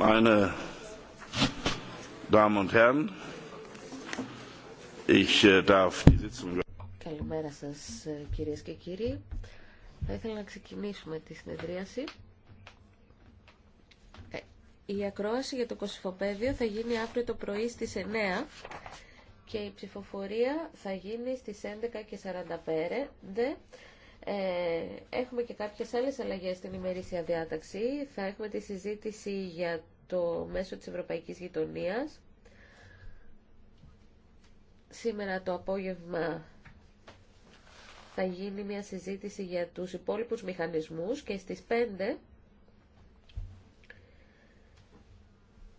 Καλημέρα σας ε, κυρίες και κύριοι. Θα ήθελα να ξεκινήσουμε τη συνεδρίαση. Ε, η ακρόαση για το κοσυφοπαίδιο θα γίνει αύριο το πρωί στις 9 και η ψηφοφορία θα γίνει στις 11 11.45. Ε, έχουμε και κάποιες άλλες αλλαγές στην ημερήσια διάταξη. Θα έχουμε τη συζήτηση για το μέσο της Ευρωπαϊκής Γειτονίας. Σήμερα το απόγευμα θα γίνει μια συζήτηση για τους υπόλοιπους μηχανισμούς και στις 5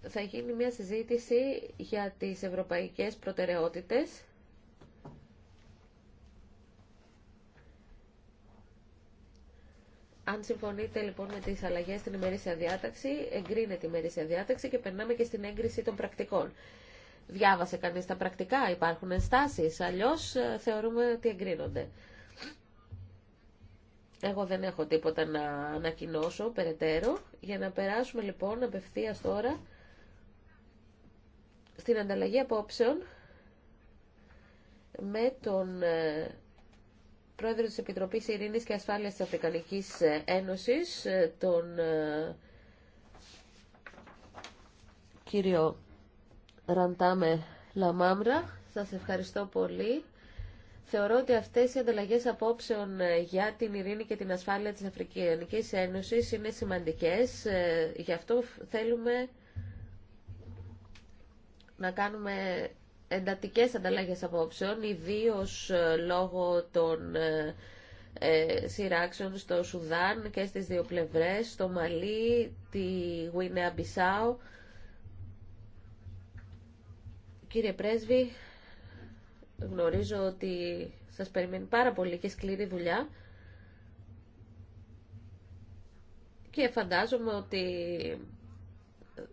θα γίνει μια συζήτηση για τις ευρωπαϊκές προτεραιότητες Αν συμφωνείτε λοιπόν με τις αλλαγές στην ημερήσια διάταξη, εγκρίνεται η ημερήσια διάταξη και περνάμε και στην έγκριση των πρακτικών. Διάβασε κανείς τα πρακτικά, υπάρχουν ενστάσεις, αλλιώς ε, θεωρούμε ότι εγκρίνονται. Εγώ δεν έχω τίποτα να ανακοινώσω περαιτέρω. Για να περάσουμε λοιπόν απευθεία τώρα στην ανταλλαγή απόψεων με τον ε, πρόεδρος της Επιτροπής Ειρήνης και Ασφάλειας της Αφρικανικής Ένωσης, ε, τον ε, κύριο Ραντάμε Λαμάμρα. Σας ευχαριστώ πολύ. Θεωρώ ότι αυτές οι ανταλλαγές απόψεων ε, για την ειρήνη και την ασφάλεια της Αφρικανικής Ένωσης είναι σημαντικές. Γι' αυτό θέλουμε να κάνουμε εντατικές ανταλλαγές απόψεων, ιδίω ε, λόγω των ε, ε, σειράξεων στο Σουδάν και στις δύο πλευρές, στο Μαλί, τη Γουινέα Μπισάου. Κύριε Πρέσβη, γνωρίζω ότι σας περιμένει πάρα πολύ και σκληρή δουλειά και φαντάζομαι ότι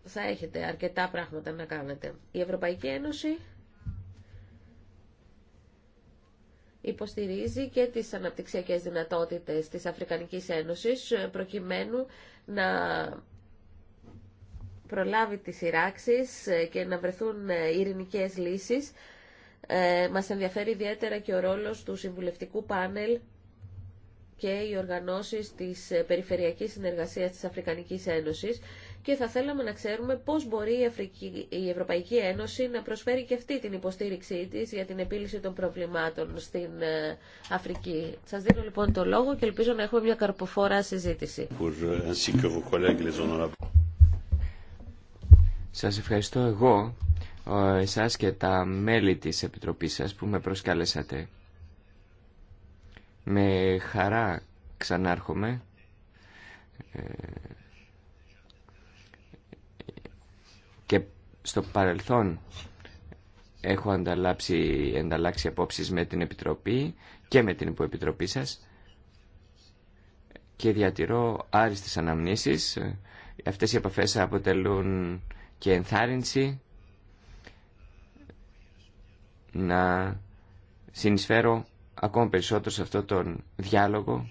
θα έχετε αρκετά πράγματα να κάνετε. Η Ευρωπαϊκή Ένωση υποστηρίζει και τις αναπτυξιακές δυνατότητες της Αφρικανικής Ένωσης ε, προκειμένου να προλάβει τις σειράξεις ε, και να βρεθούν ε, ειρηνικές λύσεις. Ε, μας ενδιαφέρει ιδιαίτερα και ο ρόλος του συμβουλευτικού πάνελ και οι οργανώσεις της Περιφερειακής Συνεργασίας της Αφρικανικής Ένωσης και θα θέλαμε να ξέρουμε πώς μπορεί η, Ευρωπαϊκή Ένωση να προσφέρει και αυτή την υποστήριξή της για την επίλυση των προβλημάτων στην ε, Αφρική. Σας δίνω λοιπόν το λόγο και ελπίζω να έχουμε μια καρποφόρα συζήτηση. Σας ευχαριστώ εγώ, ε, εσάς και τα μέλη της Επιτροπής σας που με προσκάλεσατε. Με χαρά ξανάρχομαι ε, Στο παρελθόν έχω ανταλλάξει, ανταλλάξει απόψεις με την Επιτροπή και με την Υποεπιτροπή σας και διατηρώ άριστες αναμνήσεις. Αυτές οι επαφές αποτελούν και ενθάρρυνση να συνεισφέρω ακόμα περισσότερο σε αυτό τον διάλογο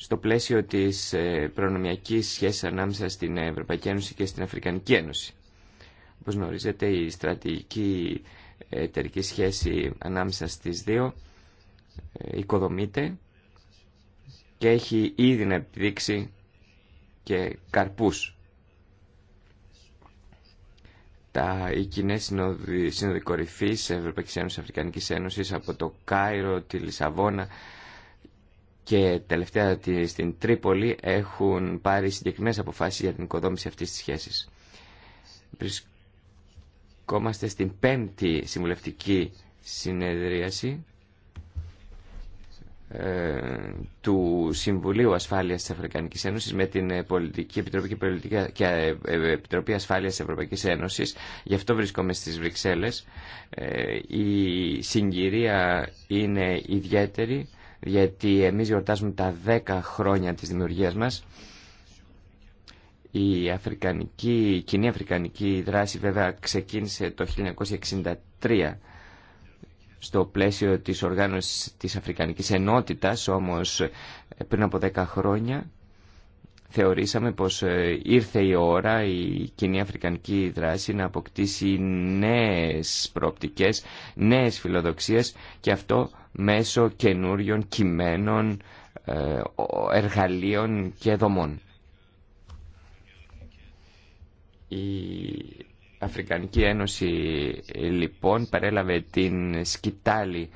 στο πλαίσιο της ε, προνομιακής σχέσης ανάμεσα στην Ευρωπαϊκή Ένωση και στην Αφρικανική Ένωση. Όπως γνωρίζετε, η στρατηγική εταιρική σχέση ανάμεσα στις δύο ε, οικοδομείται και έχει ήδη να επιδείξει και καρπούς. Τα, οι κοινέ συνοδοι Ευρωπαϊκή Ένωση Αφρικανική Ένωση από το Κάιρο, τη Λισαβόνα και τελευταία στην Τρίπολη έχουν πάρει συγκεκριμένε αποφάσεις για την οικοδόμηση αυτής της σχέσης. Βρισκόμαστε στην πέμπτη συμβουλευτική συνεδρίαση ε, του Συμβουλίου Ασφάλειας της Αφρικανικής Ένωσης με την Πολιτική Επιτροπή και, Πολιτική και ε, ε, Επιτροπή Ασφάλειας της Ευρωπαϊκής Ένωσης. Γι' αυτό βρίσκομαι στις Βρυξέλλες. Η συγκυρία είναι ιδιαίτερη γιατί εμείς γιορτάζουμε τα 10 χρόνια της δημιουργίας μας. Η, αφρικανική, κοινή αφρικανική δράση βέβαια ξεκίνησε το 1963 στο πλαίσιο της οργάνωσης της Αφρικανικής Ενότητας, όμως ε, πριν από 10 χρόνια θεωρήσαμε πως ε, ήρθε η ώρα η κοινή αφρικανική δράση να αποκτήσει νέες προοπτικές, νέες φιλοδοξίες και αυτό μέσω καινούριων κειμένων, ε, εργαλείων και δομών. Η Αφρικανική Ένωση λοιπόν παρέλαβε την σκητάλη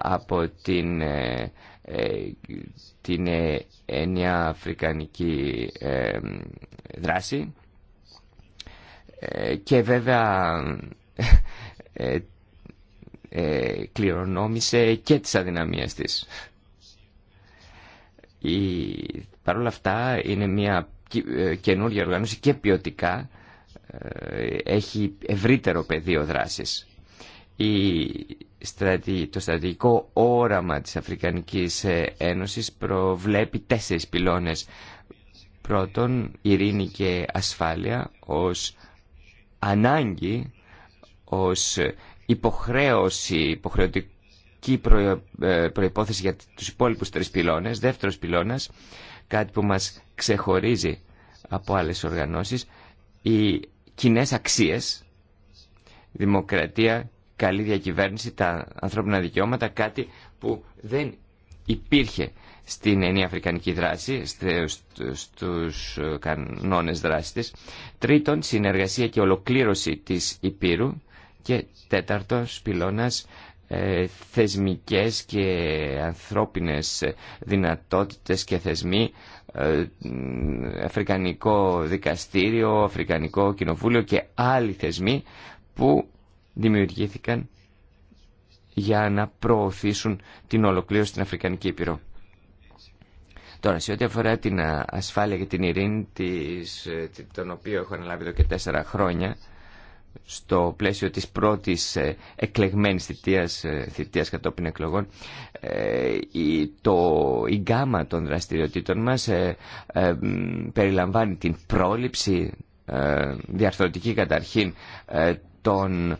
από την, ε, ε, την έννοια αφρικανική δράση και βέβαια ε, κληρονόμησε και τις αδυναμίες της. Η, παρ' όλα αυτά είναι μια ε, καινούργια οργάνωση και ποιοτικά ε, έχει ευρύτερο πεδίο δράσης. Η, το στρατηγικό όραμα της Αφρικανικής ε, Ένωσης προβλέπει τέσσερις πυλώνες. Πρώτον, ειρήνη και ασφάλεια ως ανάγκη, ως υποχρέωση, υποχρεωτική προ, ε, προϋπόθεση για τους υπόλοιπους τρεις πυλώνες, δεύτερος πυλώνας, κάτι που μας ξεχωρίζει από άλλες οργανώσεις, οι κοινέ αξίες, δημοκρατία, καλή διακυβέρνηση, τα ανθρώπινα δικαιώματα, κάτι που δεν υπήρχε στην ενή αφρικανική δράση, στους ε, κανόνες δράσης της. Τρίτον, συνεργασία και ολοκλήρωση της Υπήρου. Και τέταρτος πυλώνας ε, θεσμικές και ανθρώπινες δυνατότητες και θεσμοί ε, Αφρικανικό Δικαστήριο, Αφρικανικό Κοινοβούλιο και άλλοι θεσμοί που δημιουργήθηκαν για να προωθήσουν την ολοκλήρωση στην Αφρικανική Ήπειρο. Τώρα, σε ό,τι αφορά την ε, ασφάλεια και την ειρήνη, της, τον οποίο έχω αναλάβει εδώ και τέσσερα χρόνια, στο πλαίσιο της πρώτης ε, εκλεγμένης θητείας, ε, θητείας κατόπιν εκλογών ε, η, το, η γκάμα των δραστηριοτήτων μας περιλαμβάνει την πρόληψη ε, διαρθρωτική καταρχήν των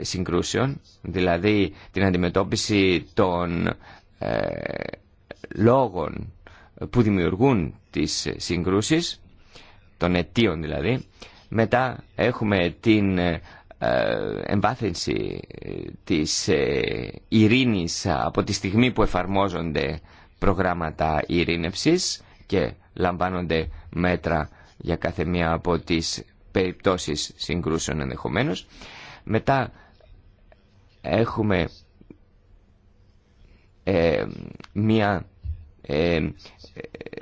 συγκρούσεων δηλαδή την αντιμετώπιση των λόγων που δημιουργούν τις συγκρούσεις των αιτίων δηλαδή μετά έχουμε την ε, ε, εμβάθυνση της ε, ειρήνης από τη στιγμή που εφαρμόζονται προγράμματα ειρήνευσης και λαμβάνονται μέτρα για κάθε μία από τις περιπτώσεις συγκρούσεων ενδεχομένω. Μετά έχουμε μία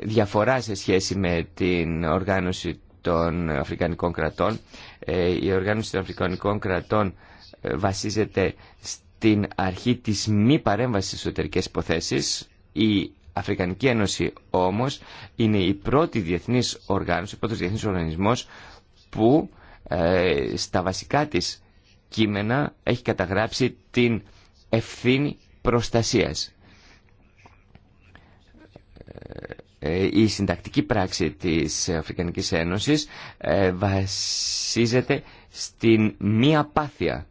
διαφορά σε σχέση με την οργάνωση των Αφρικανικών κρατών. Ε, η οργάνωση των Αφρικανικών κρατών ε, βασίζεται στην αρχή της μη παρέμβασης στις εσωτερικές υποθέσεις. Η Αφρικανική Ένωση όμως είναι η πρώτη διεθνής οργάνωση, ο πρώτος διεθνής οργανισμός που ε, στα βασικά της κείμενα έχει καταγράψει την ευθύνη προστασίας. Ε, η συντακτική πράξη της Αφρικανικής Ένωσης ε, βασίζεται στην μία πάθεια.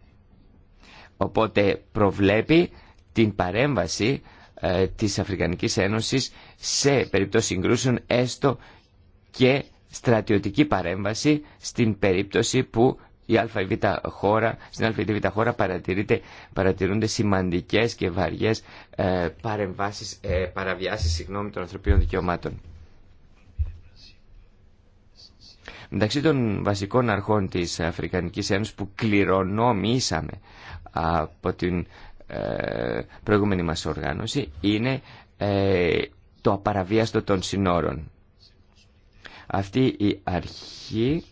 Οπότε προβλέπει την παρέμβαση ε, της Αφρικανικής Ένωσης σε περίπτωση συγκρούσεων έστω και στρατιωτική παρέμβαση στην περίπτωση που η ΑΒ χώρα, στην ΑΒ χώρα παρατηρείται, παρατηρούνται σημαντικές και βαριές ε, ε, παραβιάσεις συγγνώμη, των ανθρωπίνων δικαιωμάτων. Μεταξύ των βασικών αρχών της Αφρικανικής Ένωσης που κληρονομήσαμε από την ε, προηγούμενη μας οργάνωση είναι ε, το απαραβίαστο των συνόρων. Αυτή η αρχή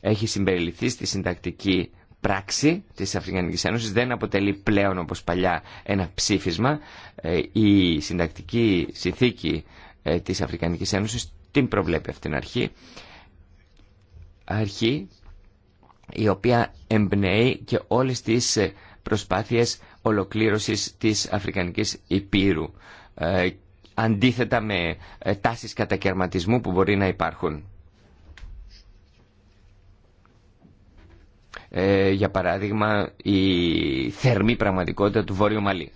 έχει συμπεριληφθεί στη συντακτική πράξη της Αφρικανικής Ένωσης δεν αποτελεί πλέον όπως παλιά ένα ψήφισμα. Ε, η συντακτική συνθήκη ε, της Αφρικανικής Ένωσης την προβλέπει αυτήν αρχή. Αρχή η οποία εμπνέει και όλες τις ε, προσπάθειες ολοκλήρωσης της Αφρικανικής Υπήρου αντίθετα με τάσεις κατακαιρματισμού που μπορεί να υπάρχουν. ε, για παράδειγμα η θερμή πραγματικότητα του Βόρειου Μαλή.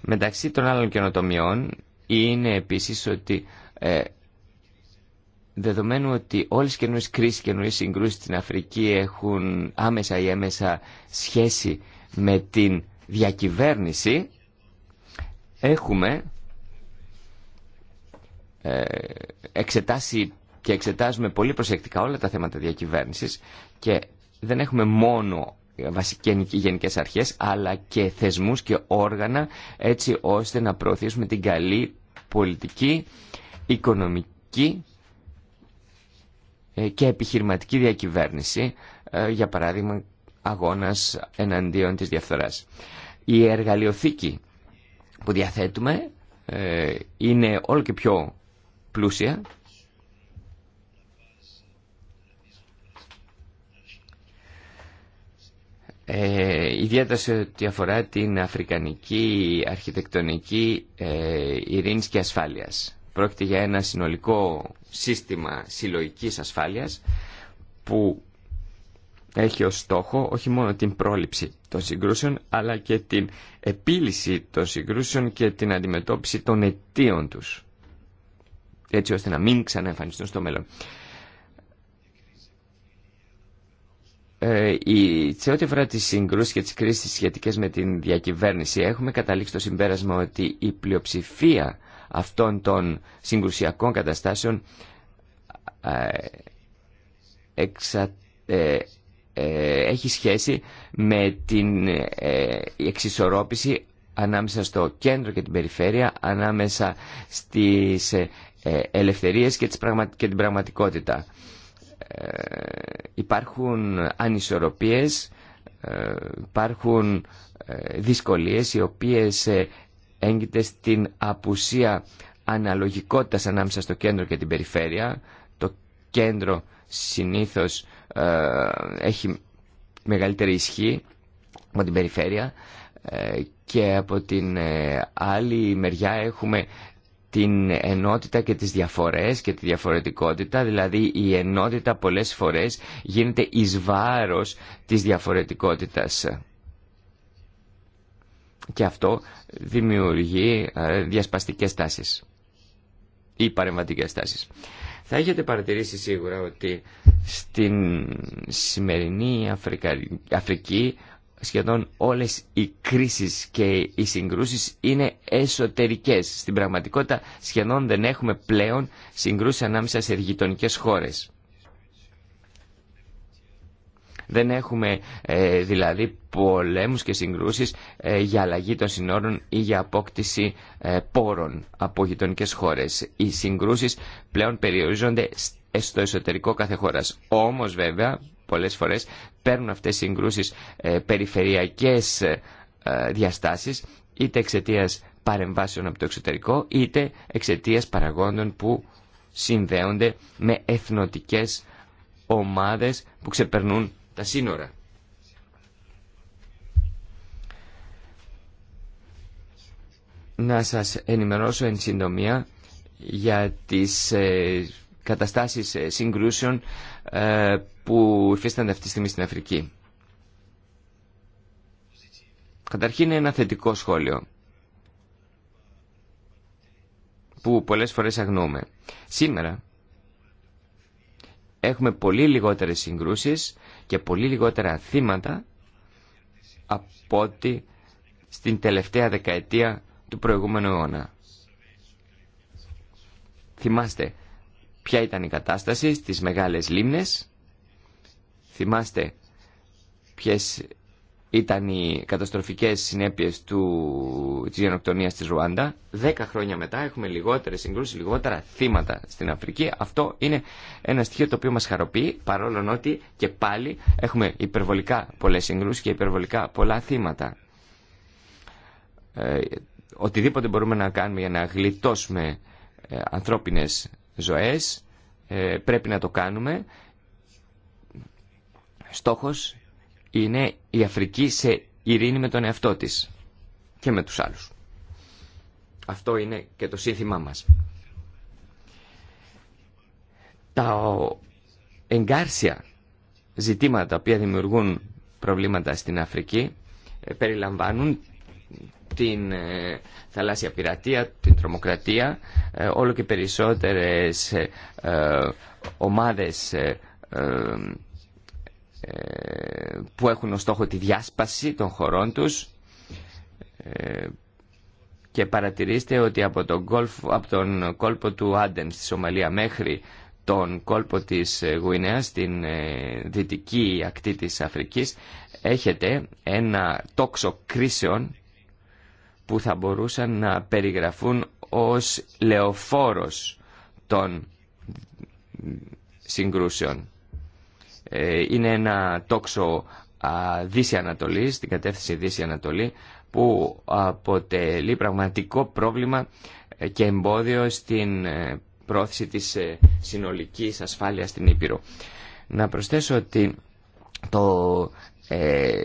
Μεταξύ των άλλων καινοτομιών είναι επίσης ότι ε, δεδομένου ότι όλες οι καινούριες κρίσεις και καινούριες συγκρούσεις στην Αφρική έχουν άμεσα ή έμεσα σχέση με την διακυβέρνηση έχουμε ε, εξετάσει και εξετάζουμε πολύ προσεκτικά όλα τα θέματα διακυβέρνησης και δεν έχουμε μόνο βασικές γενικές αρχές αλλά και θεσμούς και όργανα έτσι ώστε να προωθήσουμε την καλή πολιτική, οικονομική ε, και επιχειρηματική διακυβέρνηση ε, για παράδειγμα αγώνας εναντίον της διαφθοράς. Η εργαλειοθήκη που διαθέτουμε ε, είναι όλο και πιο πλούσια Ε, ιδιαίτερα σε ό,τι αφορά την αφρικανική αρχιτεκτονική ε, και ασφάλειας. Πρόκειται για ένα συνολικό σύστημα συλλογικής ασφάλειας που έχει ως στόχο όχι μόνο την πρόληψη των συγκρούσεων αλλά και την επίλυση των συγκρούσεων και την αντιμετώπιση των αιτίων τους έτσι ώστε να μην ξαναεμφανιστούν στο μέλλον. Ε, σε ό,τι αφορά τι συγκρούσει και τι κρίσει σχετικέ με την διακυβέρνηση, έχουμε καταλήξει το συμπέρασμα ότι η πλειοψηφία αυτών των συγκρουσιακών καταστάσεων ε, ε, έχει σχέση με την ε, εξισορρόπηση ανάμεσα στο κέντρο και την περιφέρεια, ανάμεσα στις ελευθερίες και, και την πραγματικότητα. Ε, υπάρχουν ανισορροπίες, ε, υπάρχουν ε, δυσκολίες οι οποίες έγκυται στην απουσία αναλογικότητας ανάμεσα στο κέντρο και την περιφέρεια. Το κέντρο συνήθως έχει μεγαλύτερη ισχύ από την περιφέρεια και από την άλλη μεριά έχουμε την ενότητα και τις διαφορές και τη διαφορετικότητα, δηλαδή η ενότητα πολλές φορές γίνεται εις βάρος της διαφορετικότητας. Και αυτό δημιουργεί ε, διασπαστικές τάσεις ή παρεμβατικές τάσεις. Θα έχετε παρατηρήσει σίγουρα ότι στην σημερινή Αφρική σχεδόν όλες οι κρίσεις και οι συγκρούσεις είναι εσωτερικές. Στην πραγματικότητα σχεδόν δεν έχουμε πλέον συγκρούσεις ανάμεσα σε γειτονικέ χώρες. Δεν έχουμε ε, δηλαδή πολέμους και συγκρούσεις ε, για αλλαγή των συνόρων ή για απόκτηση ε, πόρων από γειτονικέ χώρες. Οι συγκρούσεις πλέον περιορίζονται στο εσωτερικό κάθε χώρας. Όμως βέβαια πολλές φορές παίρνουν αυτές οι συγκρούσεις ε, περιφερειακές ε, διαστάσεις είτε εξαιτία παρεμβάσεων από το εξωτερικό είτε εξαιτία παραγόντων που συνδέονται με εθνοτικές ομάδες που ξεπερνούν τα σύνορα. Να σας ενημερώσω εν συντομία για τις ε, καταστάσεις ε, συγκρούσεων που υφίστανται αυτή τη στιγμή στην Αφρική. Καταρχήν είναι ένα θετικό σχόλιο που πολλές φορές αγνοούμε. Σήμερα έχουμε πολύ λιγότερες συγκρούσεις και πολύ λιγότερα θύματα από ότι στην τελευταία δεκαετία του προηγούμενου αιώνα. Θυμάστε ποια ήταν η κατάσταση στις μεγάλες λίμνες Θυμάστε ποιες ήταν οι καταστροφικές συνέπειες του, της γενοκτονίας της Ρουάντα. Δέκα χρόνια μετά έχουμε λιγότερες συγκρούσεις, λιγότερα θύματα στην Αφρική. Αυτό είναι ένα στοιχείο το οποίο μας χαροποιεί, παρόλο ότι και πάλι έχουμε υπερβολικά πολλές συγκρούσεις και υπερβολικά πολλά θύματα. Ε, οτιδήποτε μπορούμε να κάνουμε για να γλιτώσουμε ε, ανθρώπινες ζωές, ε, πρέπει να το κάνουμε Στόχος είναι η Αφρική σε ειρήνη με τον εαυτό της και με τους άλλους. Αυτό είναι και το σύνθημά μας. Τα εγκάρσια ζητήματα τα οποία δημιουργούν προβλήματα στην Αφρική ε, περιλαμβάνουν την ε, θαλάσσια πειρατεία, την τρομοκρατία, ε, όλο και περισσότερες ομάδες ε, που έχουν ως στόχο τη διάσπαση των χωρών τους ε, και παρατηρήστε ότι από τον, κόλπο του Άντεν στη Σομαλία μέχρι τον κόλπο της ε, Γουινέας στην δυτική ακτή της Αφρικής έχετε ένα τόξο κρίσεων που θα μπορούσαν να περιγραφούν ως λεωφόρος των συγκρούσεων. Ε, είναι ένα τόξο Δύση Ανατολή, στην κατεύθυνση Δύση Ανατολή, που αποτελεί πραγματικό πρόβλημα ε, και εμπόδιο στην ε, πρόθεση της συνολικής ασφάλειας στην Ήπειρο. Να προσθέσω ότι το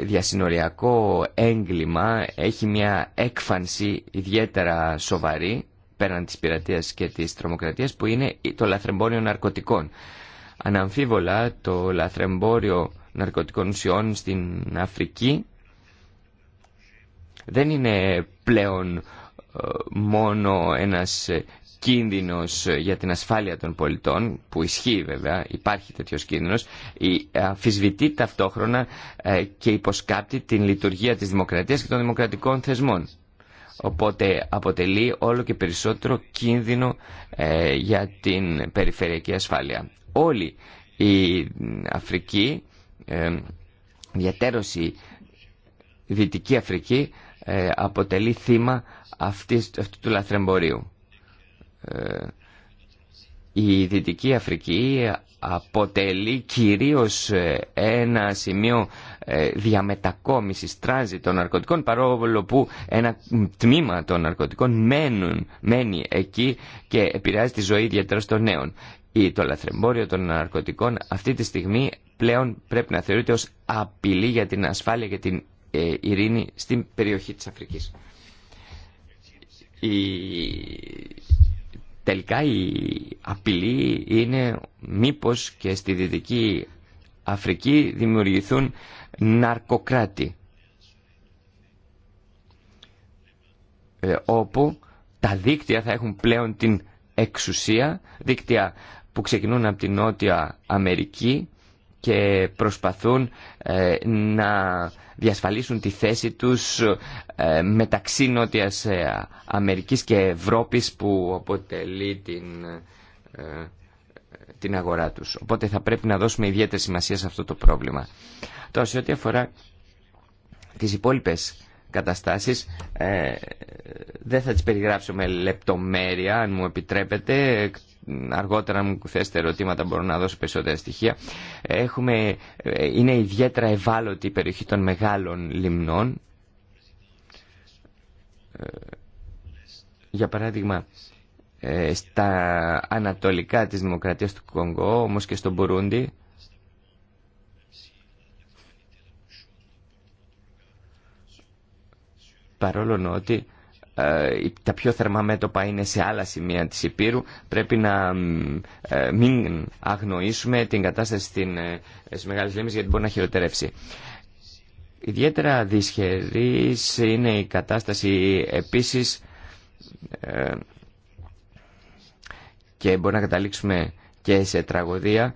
διασυνοριακό έγκλημα έχει μια έκφανση ιδιαίτερα σοβαρή πέραν της πειρατείας και της τρομοκρατίας που είναι το λαθρεμπόριο ναρκωτικών. Αναμφίβολα το λαθρεμπόριο ναρκωτικών ουσιών στην Αφρική δεν είναι πλέον ε, μόνο ένας ε, κίνδυνος για την ασφάλεια των πολιτών, που ισχύει βέβαια, υπάρχει τέτοιος κίνδυνος, αφισβητεί ταυτόχρονα ε, και υποσκάπτει την λειτουργία της δημοκρατίας και των δημοκρατικών θεσμών. Οπότε αποτελεί όλο και περισσότερο κίνδυνο για την περιφερειακή ασφάλεια όλη η Αφρική, ε, η Δυτική Αφρική, ε, αποτελεί θύμα αυτής, αυτού του λαθρεμπορίου. Ε, η Δυτική Αφρική αποτελεί κυρίως ε, ένα σημείο διαμετακόμισης τράζη των ναρκωτικών παρόλο που ένα τμήμα των ναρκωτικών μένουν, μένει εκεί και επηρεάζει τη ζωή ιδιαίτερα των νέων ή το λαθρεμπόριο των ναρκωτικών αυτή τη στιγμή πλέον πρέπει να θεωρείται ως απειλή για την ασφάλεια και την ε, ειρήνη στην περιοχή της Αφρικής. Η... Τελικά η απειλή είναι μήπως και στη Δυτική Αφρική δημιουργηθούν ναρκοκράτη ε, όπου τα δίκτυα θα έχουν πλέον την εξουσία, δίκτυα που ξεκινούν από την Νότια Αμερική και προσπαθούν ε, να διασφαλίσουν τη θέση τους ε, μεταξύ Νότιας ε, Αμερικής και Ευρώπης που αποτελεί την, την αγορά τους. Οπότε θα πρέπει να δώσουμε ιδιαίτερη σημασία σε αυτό το πρόβλημα. Τώρα σε ό,τι αφορά τις υπόλοιπες καταστάσεις δεν θα τις περιγράψω με λεπτομέρεια αν μου επιτρέπετε αργότερα μου θέσετε ερωτήματα μπορώ να δώσω περισσότερα στοιχεία. Έχουμε, ε, είναι ιδιαίτερα ευάλωτη η περιοχή των μεγάλων λιμνών. Ε, για παράδειγμα, ε, στα ανατολικά της Δημοκρατίας του Κονγκό, όμως και στο Μπουρούντι, παρόλο ότι ε, τα πιο θερμά μέτωπα είναι σε άλλα σημεία της Επίρου Πρέπει να ε, μην αγνοήσουμε την κατάσταση στην, ε, στις Μεγάλες γιατί μπορεί να χειροτερεύσει. Ιδιαίτερα δυσχερής είναι η κατάσταση επίσης και μπορεί να καταλήξουμε και σε τραγωδία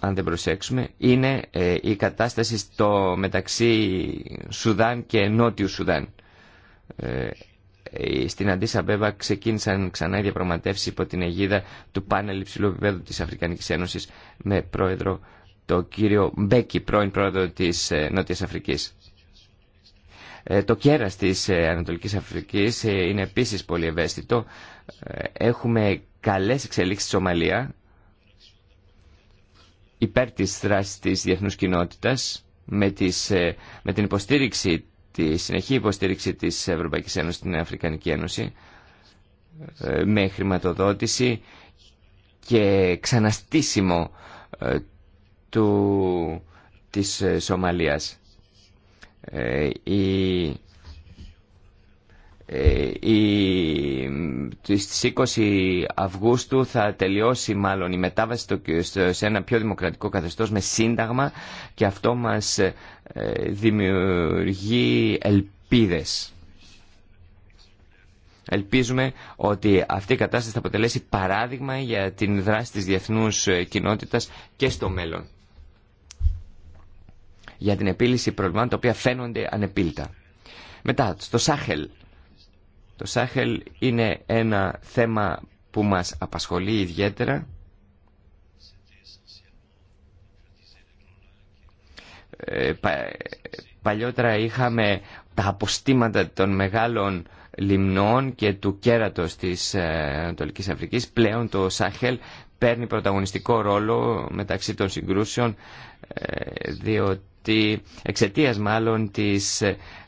αν δεν προσέξουμε, είναι η κατάσταση στο μεταξύ Σουδάν και Νότιου Σουδάν. Ε, στην Αντίσα Μπέβα ξεκίνησαν ξανά οι διαπραγματεύσει υπό την αιγίδα του πάνελ υψηλού επίπεδου της Αφρικανικής Ένωσης με πρόεδρο το κύριο Μπέκι, πρώην πρόεδρο της ε, Νότιας Αφρικής. Ε, το κέρα της Ανατολικής Αφρικής είναι επίσης πολύ ευαίσθητο. Έχουμε καλές εξελίξεις στη Σομαλία υπέρ της δράσης της διεθνούς κοινότητας με, με την υποστήριξη τη συνεχή υποστήριξη της Ευρωπαϊκής Ένωσης στην Αφρικανική Ένωση ε, με χρηματοδότηση και ξαναστήσιμο ε, του, της ε, Σομαλίας. Ε, στις 20 Αυγούστου θα τελειώσει μάλλον η μετάβαση σε ένα πιο δημοκρατικό καθεστώς με σύνταγμα και αυτό μας ε, δημιουργεί ελπίδες. Ελπίζουμε ότι αυτή η κατάσταση θα αποτελέσει παράδειγμα για την δράση της διεθνούς ε, κοινότητας και στο μέλλον. Για την επίλυση προβλημάτων τα οποία φαίνονται ανεπίλητα. Μετά, στο Σάχελ το Σάχελ είναι ένα θέμα που μας απασχολεί ιδιαίτερα. Ε, παλιότερα είχαμε τα αποστήματα των μεγάλων λιμνών και του κέρατος της ε, Ανατολικής Αφρικής. Πλέον το Σάχελ παίρνει πρωταγωνιστικό ρόλο μεταξύ των συγκρούσεων ε, διότι εξαιτίας μάλλον της,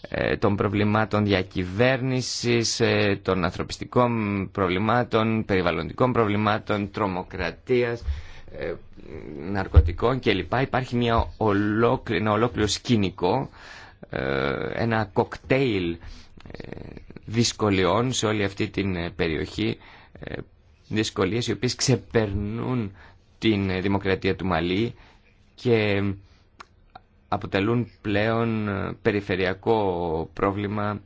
ε, των προβλημάτων διακυβέρνησης, ε, των ανθρωπιστικών προβλημάτων, περιβαλλοντικών προβλημάτων, τρομοκρατίας, ναρκωτικών κλπ. Υπάρχει μια ένα ολόκληρο σκηνικό, ένα κοκτέιλ δυσκολιών σε όλη αυτή την περιοχή δυσκολίες οι οποίες ξεπερνούν την δημοκρατία του Μαλή και αποτελούν πλέον περιφερειακό πρόβλημα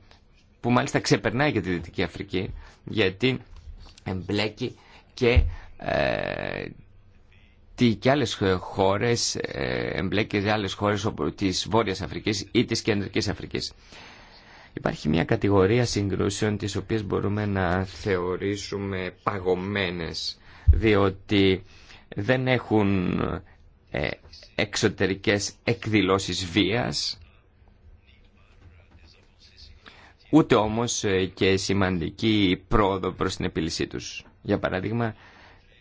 που μάλιστα ξεπερνάει και τη Δυτική Αφρική γιατί εμπλέκει και ε, και άλλες χώρες, ε, εμπλέκει άλλες χώρες της Βόρειας Αφρικής ή της Κεντρικής Αφρικής. Υπάρχει μια κατηγορία συγκρούσεων τις οποίες μπορούμε να θεωρήσουμε παγωμένες διότι δεν έχουν ε, εξωτερικές εκδηλώσεις βίας ούτε όμως ε, και σημαντική πρόοδο προς την επίλυσή τους. Για παράδειγμα,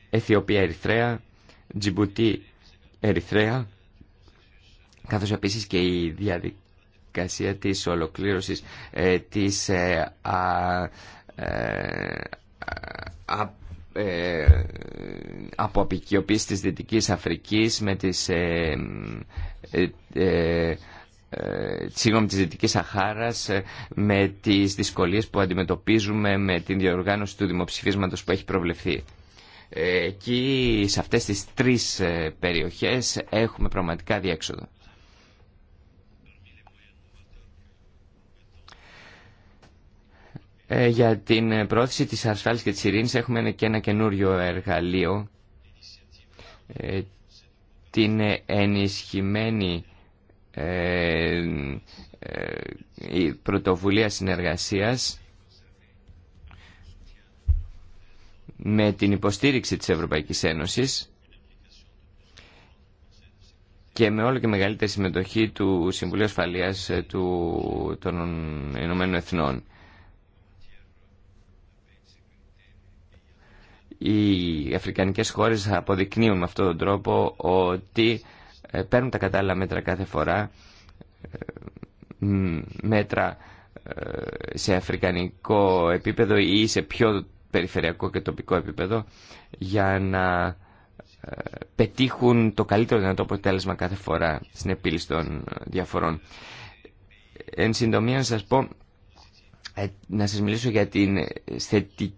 Αιθιοπία-Ερυθρέα, Τζιμπουτή-Ερυθρέα, καθώς επίσης και η διαδικασία διαδικασία της ολοκλήρωσης ε, της ε, από ε, απεικιοποίηση της Δυτικής Αφρικής με τις ε, ε, της Δυτικής με τις δυσκολίες που αντιμετωπίζουμε με την διοργάνωση του δημοψηφίσματος που έχει προβλεφθεί. Εκεί σε αυτές τις τρεις περιοχές έχουμε πραγματικά διέξοδο. Ε, για την πρόθεση της ασφάλειας και της ειρήνης έχουμε και ένα καινούριο εργαλείο, ε, την ενισχυμένη ε, πρωτοβουλία συνεργασίας με την υποστήριξη της Ευρωπαϊκής Ένωσης και με όλο και μεγαλύτερη συμμετοχή του Συμβουλίου Ασφαλείας του, των Ηνωμένων Εθνών. οι αφρικανικές χώρες αποδεικνύουν με αυτόν τον τρόπο ότι ε, παίρνουν τα κατάλληλα μέτρα κάθε φορά ε, μέτρα ε, σε αφρικανικό επίπεδο ή σε πιο περιφερειακό και τοπικό επίπεδο για να πετύχουν το καλύτερο δυνατό αποτέλεσμα κάθε φορά στην επίλυση των διαφορών. Εν συντομία να σας πω, να σας μιλήσω για την θετική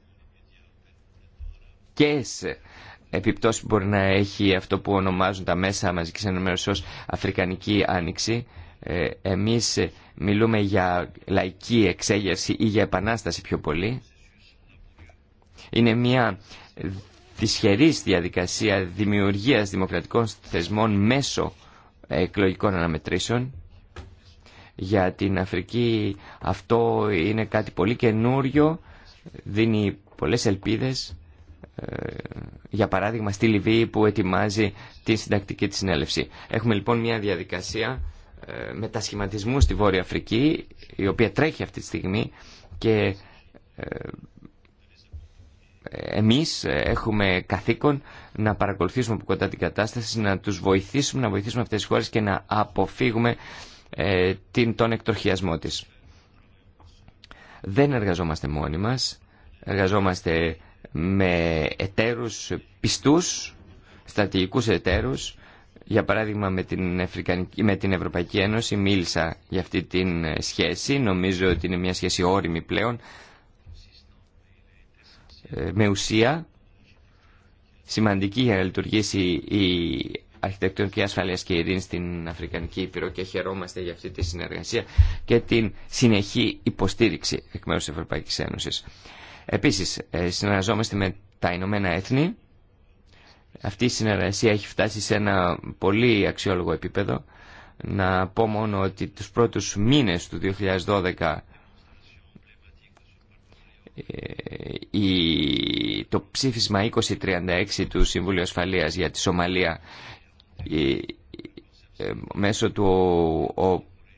και επιπτώσεις που μπορεί να έχει αυτό που ονομάζουν τα μέσα μαζικής ενημέρωσης ως Αφρικανική Άνοιξη. Ε, εμείς μιλούμε για λαϊκή εξέγερση ή για επανάσταση πιο πολύ. Είναι μια δυσχερής διαδικασία δημιουργίας δημοκρατικών θεσμών μέσω εκλογικών αναμετρήσεων. Για την Αφρική αυτό είναι κάτι πολύ καινούριο, δίνει πολλές ελπίδες για παράδειγμα στη Λιβύη που ετοιμάζει τη συντακτική της συνέλευση. Έχουμε λοιπόν μια διαδικασία ε, μετασχηματισμού στη Βόρεια Αφρική, η οποία τρέχει αυτή τη στιγμή και ε, εμείς έχουμε καθήκον να παρακολουθήσουμε από κοντά την κατάσταση, να τους βοηθήσουμε, να βοηθήσουμε αυτές τις χώρες και να αποφύγουμε ε, την, τον εκτροχιασμό της. Δεν εργαζόμαστε μόνοι μας, εργαζόμαστε με εταίρους πιστούς, στρατηγικούς εταίρους. Για παράδειγμα με την, με την Ευρωπαϊκή Ένωση μίλησα για αυτή τη ε, σχέση. Νομίζω ότι είναι μια σχέση όριμη πλέον. Ε, με ουσία σημαντική για να λειτουργήσει η αρχιτεκτονική ασφαλείας και ειρήνη στην Αφρικανική Ήπειρο και χαιρόμαστε για αυτή τη συνεργασία και την συνεχή υποστήριξη εκ μέρους της Ευρωπαϊκής Ένωσης. Επίσης, ε, συνεργαζόμαστε με τα Ηνωμένα Έθνη. Αυτή η συνεργασία έχει φτάσει σε ένα πολύ αξιόλογο επίπεδο. Να πω μόνο ότι τους πρώτους μήνες του 2012 ε, το ψήφισμα 2036 του Συμβουλίου Ασφαλείας για τη Σομαλία ε, μέσω του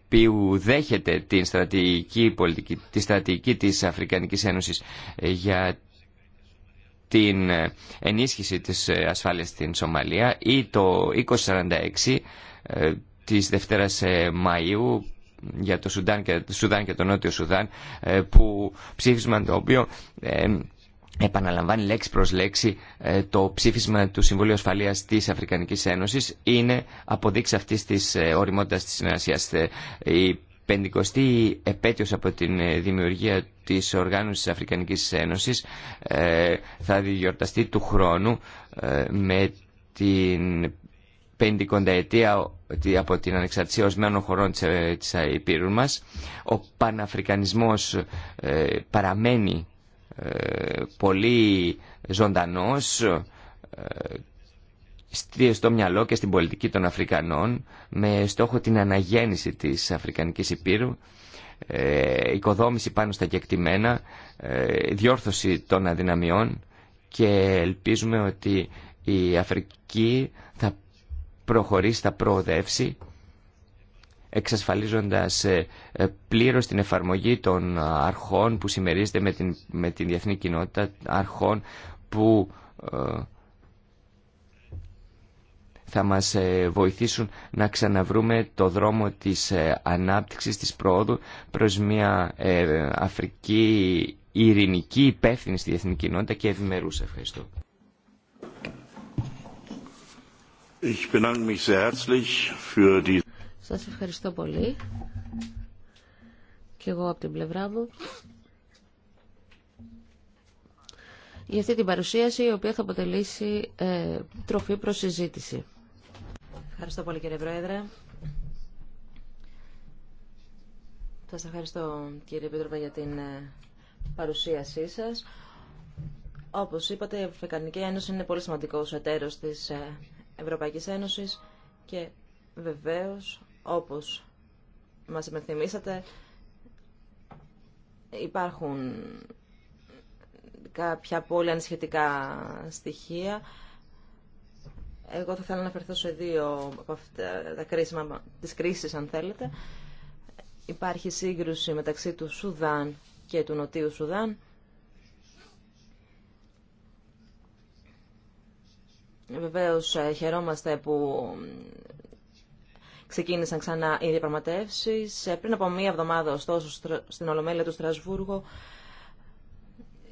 που δέχεται την στρατηγική πολιτική, τη στρατηγική της Αφρικανικής Ένωσης ε, για την ε, ενίσχυση της ε, ασφάλειας στην Σομαλία ή το 2046 της Δευτέρας Μαΐου για το Σουδάν και, Σουδάν και το Νότιο Σουδάν που ψήφισμα το οποίο επαναλαμβάνει λέξη προς λέξη ε, το ψήφισμα του Συμβουλίου Ασφαλείας της Αφρικανικής Ένωσης είναι αποδείξη αυτής της ε, οριμότητας της συνεργασίας. Ε, η πεντηκοστή επέτειος από την δημιουργία της οργάνωσης της Αφρικανικής Ένωσης θα διορταστεί του χρόνου με την πεντηκονταετία από την ανεξαρτησία ορισμένων χωρών της Υπήρου μας. Ο Παναφρικανισμός παραμένει πολύ ζωντανός ε, στο μυαλό και στην πολιτική των Αφρικανών με στόχο την αναγέννηση της Αφρικανικής Υπήρου ε, οικοδόμηση πάνω στα κεκτημένα ε, διόρθωση των αδυναμιών και ελπίζουμε ότι η Αφρική θα προχωρήσει, θα προοδεύσει εξασφαλίζοντας ε, ε, πλήρως την εφαρμογή των αρχών που συμμερίζεται με την, με την διεθνή κοινότητα, αρχών που ε, θα μας βοηθήσουν να ξαναβρούμε το δρόμο της ανάπτυξης, της πρόοδου προς μια Αφρική ειρηνική υπεύθυνη στη διεθνή κοινότητα και ευημερούς. Ευχαριστώ. Ich bedanke mich sehr σας ευχαριστώ πολύ. Και εγώ από την πλευρά μου. Για αυτή την παρουσίαση η οποία θα αποτελήσει ε, τροφή προς συζήτηση. Ευχαριστώ πολύ κύριε Πρόεδρε. Σας ευχαριστώ κύριε Επίτροπε για την ε, παρουσίασή σας. Όπως είπατε, η Αφρικανική Ένωση είναι πολύ σημαντικός εταίρος της ε, Ευρωπαϊκής Ένωσης και βεβαίως όπως μας υπενθυμίσατε, υπάρχουν κάποια πολύ ανησυχητικά στοιχεία. Εγώ θα θέλω να αφαιρθώ σε δύο από αυτά τα κρίσιμα της κρίσης, αν θέλετε. Υπάρχει σύγκρουση μεταξύ του Σουδάν και του Νοτίου Σουδάν. Βεβαίως χαιρόμαστε που ξεκίνησαν ξανά οι διαπραγματεύσει. Ε, πριν από μία εβδομάδα, ωστόσο, στην Ολομέλεια του Στρασβούργου,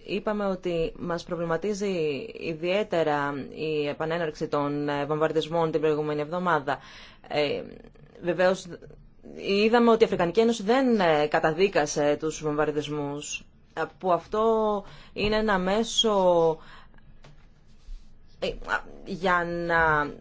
είπαμε ότι μας προβληματίζει ιδιαίτερα η επανέναρξη των ε, βομβαρδισμών την προηγούμενη εβδομάδα. Ε, βεβαίως, είδαμε ότι η Αφρικανική Ένωση δεν ε, καταδίκασε τους βομβαρδισμούς που αυτό είναι ένα μέσο για να ε,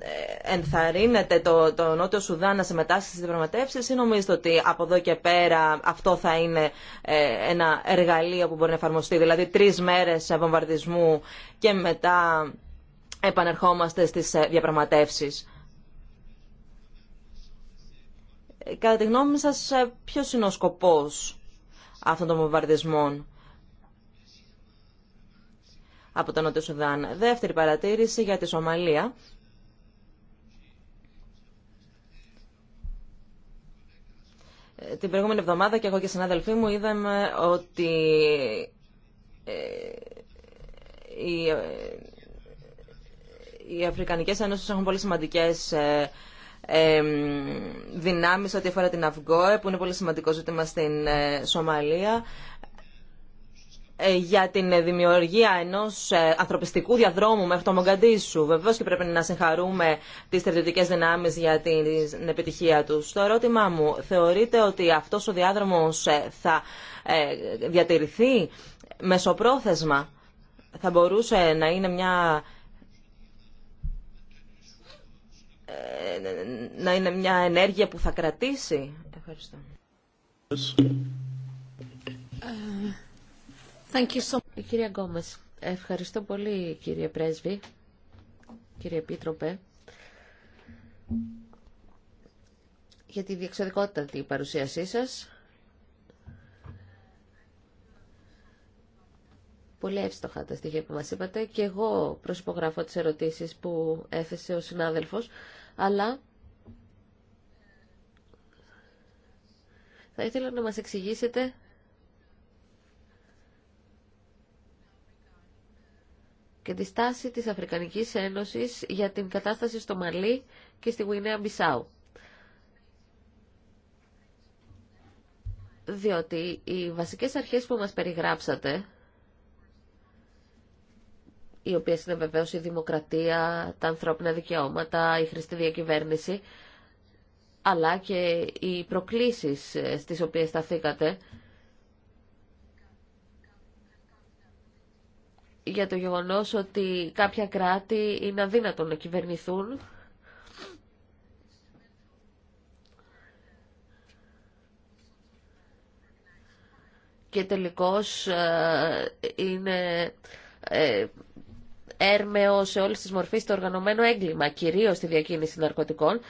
ενθαρρύνεται το, το Νότιο Σουδάν να συμμετάσχει στις διαπραγματεύσεις ή νομίζετε ότι από εδώ και πέρα αυτό θα είναι ε, ένα εργαλείο που μπορεί να εφαρμοστεί, δηλαδή τρεις μέρες βομβαρδισμού και μετά επανερχόμαστε στις ε, διαπραγματεύσεις. Κατά τη γνώμη σας, ποιος είναι ο σκοπός αυτών των βομβαρδισμών από τον Νότιο Σουδάν. Δεύτερη παρατήρηση για τη Σομαλία. Την προηγούμενη εβδομάδα και εγώ και συνάδελφοί μου είδαμε ότι ε, ε, οι Αφρικανικές Ένωσες έχουν πολύ σημαντικές ε, δυνάμεις ό,τι αφορά την Αυγόε που είναι πολύ σημαντικό ζήτημα στην Σομαλία ε, για την δημιουργία ενός ε, ανθρωπιστικού διαδρόμου μέχρι το Μογκαντήσου. Βεβαίω και πρέπει να συγχαρούμε τις στρατιωτικές δυνάμει για την επιτυχία του. Το ερώτημά μου, θεωρείτε ότι αυτός ο διάδρομος ε, θα διατηρηθεί μεσοπρόθεσμα. Θα μπορούσε να είναι μια να είναι μια ενέργεια που θα κρατήσει. Ευχαριστώ. Ε, κυρία Γκόμες, ευχαριστώ πολύ κύριε Πρέσβη, κύριε Επίτροπε, για τη διεξοδικότητα παρουσίασή σας. Πολύ εύστοχα τα στοιχεία που μας είπατε και εγώ προσυπογράφω τις ερωτήσεις που έθεσε ο συνάδελφος, αλλά θα ήθελα να μας εξηγήσετε και τη στάση της Αφρικανικής Ένωσης για την κατάσταση στο Μαλί και στη Γουινέα Μπισάου. Διότι οι βασικές αρχές που μας περιγράψατε, οι οποίες είναι βεβαίως η δημοκρατία, τα ανθρώπινα δικαιώματα, η χρηστή διακυβέρνηση, αλλά και οι προκλήσεις ε, στις οποίες σταθήκατε, για το γεγονός ότι κάποια κράτη είναι αδύνατο να κυβερνηθούν. Και τελικώς ε, είναι ε, έρμεο σε όλες τις μορφές το οργανωμένο έγκλημα, κυρίως στη διακίνηση ναρκωτικών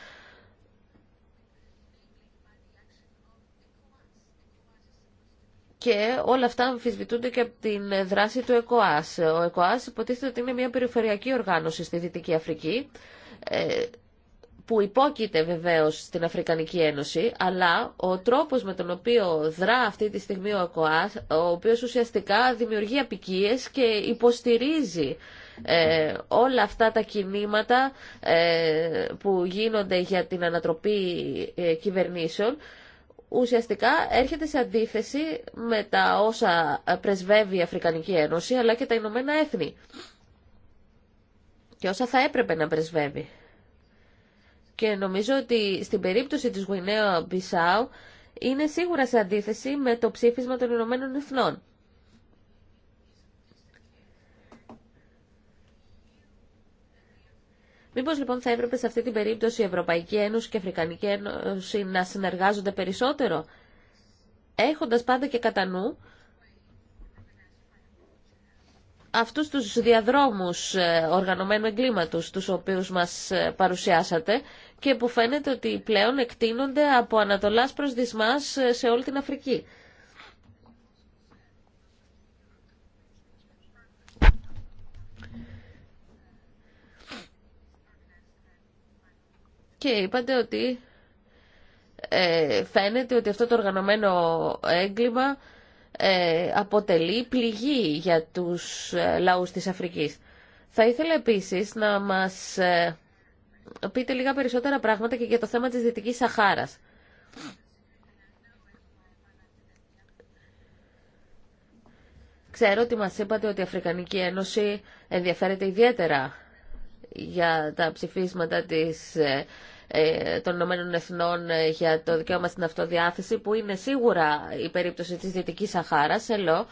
και όλα αυτά αμφισβητούνται και από την δράση του ΕΚΟΑΣ. Ο ΕΚΟΑΣ υποτίθεται ότι είναι μια περιφερειακή οργάνωση στη Δυτική Αφρική, ε, που υπόκειται βεβαίως στην Αφρικανική Ένωση, αλλά ο τρόπος με τον οποίο δρά αυτή τη στιγμή ο ΕΚΟΑΣ, ο οποίος ουσιαστικά δημιουργεί απικίε και υποστηρίζει ε, όλα αυτά τα κινήματα ε, που γίνονται για την ανατροπή κυβερνήσεων, ουσιαστικά έρχεται σε αντίθεση με τα όσα πρεσβεύει η Αφρικανική Ένωση αλλά και τα Ηνωμένα Έθνη και όσα θα έπρεπε να πρεσβεύει. Και νομίζω ότι στην περίπτωση της Γουινέα Μπισάου είναι σίγουρα σε αντίθεση με το ψήφισμα των Ηνωμένων Εθνών. Μήπως λοιπόν θα έπρεπε σε αυτή την περίπτωση η Ευρωπαϊκή Ένωση και η Αφρικανική Ένωση να συνεργάζονται περισσότερο, έχοντας πάντα και κατά νου αυτούς τους διαδρόμους ε, οργανωμένου εγκλήματο, τους οποίους μας ε, παρουσιάσατε και που φαίνεται ότι πλέον εκτείνονται από Ανατολάς προς Δυσμάς ε, σε όλη την Αφρική. και είπατε ότι ε, φαίνεται ότι αυτό το οργανωμένο έγκλημα ε, αποτελεί πληγή για τους ε, λαούς της Αφρικής. Θα ήθελα επίσης να μας ε, πείτε λίγα περισσότερα πράγματα και για το θέμα της Δυτικής Σαχάρας. Ξέρω ότι μας είπατε ότι η Αφρικανική Ένωση ενδιαφέρεται ιδιαίτερα για τα ψηφίσματα της ε, ε, των Ηνωμένων Εθνών ε, για το δικαίωμα στην αυτοδιάθεση, που είναι σίγουρα η περίπτωση της Δυτικής Σαχάρας, ΕΛΟ.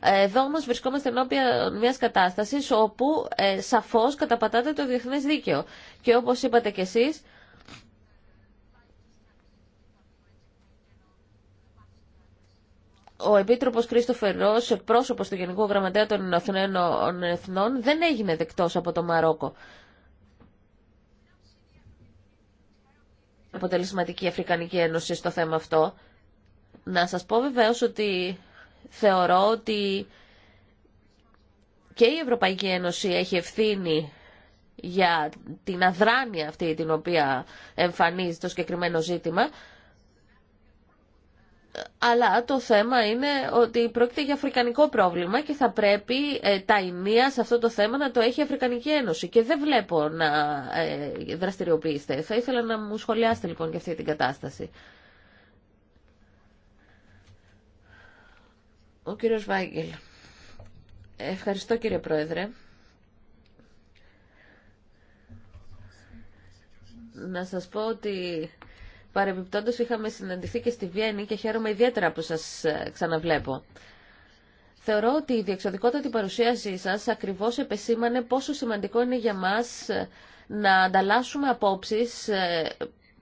Εδώ όμω βρισκόμαστε ενώπια μια κατάσταση όπου ε, σαφώ το διεθνέ δίκαιο. Και όπω είπατε κι εσεί, ο επίτροπο Κρίστοφερ Ρο, πρόσωπο του Γενικού Γραμματέα των Ηνωμένων Εθνών, δεν έγινε δεκτός από το Μαρόκο. Αποτελεσματική Αφρικανική Ένωση στο θέμα αυτό. Να σας πω βεβαίω ότι θεωρώ ότι και η Ευρωπαϊκή Ένωση έχει ευθύνη για την αδράνεια αυτή την οποία εμφανίζει το συγκεκριμένο ζήτημα, αλλά το θέμα είναι ότι πρόκειται για αφρικανικό πρόβλημα και θα πρέπει ε, τα ηνία σε αυτό το θέμα να το έχει η Αφρικανική Ένωση. Και δεν βλέπω να ε, δραστηριοποιήσετε. Θα ήθελα να μου σχολιάσετε λοιπόν και αυτή την κατάσταση. Ο κύριος Βάγγελ. Ευχαριστώ κύριε Πρόεδρε. Να σας πω ότι Παρεμπιπτόντω, είχαμε συναντηθεί και στη Βιέννη και χαίρομαι ιδιαίτερα που σα ε, ξαναβλέπω. Θεωρώ ότι η διεξοδικότατη παρουσίασή σα ακριβώς επεσήμανε πόσο σημαντικό είναι για μας ε, να ανταλλάσσουμε απόψεις ε,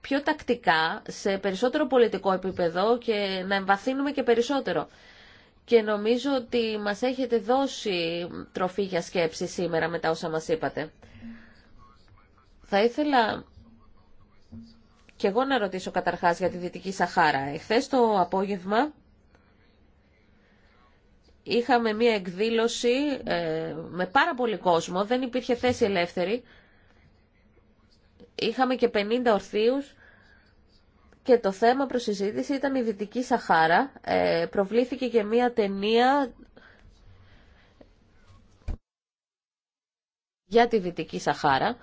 πιο τακτικά, σε περισσότερο πολιτικό επίπεδο και να εμβαθύνουμε και περισσότερο. Και νομίζω ότι μας έχετε δώσει τροφή για σκέψη σήμερα μετά όσα μας είπατε. Θα ήθελα και εγώ να ρωτήσω καταρχάς για τη Δυτική Σαχάρα. Εχθές το απόγευμα είχαμε μία εκδήλωση ε, με πάρα πολύ κόσμο, δεν υπήρχε θέση ελεύθερη. Είχαμε και 50 ορθίους και το θέμα προς συζήτηση ήταν η Δυτική Σαχάρα. Ε, προβλήθηκε και μία ταινία για τη Δυτική Σαχάρα.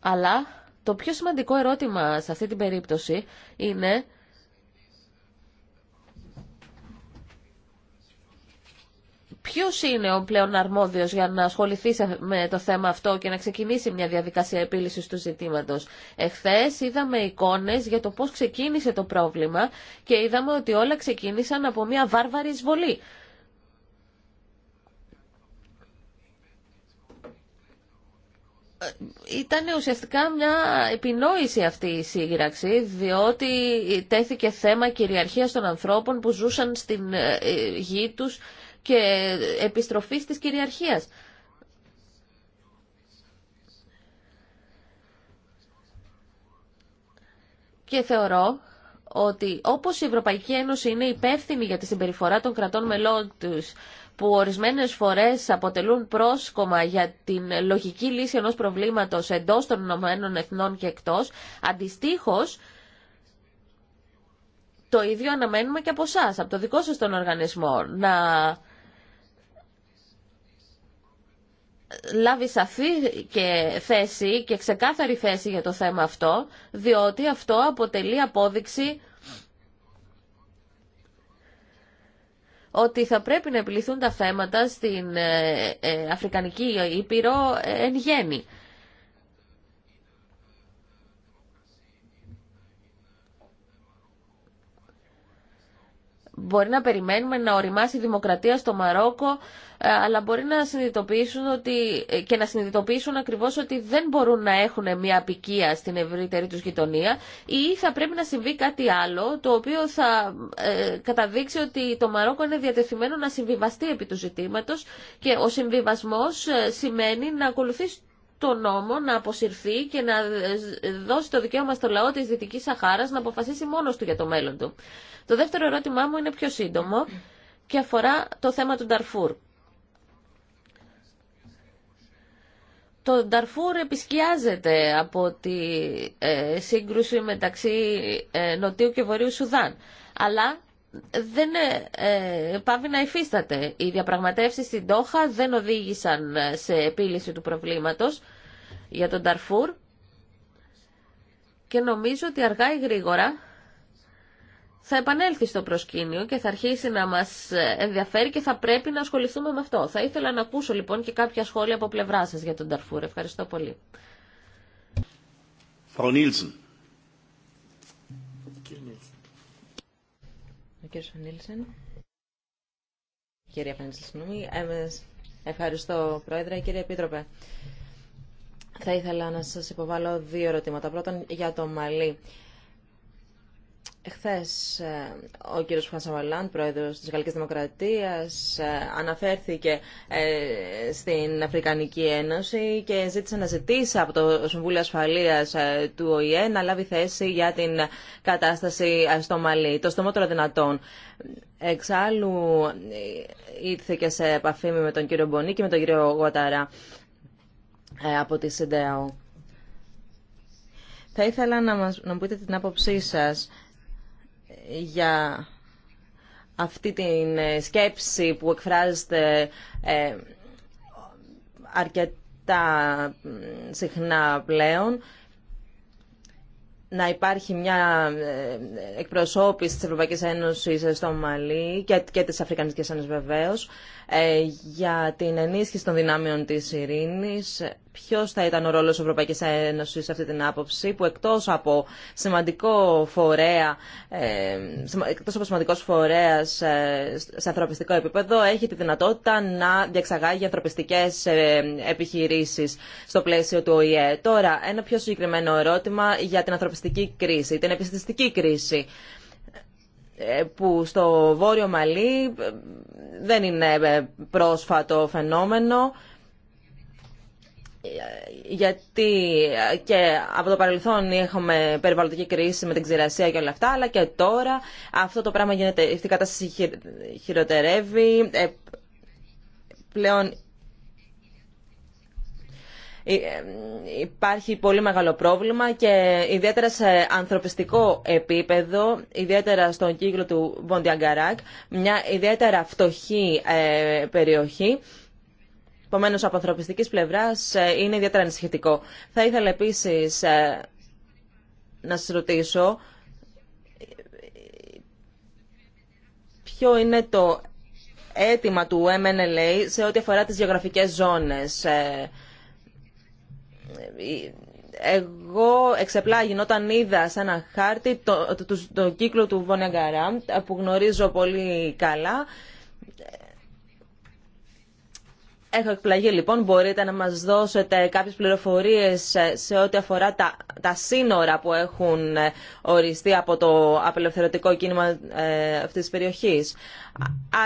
Αλλά το πιο σημαντικό ερώτημα σε αυτή την περίπτωση είναι Ποιο είναι ο πλέον αρμόδιος για να ασχοληθεί με το θέμα αυτό και να ξεκινήσει μια διαδικασία επίλυση του ζητήματος. Εχθές είδαμε εικόνες για το πώς ξεκίνησε το πρόβλημα και είδαμε ότι όλα ξεκίνησαν από μια βάρβαρη εισβολή. ήταν ουσιαστικά μια επινόηση αυτή η σύγκραξη, διότι τέθηκε θέμα κυριαρχίας των ανθρώπων που ζούσαν στην ε, γη τους και επιστροφής της κυριαρχίας. Και θεωρώ ότι όπως η Ευρωπαϊκή Ένωση είναι υπεύθυνη για τη συμπεριφορά των κρατών μελών τους που ορισμένες φορές αποτελούν πρόσκομα για την λογική λύση ενός προβλήματος εντός των Ηνωμένων Εθνών και εκτός, αντιστοίχως το ίδιο αναμένουμε και από εσά, από το δικό σας τον οργανισμό, να λάβει σαφή και θέση και ξεκάθαρη θέση για το θέμα αυτό, διότι αυτό αποτελεί απόδειξη ότι θα πρέπει να επιληθούν τα θέματα στην ε, ε, Αφρικανική Ήπειρο ε, εν γέννη. μπορεί να περιμένουμε να οριμάσει η δημοκρατία στο Μαρόκο, ε, αλλά μπορεί να συνειδητοποιήσουν ότι, ε, και να συνειδητοποιήσουν ακριβώς ότι δεν μπορούν να έχουν μια απικία στην ευρύτερη τους γειτονία ή θα πρέπει να συμβεί κάτι άλλο, το οποίο θα ε, καταδείξει ότι το Μαρόκο είναι διατεθειμένο να συμβιβαστεί επί του ζητήματος και ο συμβιβασμός σημαίνει να ακολουθήσει το νόμο να αποσυρθεί και να δώσει το δικαίωμα στο λαό της Δυτικής Σαχάρας να αποφασίσει μόνος του για το μέλλον του. Το δεύτερο ερώτημά μου είναι πιο σύντομο και αφορά το θέμα του Νταρφούρ. Το Νταρφούρ επισκιάζεται από τη ε, σύγκρουση μεταξύ ε, Νοτίου και Βορείου Σουδάν. Αλλά δεν ε, ε, πάβει να υφίσταται. Οι διαπραγματεύσεις στην Τόχα δεν οδήγησαν ε, σε επίλυση του προβλήματος για τον Ταρφούρ και νομίζω ότι αργά ή γρήγορα θα επανέλθει στο προσκήνιο και θα αρχίσει να μας ε, ενδιαφέρει και θα πρέπει να ασχοληθούμε με αυτό. Θα ήθελα να ακούσω λοιπόν και κάποια σχόλια από πλευρά σας για τον Ταρφούρ. Ευχαριστώ πολύ. Κύριε Φανίλσεν. Κύριε Φανίλσεν, συγγνώμη. Ε, ευχαριστώ, Πρόεδρε. Κύριε Επίτροπε, θα ήθελα να σας υποβάλω δύο ερωτήματα. Πρώτον, για το Μαλί. Χθε ε, ο κύριος Φασαβαλάν, πρόεδρος της Γαλλικής Δημοκρατίας, ε, αναφέρθηκε ε, στην Αφρικανική Ένωση και ζήτησε να ζητήσει από το Συμβούλιο Ασφαλείας του ΟΗΕ να λάβει θέση για την κατάσταση στο Μαλί, το στομότερο δυνατόν. Εξάλλου ήρθε και σε επαφή με τον κύριο Μπονί και με τον κύριο Γουαταρά από τη ΣΥΝΤΕΑΟ. Θα ήθελα να, μου πείτε την άποψή σας για αυτή την ε, σκέψη που εκφράζεται ε, αρκετά συχνά πλέον να υπάρχει μια ε, εκπροσώπηση της Ευρωπαϊκής Ένωσης στο Μαλί και, και της Αφρικανικής Ένωσης ε, για την ενίσχυση των δυνάμεων της ειρήνης. Ποιος θα ήταν ο ρόλος της Ευρωπαϊκής Ένωσης σε αυτή την άποψη που εκτός από σημαντικό φορέα, ε, εκτός από σημαντικός φορέας ε, σε ανθρωπιστικό επίπεδο έχει τη δυνατότητα να διεξαγάγει ανθρωπιστικές επιχειρήσεις στο πλαίσιο του ΟΗΕ. Τώρα, ένα πιο συγκεκριμένο ερώτημα για την ανθρωπιστική κρίση, την επιστημιστική κρίση. Ε, που στο Βόρειο Μαλί ε, δεν είναι ε, πρόσφατο φαινόμενο γιατί και από το παρελθόν έχουμε περιβαλλοντική κρίση με την ξηρασία και όλα αυτά, αλλά και τώρα αυτό το πράγμα γίνεται, αυτή η κατάσταση χειροτερεύει. Πλέον ε, υπάρχει πολύ μεγάλο πρόβλημα και ιδιαίτερα σε ανθρωπιστικό επίπεδο, ιδιαίτερα στον κύκλο του Μποντιαγκαράκ, μια ιδιαίτερα φτωχή ε, περιοχή. Επομένω, από ανθρωπιστική πλευρά ε, είναι ιδιαίτερα ανησυχητικό. Θα ήθελα επίση να σα ρωτήσω ποιο είναι το αίτημα του MNLA σε ό,τι αφορά τις γεωγραφικές ζώνες εγώ εξεπλάγει όταν είδα σε ένα χάρτη το, το, κύκλο του Βόνια που γνωρίζω πολύ καλά Έχω εκπλαγεί λοιπόν, μπορείτε να μας δώσετε κάποιες πληροφορίες ε, σε ό,τι αφορά τα, τα σύνορα που έχουν ε, οριστεί από το απελευθερωτικό κίνημα ε, αυτής της περιοχής.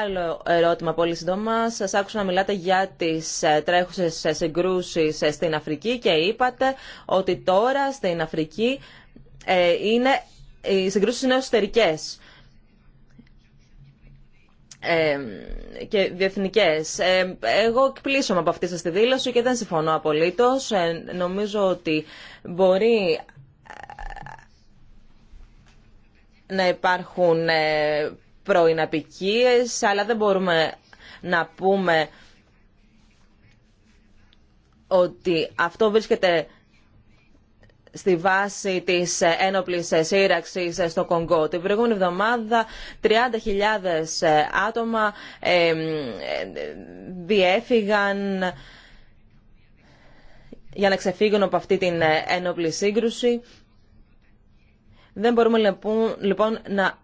Άλλο ερώτημα πολύ σύντομα. Σας άκουσα να μιλάτε για τις ε, τρέχουσες συγκρούσεις στην Αφρική και είπατε ότι τώρα στην Αφρική είναι, οι συγκρούσεις είναι και διεθνικές. εγώ εκπλήσωμαι από αυτή σας τη δήλωση και δεν συμφωνώ απολύτως. Ε, νομίζω ότι μπορεί ε, να υπάρχουν ε, πρώην αλλά δεν μπορούμε να πούμε ότι αυτό βρίσκεται στη βάση της ένοπλης σύραξη στο Κονγκό. Την προηγούμενη εβδομάδα 30.000 ε, άτομα ε, διέφυγαν για να ξεφύγουν από αυτή την ε, ένοπλη σύγκρουση. Δεν μπορούμε λοιπόν, λοιπόν να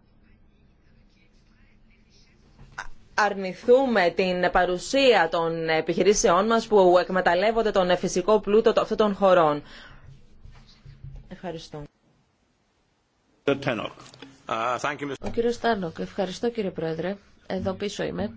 αρνηθούμε την παρουσία των επιχειρήσεών μας που εκμεταλλεύονται τον φυσικό πλούτο αυτών των χωρών. Ευχαριστώ. Uh, Ο κύριος Τάνοκ, ευχαριστώ κύριε Πρόεδρε. Εδώ πίσω είμαι.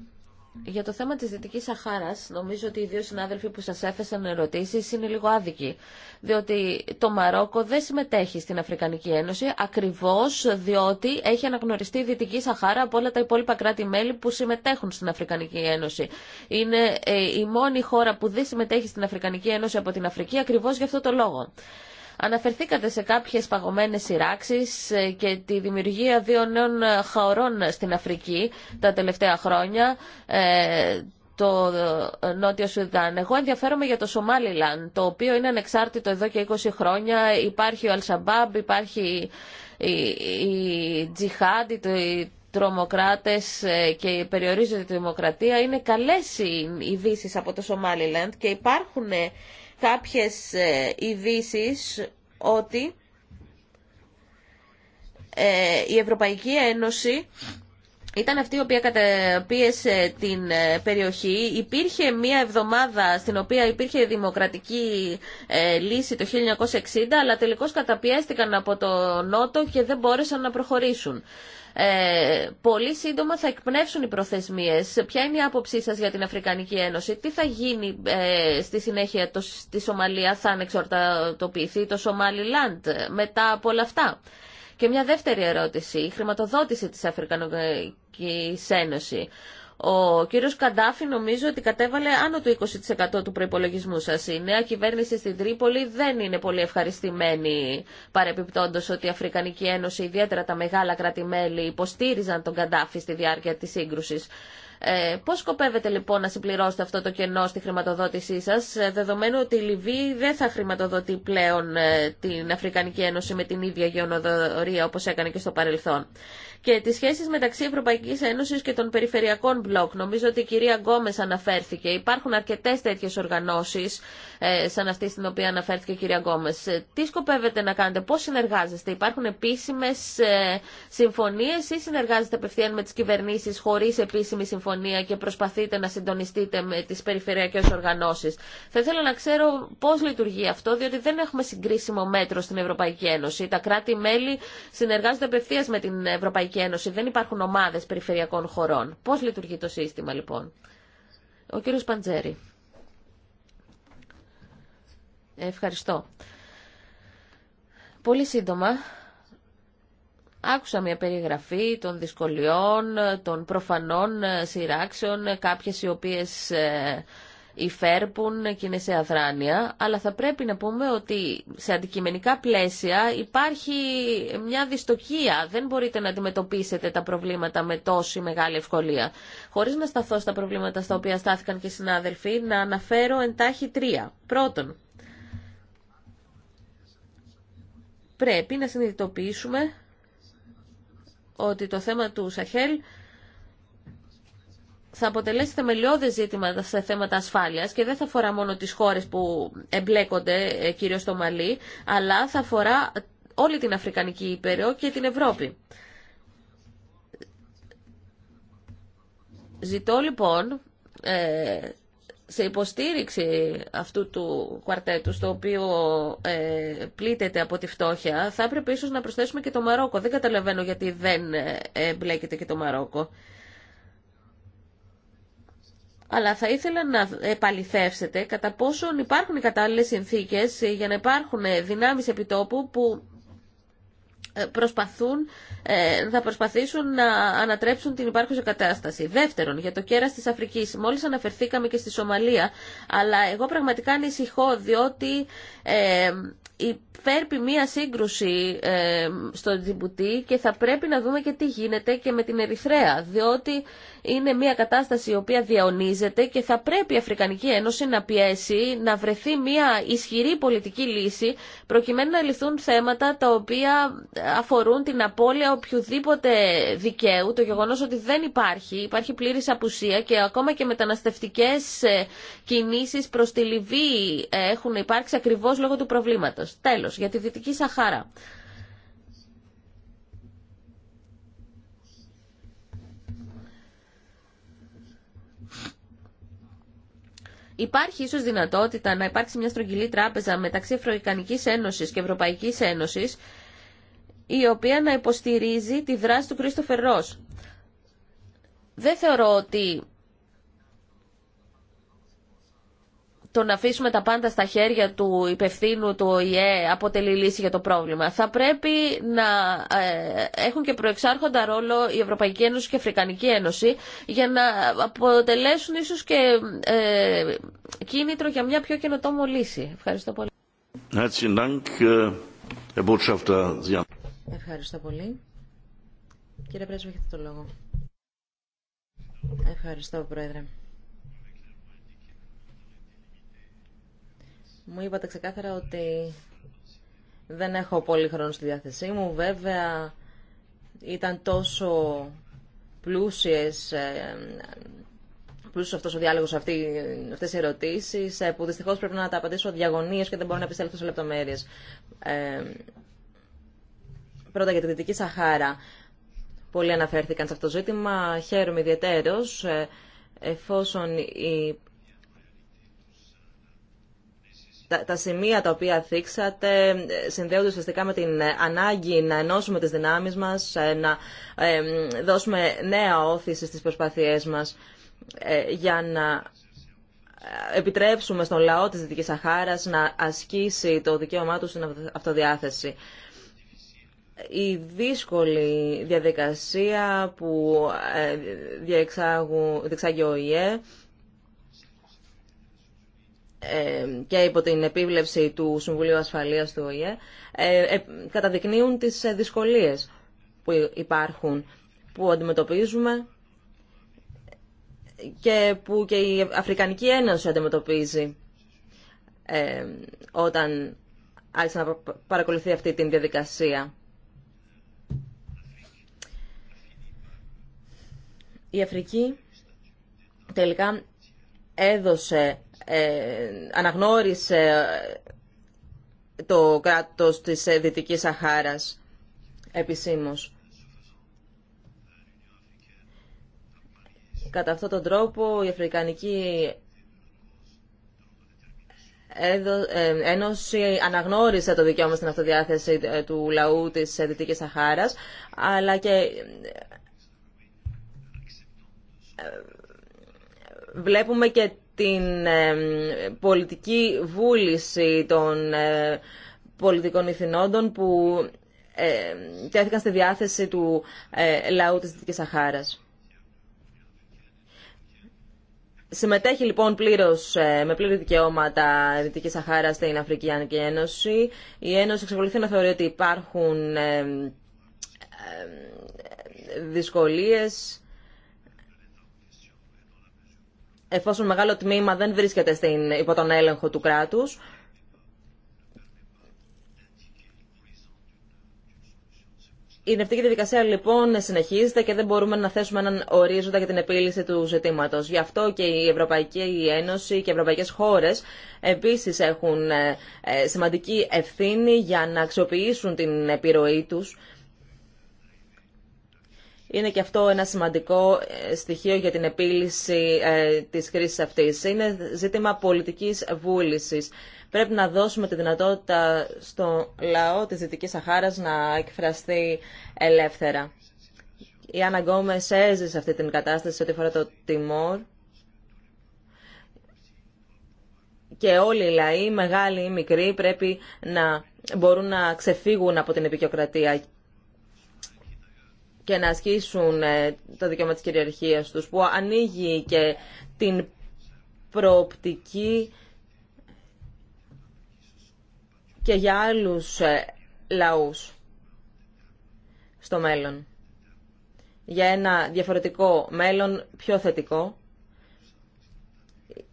Για το θέμα της Δυτικής Σαχάρας, νομίζω ότι οι δύο συνάδελφοι που σας έφεσαν ερωτήσεις είναι λίγο άδικοι, διότι το Μαρόκο δεν συμμετέχει στην Αφρικανική Ένωση, ακριβώς διότι έχει αναγνωριστεί η Δυτική Σαχάρα από όλα τα υπόλοιπα κράτη-μέλη που συμμετέχουν στην Αφρικανική Ένωση. Είναι ε, η μόνη χώρα που δεν συμμετέχει στην Αφρικανική Ένωση από την Αφρική ακριβώς για αυτό το λόγο. Αναφερθήκατε σε κάποιε παγωμένε σειράξει ε, και τη δημιουργία δύο νέων ε, χαωρών στην Αφρική τα τελευταία χρόνια, ε, το Νότιο Σουδάν. Εγώ ενδιαφέρομαι για το Σομάλιλαν, το οποίο είναι ανεξάρτητο εδώ και 20 χρόνια. Υπάρχει ο Αλσαμπάμπ, υπάρχει η, η Τζιχάντη, η τρομοκράτες και περιορίζεται η δημοκρατία. Είναι καλές οι ειδήσει από το Σομάλιλαντ και υπάρχουν κάποιες ε, ειδήσει ότι ε, η Ευρωπαϊκή Ένωση ήταν αυτή η οποία καταπίεσε την ε, περιοχή. Υπήρχε μία εβδομάδα στην οποία υπήρχε δημοκρατική ε, λύση το 1960, αλλά τελικώς καταπιέστηκαν από το Νότο και δεν μπόρεσαν να προχωρήσουν. Ε, πολύ σύντομα θα εκπνεύσουν οι προθεσμίες. Ποια είναι η άποψή σας για την Αφρικανική Ένωση. Τι θα γίνει ε, στη συνέχεια το, στη Σομαλία. Θα ανεξορτατοποιηθεί το Σομαλιλάντ μετά από όλα αυτά. Και μια δεύτερη ερώτηση. Η χρηματοδότηση της Αφρικανικής Ένωση. Ο κύριο Καντάφη νομίζω ότι κατέβαλε άνω του 20% του προπολογισμού σα. Η νέα κυβέρνηση στην Τρίπολη δεν είναι πολύ ευχαριστημένη παρεπιπτόντω ότι η Αφρικανική Ένωση, ιδιαίτερα τα μεγάλα υποστήριζαν τον Καντάφη στη διάρκεια τη σύγκρουση. Ε, πώς σκοπεύετε λοιπόν να συμπληρώσετε αυτό το κενό στη χρηματοδότησή σα, ε, δεδομένου ότι η Λιβύη δεν θα χρηματοδοτεί πλέον ε, την Αφρικανική Ένωση με την ίδια γεωνοδορία όπω έκανε και στο παρελθόν και τις σχέσεις μεταξύ Ευρωπαϊκής Ένωσης και των περιφερειακών μπλοκ. Νομίζω ότι η κυρία Γκόμες αναφέρθηκε. Υπάρχουν αρκετές τέτοιες οργανώσεις ε, σαν αυτή στην οποία αναφέρθηκε η κυρία Γκόμες. Ε, τι σκοπεύετε να κάνετε, πώς συνεργάζεστε. Υπάρχουν επίσημες ε, συμφωνίες ή συνεργάζεστε απευθείαν με τις κυβερνήσεις χωρίς επίσημη συμφωνία και προσπαθείτε να συντονιστείτε με τις περιφερειακές οργανώσεις. Θα ήθελα να ξέρω πώς λειτουργεί αυτό, διότι δεν έχουμε συγκρίσιμο μέτρο στην Ευρωπαϊκή Ένωση. Τα κράτη-μέλη συνεργάζονται απευθείας με την Ευρωπαϊκή Ευρωπαϊκή Ένωση. Δεν υπάρχουν ομάδες περιφερειακών χωρών. Πώς λειτουργεί το σύστημα λοιπόν. Ο κύριο Παντζέρη. Ευχαριστώ. Πολύ σύντομα, άκουσα μια περιγραφή των δυσκολιών, των προφανών ε, σειράξεων, κάποιες οι οποίες ε, υφέρπουν και είναι σε αδράνεια, αλλά θα πρέπει να πούμε ότι σε αντικειμενικά πλαίσια υπάρχει μια δυστοκία. Δεν μπορείτε να αντιμετωπίσετε τα προβλήματα με τόση μεγάλη ευκολία. Χωρίς να σταθώ στα προβλήματα στα οποία στάθηκαν και οι συνάδελφοι, να αναφέρω εντάχει τρία. Πρώτον, πρέπει να συνειδητοποιήσουμε ότι το θέμα του Σαχέλ θα αποτελέσει θεμελιώδες ζήτημα σε θέματα ασφάλειας και δεν θα αφορά μόνο τις χώρες που εμπλέκονται, ε, κυρίως το Μαλί, αλλά θα αφορά όλη την Αφρικανική Ήπειρο και την Ευρώπη. Ζητώ λοιπόν ε, σε υποστήριξη αυτού του κουαρτέτου, στο οποίο ε, πλήττεται από τη φτώχεια, θα έπρεπε ίσως να προσθέσουμε και το Μαρόκο. Δεν καταλαβαίνω γιατί δεν ε, εμπλέκεται και το Μαρόκο αλλά θα ήθελα να επαληθεύσετε κατά πόσον υπάρχουν οι κατάλληλες συνθήκες για να υπάρχουν δυνάμεις επιτόπου που ε, προσπαθούν, ε, θα προσπαθήσουν να ανατρέψουν την υπάρχουσα κατάσταση. Δεύτερον, για το κέρα της Αφρικής. Μόλις αναφερθήκαμε και στη Σομαλία, αλλά εγώ πραγματικά ανησυχώ, διότι ε, υπέρπει μία σύγκρουση ε, στο Τζιμπουτί και θα πρέπει να δούμε και τι γίνεται και με την Ερυθρέα, διότι είναι μια κατάσταση η οποία διαονίζεται και θα πρέπει η Αφρικανική Ένωση να πιέσει να βρεθεί μια ισχυρή πολιτική λύση προκειμένου να λυθούν θέματα τα οποία αφορούν την απώλεια οποιοδήποτε δικαίου, το γεγονός ότι δεν υπάρχει, υπάρχει πλήρης απουσία και ακόμα και μεταναστευτικές ε, κινήσεις προς τη Λιβύη έχουν υπάρξει ακριβώς λόγω του προβλήματος. Τέλος, για τη Δυτική Σαχάρα. Υπάρχει ίσως δυνατότητα να υπάρξει μια στρογγυλή τράπεζα μεταξύ Ευρωπαϊκής Ένωσης και Ευρωπαϊκής Ένωσης, η οποία να υποστηρίζει τη δράση του Κρίστοφερ Ρος. Δεν θεωρώ ότι το να αφήσουμε τα πάντα στα χέρια του υπευθύνου του ΟΗΕ αποτελεί λύση για το πρόβλημα. Θα πρέπει να ε, έχουν και προεξάρχοντα ρόλο η Ευρωπαϊκή Ένωση και η Αφρικανική Ένωση για να αποτελέσουν ίσως και ε, κίνητρο για μια πιο καινοτόμο λύση. Ευχαριστώ πολύ. Ε, Ευχαριστώ πολύ. Κύριε Πρέσβη, έχετε το λόγο. Ευχαριστώ, Πρόεδρε. Μου είπατε ξεκάθαρα ότι δεν έχω πολύ χρόνο στη διάθεσή μου. Βέβαια, ήταν τόσο πλούσιες, πλούσιος αυτός ο διάλογος, αυτή, αυτές οι ερωτήσεις, ε, που δυστυχώς πρέπει να τα απαντήσω διαγωνίες και δεν μπορώ να επιστρέψω σε λεπτομέρειες. Ε, πρώτα για τη Δυτική Σαχάρα. Πολλοί αναφέρθηκαν σε αυτό το ζήτημα. Χαίρομαι ιδιαίτερος ε, εφόσον η τα, σημεία τα οποία θίξατε ε, συνδέονται ουσιαστικά με την ε, ανάγκη να ενώσουμε τις δυνάμεις μας, ε, να δώσουμε νέα όθηση στις προσπάθειές μας για να επιτρέψουμε στον λαό της Δυτικής Σαχάρας να ασκήσει το δικαίωμά του στην αυτοδιάθεση. Η δύσκολη διαδικασία που διεξάγει ο ΙΕ ε, και υπό την επίβλεψη του Συμβουλίου Ασφαλείας του ΟΗΕ ε, ε, καταδεικνύουν τις δυσκολίες που υπάρχουν, που αντιμετωπίζουμε και που και η Αφρικανική Ένωση αντιμετωπίζει όταν άρχισε να παρακολουθεί αυτή την διαδικασία. Η Αφρική τελικά έδωσε ε, αναγνώρισε ε, το κράτος της ε, Δυτικής Σαχάρας επισήμως. Κατά αυτόν τον τρόπο η Αφρικανική Ένωση αναγνώρισε το δικαίωμα στην αυτοδιάθεση του λαού της Δυτικής Σαχάρας, αλλά και βλέπουμε και την πολιτική βούληση των ε, πολιτικών ηθινόντων που ε, τέθηκαν στη διάθεση του ε, λαού της Δυτικής Σαχάρας. Συμμετέχει λοιπόν πλήρως, με πλήρη δικαιώματα η Δυτική Σαχάρα στην Αφρικανική Ένωση. Η Ένωση εξακολουθεί να θεωρεί ότι υπάρχουν δυσκολίες εφόσον μεγάλο τμήμα δεν βρίσκεται στην, υπό τον έλεγχο του κράτους. Η νευτική διαδικασία λοιπόν συνεχίζεται και δεν μπορούμε να θέσουμε έναν ορίζοντα για την επίλυση του ζητήματο. Γι' αυτό και η Ευρωπαϊκή Ένωση και οι ευρωπαϊκέ χώρε επίση έχουν ε, σημαντική ευθύνη για να αξιοποιήσουν την επιρροή του είναι και αυτό ένα σημαντικό ε, στοιχείο για την επίλυση ε, της κρίσης αυτής. Είναι ζήτημα πολιτικής βούλησης. Πρέπει να δώσουμε τη δυνατότητα στο λαό της Δυτικής Σαχάρας να εκφραστεί ελεύθερα. Η Άννα Γκόμες έζησε αυτή την κατάσταση ό,τι φορά το Τιμόρ. και όλοι οι λαοί, μεγάλοι ή μικροί, πρέπει να μπορούν να ξεφύγουν από την επικιοκρατία και να ασκήσουν ε, το δικαίωμα της κυριαρχίας τους, που ανοίγει και την προοπτική και για άλλους ε, λαούς στο μέλλον. Για ένα διαφορετικό μέλλον, πιο θετικό.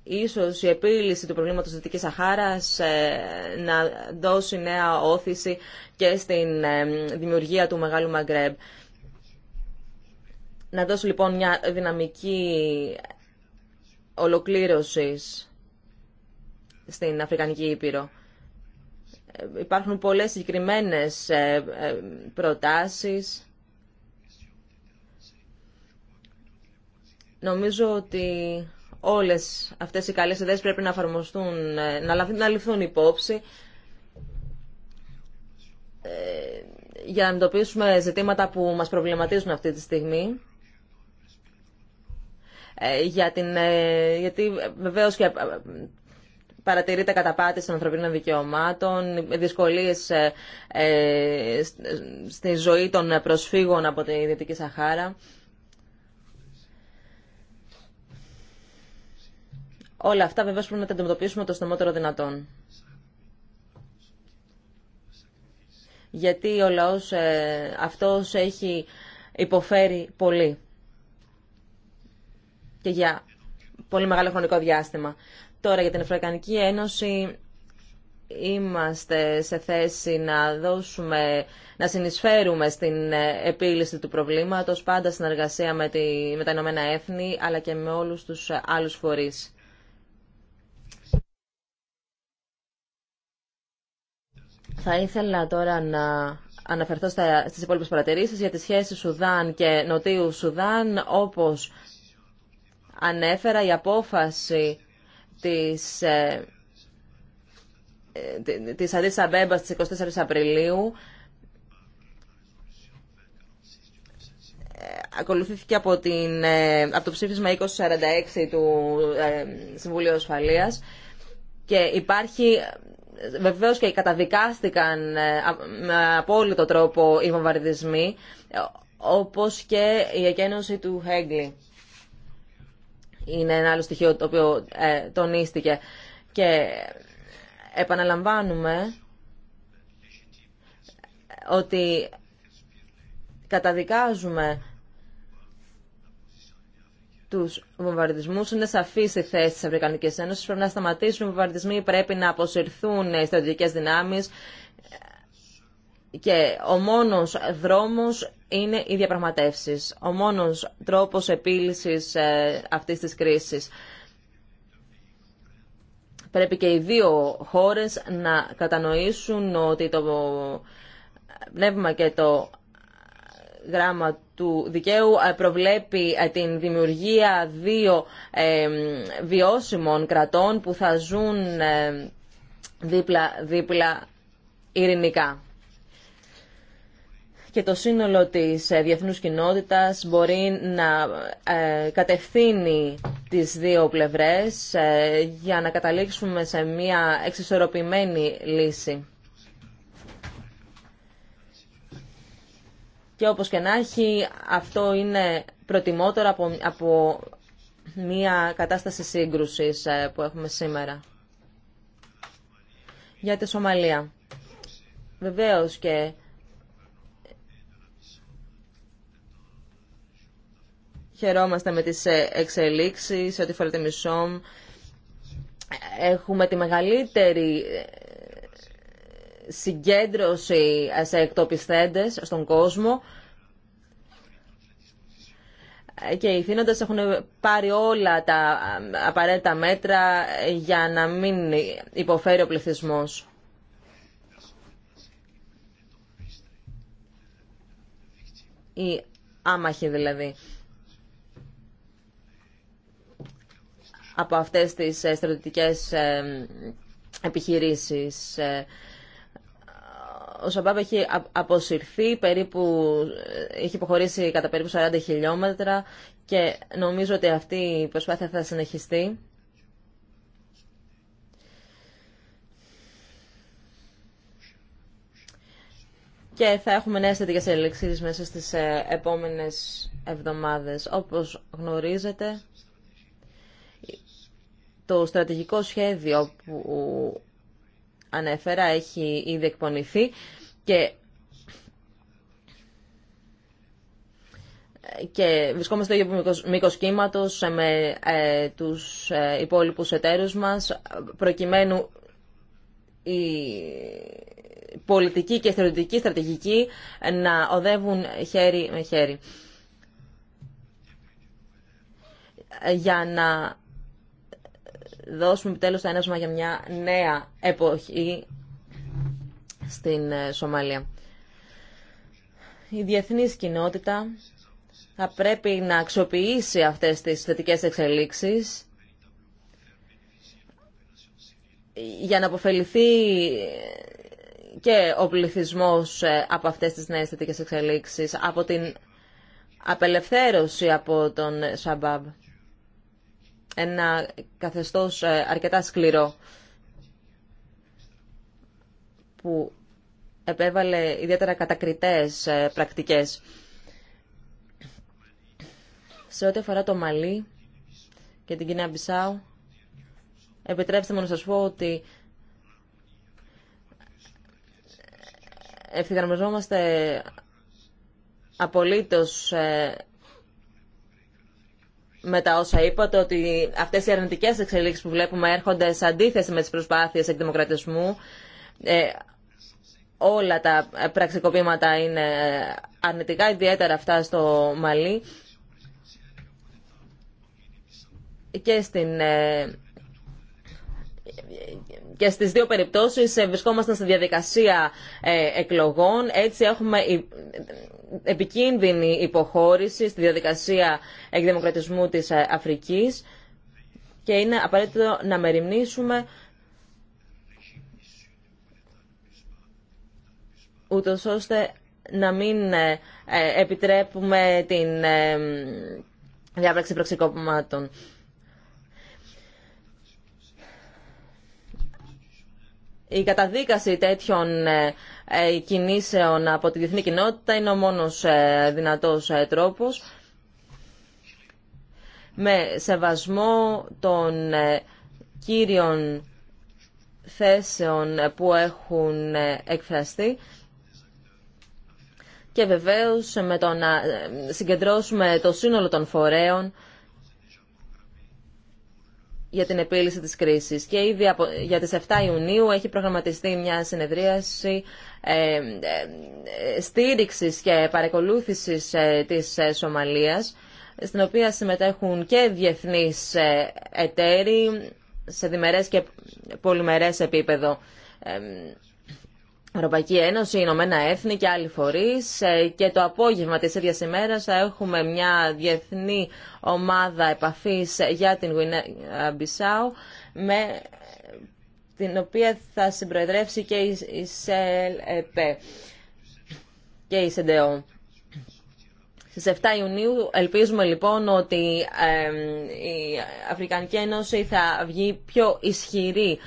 Ίσως η επίλυση του προβλήματος της Δυτικής Σαχάρας ε, να δώσει νέα όθηση και στην δημιουργία του Μεγάλου Μαγκρέμπ. Να δώσω λοιπόν μια δυναμική ολοκλήρωση στην Αφρικανική Ήπειρο. Ε, υπάρχουν πολλές συγκεκριμένε ε, ε, προτάσεις. Νομίζω ότι όλες αυτές οι καλές ιδέες πρέπει να εφαρμοστούν, να ληφθούν υπόψη για να εντοπίσουμε ζητήματα που μας προβληματίζουν αυτή τη στιγμή. Ε, για την, ε, γιατί βεβαίως και ε, παρατηρείται καταπάτηση των ανθρωπίνων δικαιωμάτων, δυσκολίες στη ζωή των προσφύγων από τη Δυτική Σαχάρα. Όλα αυτά βεβαίως πρέπει να τα αντιμετωπίσουμε το στομότερο δυνατόν. Γιατί ο λαός αυτός έχει υποφέρει πολύ και για πολύ μεγάλο χρονικό διάστημα. Τώρα για την Αφρικανική Ένωση είμαστε σε θέση να δώσουμε, να συνεισφέρουμε στην ε, επίλυση του προβλήματος, πάντα συνεργασία με, τη, με τα Ηνωμένα Έθνη, αλλά και με όλους τους άλλους φορείς. Θα ήθελα τώρα να αναφερθώ στα, στις υπόλοιπες παρατηρήσεις για τις σχέσεις Σουδάν και Νοτίου Σουδάν, όπως ανέφερα, η απόφαση της, ε, ε της της 24 Απριλίου ακολουθήθηκε από, την, ε, από το ψήφισμα 2046 του ε, Συμβουλίου Ασφαλείας και υπάρχει βεβαίως και καταδικάστηκαν με απόλυτο τρόπο οι βομβαρδισμοί όπως και η εκένωση του Χέγκλη είναι ένα άλλο στοιχείο το οποίο ε, τονίστηκε. Και επαναλαμβάνουμε ότι καταδικάζουμε τους βομβαρδισμούς. Είναι σαφή η θέση της Αφρικανικής Ένωσης. Πρέπει να σταματήσουν οι βομβαρδισμοί, πρέπει να αποσυρθούν οι στρατιωτικές δυνάμεις και ο μόνος δρόμος είναι οι διαπραγματεύσεις, ο μόνος τρόπος επίλυσης ε, αυτής της κρίσης. Πρέπει και οι δύο χώρες να κατανοήσουν ότι το πνεύμα και το γράμμα του δικαίου ε, προβλέπει ε, την δημιουργία δύο βιώσιμων κρατών που θα ζουν δίπλα-δίπλα ειρηνικά και το σύνολο της ε, διεθνούς κοινότητας μπορεί να ε, κατευθύνει τις δύο πλευρές ε, για να καταλήξουμε σε μια εξισορροπημένη λύση. Και όπως και να έχει, αυτό είναι προτιμότερο από, από μια κατάσταση σύγκρουσης που έχουμε σήμερα. Για τη Σομαλία. Βεβαίως και Χαιρόμαστε με τις ε, εξελίξεις, ό,τι φορά τη Μισόμ. Έχουμε τη μεγαλύτερη ε, συγκέντρωση σε εκτοπιστέντες στον κόσμο και οι θύνοντες έχουν πάρει όλα τα ε, απαραίτητα μέτρα για να μην υποφέρει ο πληθυσμός. Οι άμαχοι δηλαδή. από αυτές τις ε, στρατιωτικές ε, επιχειρήσεις. Ε, ο Σαμπάμπ έχει αποσυρθεί, περίπου, έχει υποχωρήσει κατά περίπου 40 χιλιόμετρα και νομίζω ότι αυτή η προσπάθεια θα συνεχιστεί. και θα έχουμε νέες θετικές ελεξίες μέσα στις επόμενες εβδομάδες. Όπως γνωρίζετε, το στρατηγικό σχέδιο που ανέφερα έχει ήδη εκπονηθεί και και βρισκόμαστε στο ίδιο μήκο κύματο με ε, του ε, υπόλοιπου εταίρου μα, προκειμένου η πολιτική και θεωρητική στρατηγική να οδεύουν χέρι με χέρι. Για να δώσουμε επιτέλους το ένασμα για μια νέα εποχή στην ε, Σομαλία. Η διεθνής κοινότητα θα πρέπει να αξιοποιήσει αυτές τις θετικές εξελίξεις για να αποφεληθεί και ο πληθυσμός ε, από αυτές τις νέες θετικές εξελίξεις, από την απελευθέρωση από τον Σαμπάμπ ένα καθεστώς ε, αρκετά σκληρό που επέβαλε ιδιαίτερα κατακριτές ε, πρακτικές. Σε ό,τι αφορά το Μαλί και την Κινέα Μπισάου, επιτρέψτε μου να σας πω ότι ευθυγραμμιζόμαστε απολύτως ε, με τα όσα είπατε ότι αυτές οι αρνητικέ εξελίξεις που βλέπουμε έρχονται σε αντίθεση με τις προσπάθειες εκδημοκρατισμού. Ε, όλα τα πραξικοπήματα είναι αρνητικά, ιδιαίτερα αυτά στο Μαλί και στην ε, και στις δύο περιπτώσεις ε, βρισκόμαστε στη διαδικασία ε, εκλογών. Έτσι έχουμε επικίνδυνη υποχώρηση στη διαδικασία εκδημοκρατισμού της ε, Αφρικής και είναι απαραίτητο να μεριμνήσουμε ούτω ώστε να μην ε, ε, επιτρέπουμε την διάπραξη προξικοπημάτων. Η καταδίκαση τέτοιων ε, κινήσεων από τη διεθνή κοινότητα είναι ο μόνος ε, δυνατός ε, τρόπος με σεβασμό των κύριων θέσεων που έχουν εκφραστεί και βεβαίως με το να συγκεντρώσουμε το σύνολο των φορέων για την επίλυση της κρίσης. Και ήδη για τις 7 Ιουνίου έχει προγραμματιστεί μια συνεδρίαση ε, ε στήριξης και παρακολούθησης ε, της ε, Σομαλίας, στην οποία συμμετέχουν και διεθνείς εταίροι σε διμερές και πολυμερές επίπεδο. Ευρωπαϊκή Ένωση, Ηνωμένα Έθνη και άλλοι φορεί ε, και το απόγευμα τη ίδια ημέρα θα έχουμε μια διεθνή ομάδα επαφής για την Γουινέα Μπισάου με την οποία θα συμπροεδρεύσει και η ΣΕΛΕΠΕ και η ΣΕΝΤΕΟ. Στις 7 Ιουνίου ελπίζουμε λοιπόν ότι η Αφρικανική Ένωση θα βγει πιο ισχυρή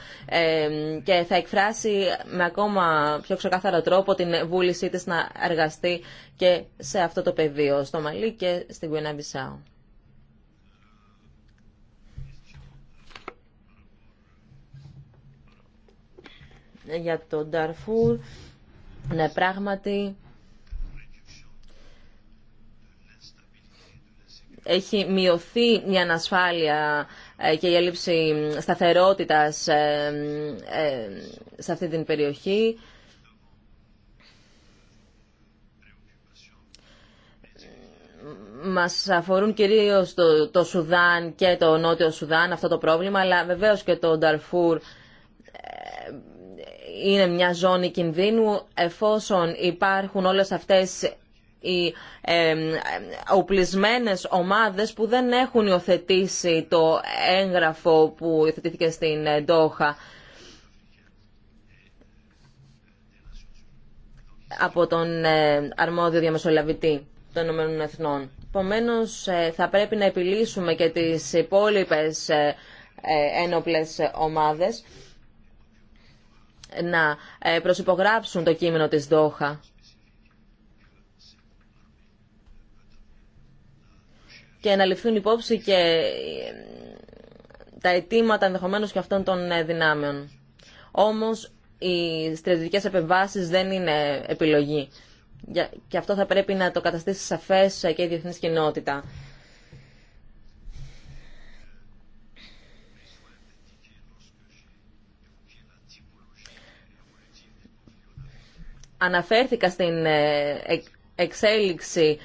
και θα εκφράσει με ακόμα πιο ξεκάθαρο τρόπο την βούλησή της να εργαστεί και σε αυτό το πεδίο, στο Μαλί και στην Κουιναμπισάου. Για τον Νταρφούρ, ναι πράγματι έχει μειωθεί η ανασφάλεια ε, και η έλλειψη σταθερότητας ε, ε, σε αυτή την περιοχή. Μας αφορούν κυρίως το, το Σουδάν και το Νότιο Σουδάν αυτό το πρόβλημα, αλλά βεβαίως και το Νταρφούρ είναι μια ζώνη κινδύνου εφόσον υπάρχουν όλες αυτές οι ε, οπλισμένες ομάδες που δεν έχουν υιοθετήσει το έγγραφο που υιοθετήθηκε στην Ντόχα. από τον ε, αρμόδιο διαμεσολαβητή των Ηνωμένων Εθνών. Επομένω, ε, θα πρέπει να επιλύσουμε και τις υπόλοιπες ε, ένοπλες ομάδες να προσυπογράψουν το κείμενο της Δόχα. και να ληφθούν υπόψη και ε, τα αιτήματα ενδεχομένω και αυτών των ε, δυνάμεων. Όμως οι στρατιωτικές επεμβάσει δεν είναι επιλογή. Και αυτό θα πρέπει να το καταστήσει σαφές ε, και η διεθνής κοινότητα. Αναφέρθηκα στην εξέλιξη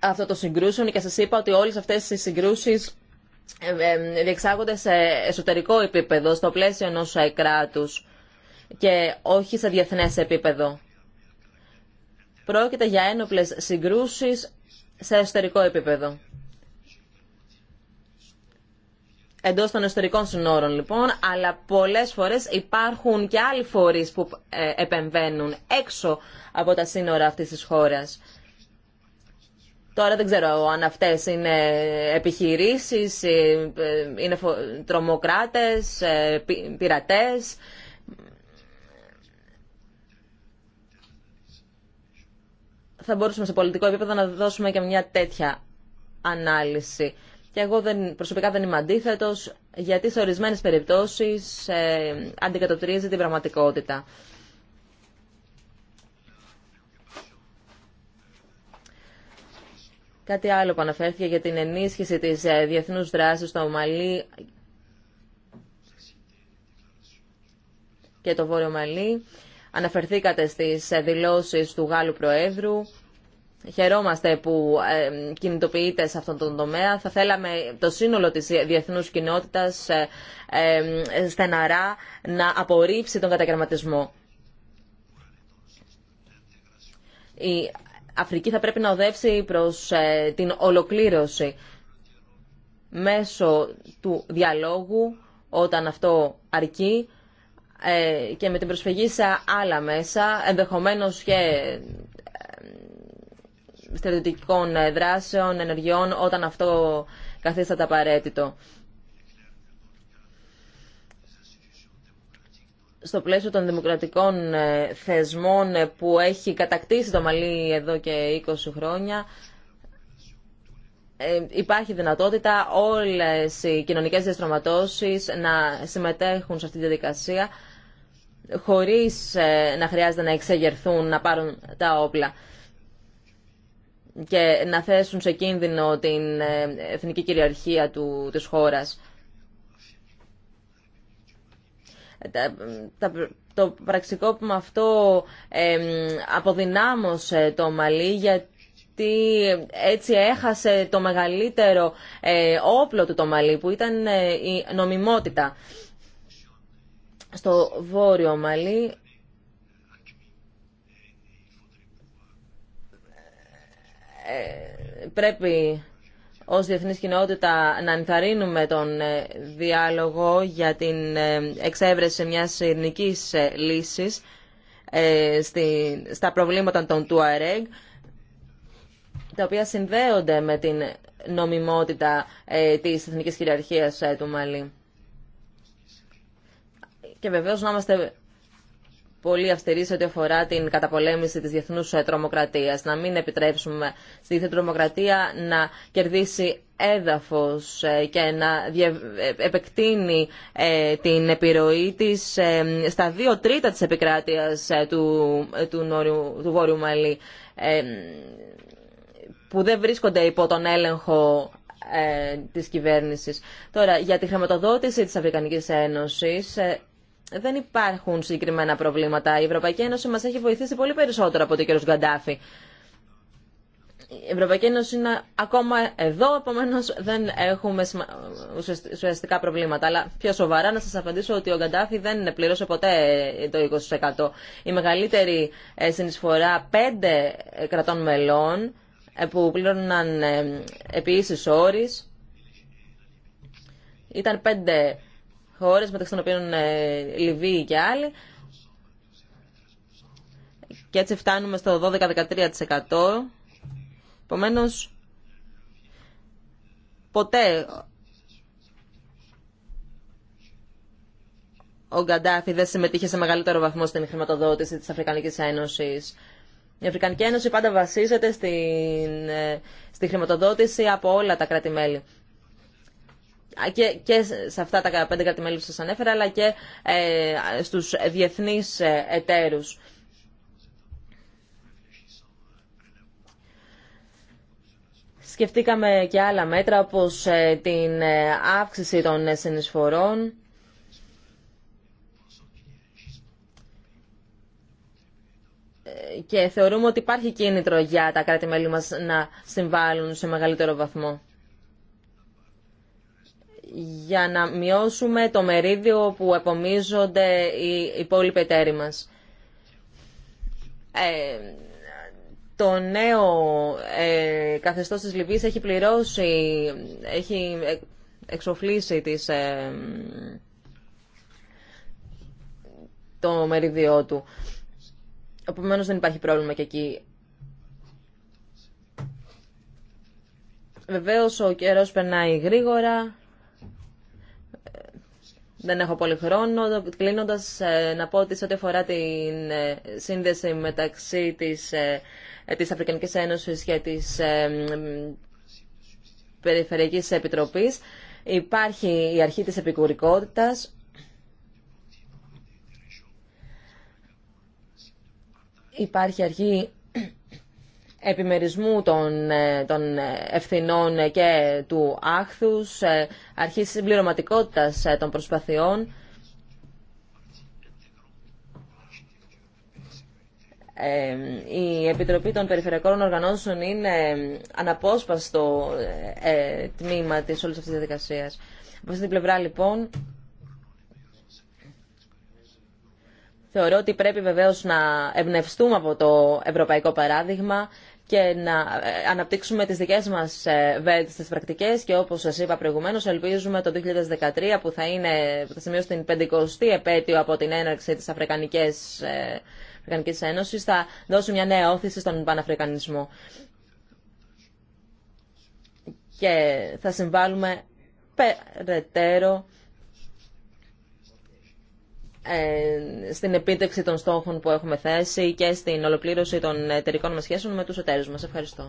αυτό το συγκρούσεων και σας είπα ότι όλες αυτές οι συγκρούσεις ε, ε, διεξάγονται σε εσωτερικό επίπεδο, στο πλαίσιο ενός ε, κράτους και όχι σε διεθνές επίπεδο. Πρόκειται για ένοπλες συγκρούσεις σε εσωτερικό επίπεδο. Εντό των εσωτερικών συνόρων, λοιπόν, αλλά πολλέ φορέ υπάρχουν και άλλοι φορεί που επεμβαίνουν έξω από τα σύνορα αυτή τη χώρα. Τώρα δεν ξέρω αν αυτές είναι επιχειρήσεις, ε, ε, είναι τρομοκράτες, ε, πειρατές. Θα μπορούσαμε σε πολιτικό επίπεδο να δώσουμε και μια τέτοια ανάλυση. Και εγώ δεν, προσωπικά δεν είμαι αντίθετο, γιατί σε ορισμένες περιπτώσεις αντικατοπτρίζει την πραγματικότητα. Κάτι άλλο που αναφέρθηκε για την ενίσχυση της ε, διεθνούς δράσης στο Μαλί και το Βόρειο Μαλί. Αναφερθήκατε στις ε, δηλώσει του Γάλλου Προέδρου. Χαιρόμαστε που ε, κινητοποιείτε σε αυτόν τον τομέα. Θα θέλαμε το σύνολο της διεθνούς κοινότητας στεναρά να απορρίψει τον κατακαιρματισμό. Η Αφρική θα πρέπει να οδεύσει προς ε, την ολοκλήρωση μέσω του διαλόγου όταν αυτό αρκεί ε, και με την προσφυγή σε άλλα μέσα, ενδεχομένως και ε, στρατιωτικών δράσεων, ενεργειών, όταν αυτό καθίσταται απαραίτητο. στο πλαίσιο των δημοκρατικών ε, θεσμών ε, που έχει κατακτήσει το Μαλί εδώ και 20 χρόνια ε, υπάρχει δυνατότητα όλες οι κοινωνικές διαστρωματώσεις να συμμετέχουν σε αυτή τη διαδικασία χωρίς να χρειάζεται να εξεγερθούν, να πάρουν τα όπλα και να θέσουν σε κίνδυνο την εθνική κυριαρχία του, της χώρας. το πραξικόπημα αυτό αποδυνάμωσε το Μαλί γιατί έτσι έχασε το μεγαλύτερο ε, όπλο του το Μαλί που ήταν ε, η νομιμότητα. Στο βόρειο Μαλί ε, πρέπει ω διεθνή κοινότητα να ενθαρρύνουμε τον ε, διάλογο για την ε, εξέβρεση μια ειρηνική ε, λύση στα προβλήματα των Τουαρέγ, τα οποία συνδέονται με την νομιμότητα τη εθνική κυριαρχία του Μαλή. Και βεβαίως να είμαστε πολύ αυστηρή σε ό,τι αφορά την καταπολέμηση της διεθνούς ε, Τρομοκρατία, Να μην επιτρέψουμε στη διεθνή τρομοκρατία να κερδίσει έδαφος ε, και να ε, επεκτείνει την επιρροή της στα δύο τρίτα της επικράτειας του, του, νόριου, του Βόρειου Μαλή που δεν βρίσκονται υπό τον έλεγχο της κυβέρνησης. Τώρα, για τη χρηματοδότηση της Αφρικανικής Ένωσης δεν υπάρχουν συγκεκριμένα προβλήματα. Η Ευρωπαϊκή Ένωση μας έχει βοηθήσει πολύ περισσότερο από ότι ο κ. Γκαντάφη. Η Ευρωπαϊκή Ένωση είναι ακόμα εδώ, επομένω δεν έχουμε ουσιαστικά προβλήματα. Αλλά πιο σοβαρά να σα απαντήσω ότι ο Γκαντάφη δεν πλήρωσε ποτέ το 20%. Η μεγαλύτερη ε, συνεισφορά πέντε ε, κρατών μελών ε, που πλήρωναν επίση όρη ήταν πέντε χώρες, μεταξύ των οποίων ε, Λιβύη και άλλοι. Και έτσι φτάνουμε στο 12-13%. Επομένω, ποτέ ο Γκαντάφη δεν συμμετείχε σε μεγαλύτερο βαθμό στην χρηματοδότηση της Αφρικανικής Ένωσης. Η Αφρικανική Ένωση πάντα βασίζεται στην, ε, στη χρηματοδότηση από όλα τα κράτη-μέλη και, και σε αυτά τα πέντε κρατημέλη που σας ανέφερα, αλλά και ε, στους διεθνείς ε, εταίρους. Σκεφτήκαμε και άλλα μέτρα, όπως ε, την ε, αύξηση των συνεισφορών, και θεωρούμε ότι υπάρχει κίνητρο για τα κράτη-μέλη μας να συμβάλλουν σε μεγαλύτερο βαθμό για να μειώσουμε το μερίδιο που επομίζονται οι υπόλοιποι εταίροι μας. Ε, το νέο ε, καθεστώς της Λιβύης έχει πληρώσει, έχει εξοφλήσει τις, ε, το μεριδιό του. Επομένως δεν υπάρχει πρόβλημα και εκεί. Βεβαίως ο καιρός περνάει γρήγορα δεν έχω πολύ χρόνο. Κλείνοντα, ε, να πω ότι σε ό,τι αφορά την ε, σύνδεση μεταξύ της, ε, της Αφρικανικής Ένωσης και της Περιφερειακής Επιτροπής, υπάρχει η αρχή της επικουρικότητα. Υπάρχει αρχή επιμερισμού των, ε, των ε, ευθυνών ε, και του άχθους, αρχής συμπληρωματικότητας των προσπαθειών, η Επιτροπή των Περιφερειακών Οργανώσεων είναι αναπόσπαστο τμήμα της όλης αυτής της διαδικασίας. Από αυτή την πλευρά λοιπόν θεωρώ ότι πρέπει βεβαίως να εμπνευστούμε από το ευρωπαϊκό παράδειγμα και να ε, αναπτύξουμε τις δικές μας ε, βέλτιστες πρακτικές και όπως σας είπα προηγουμένως ελπίζουμε το 2013 που θα είναι που θα στην την 50η επέτειο από την έναρξη της Αφρικανικής, ε, Αφρικανικής Ένωσης θα δώσει μια νέα όθηση στον Παναφρικανισμό και θα συμβάλλουμε περαιτέρω ε, στην επίτευξη των στόχων που έχουμε θέσει και στην ολοκλήρωση των εταιρικών μας σχέσεων με τους εταίρους μας. Ευχαριστώ.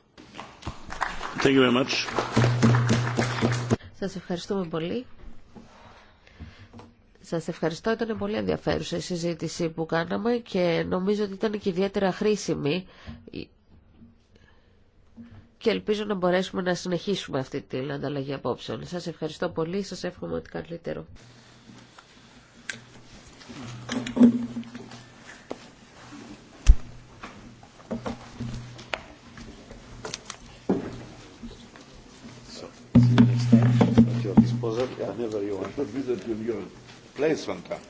Thank you very much. Σας ευχαριστούμε πολύ. Σας ευχαριστώ. Ήταν πολύ ενδιαφέρουσα η συζήτηση που κάναμε και νομίζω ότι ήταν και ιδιαίτερα χρήσιμη και ελπίζω να μπορέσουμε να συνεχίσουμε αυτή την ανταλλαγή απόψεων. Σας ευχαριστώ πολύ. Σας εύχομαι ότι καλύτερο. So, at your disposal whenever you want to visit your place sometime.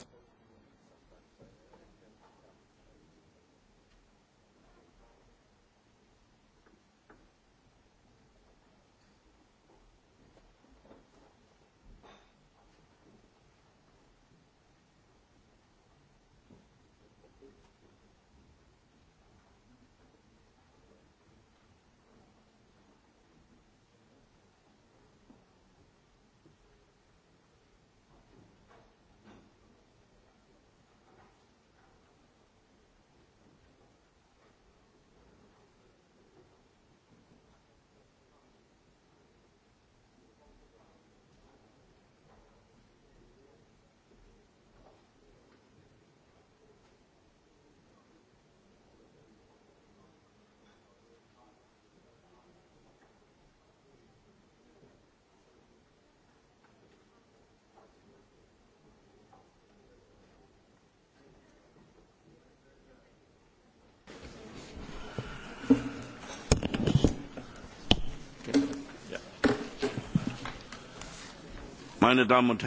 Meine Damen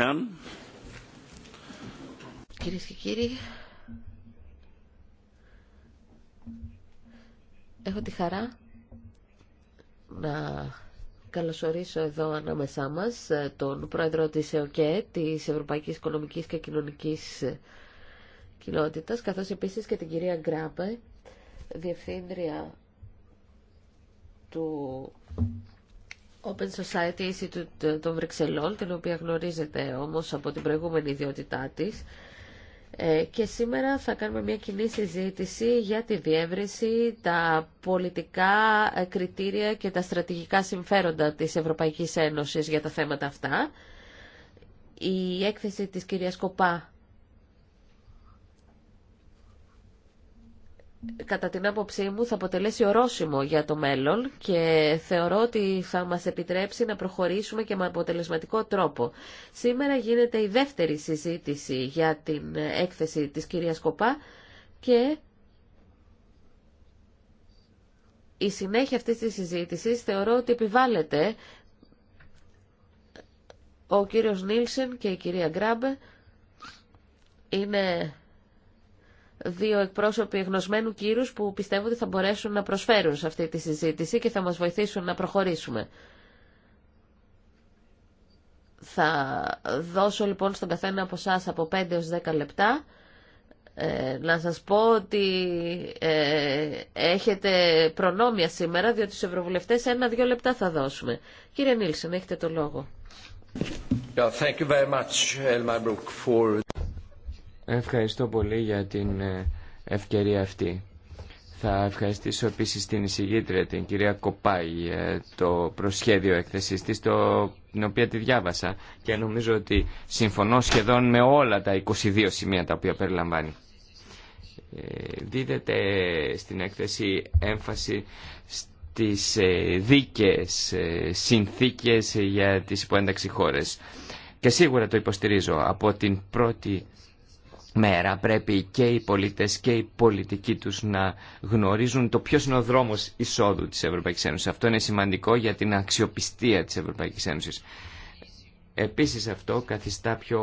Κυρίες και κύριοι, έχω τη χαρά να καλωσορίσω εδώ ανάμεσά μας τον πρόεδρο της ΕΟΚΕ, της Ευρωπαϊκής Οικονομικής και Κοινωνικής Κοινότητας, καθώς επίσης και την κυρία Γκράμπε, διευθύντρια του Open Society Institute των Βρυξελών, την οποία γνωρίζετε όμως από την προηγούμενη ιδιότητά της. Ε, και σήμερα θα κάνουμε μια κοινή συζήτηση για τη διεύρυνση, τα πολιτικά ε, κριτήρια και τα στρατηγικά συμφέροντα της Ευρωπαϊκής Ένωσης για τα θέματα αυτά. Η έκθεση της κυρίας Κοπά κατά την άποψή μου θα αποτελέσει ορόσημο για το μέλλον και θεωρώ ότι θα μας επιτρέψει να προχωρήσουμε και με αποτελεσματικό τρόπο. Σήμερα γίνεται η δεύτερη συζήτηση για την έκθεση της κυρίας Κοπά και η συνέχεια αυτής της συζήτησης θεωρώ ότι επιβάλλεται ο κύριος Νίλσεν και η κυρία Γκράμπε είναι δύο εκπρόσωποι γνωσμένου κύρους που πιστεύω ότι θα μπορέσουν να προσφέρουν σε αυτή τη συζήτηση και θα μας βοηθήσουν να προχωρήσουμε. Θα δώσω λοιπόν στον καθένα από εσά από 5 έως 10 λεπτά. Ε, να σας πω ότι ε, έχετε προνόμια σήμερα, διότι στους ευρωβουλευτές ένα-δύο λεπτά θα δώσουμε. Κύριε Νίλσεν, έχετε το λόγο. thank you very much, Brook, for... Ευχαριστώ πολύ για την ε, ευκαιρία αυτή. Θα ευχαριστήσω επίση την εισηγήτρια, την κυρία Κοπάη, ε, το προσχέδιο έκθεση της, το, την οποία τη διάβασα και νομίζω ότι συμφωνώ σχεδόν με όλα τα 22 σημεία τα οποία περιλαμβάνει. Ε, δίδεται στην έκθεση έμφαση στις δίκες συνθήκες για τις υποένταξη χώρες. Και σίγουρα το υποστηρίζω από την πρώτη μέρα πρέπει και οι πολίτες και οι πολιτικοί τους να γνωρίζουν το ποιος είναι ο δρόμος εισόδου της Ευρωπαϊκής Ένωσης. Αυτό είναι σημαντικό για την αξιοπιστία της Ευρωπαϊκής Ένωσης. Επίσης αυτό καθιστά πιο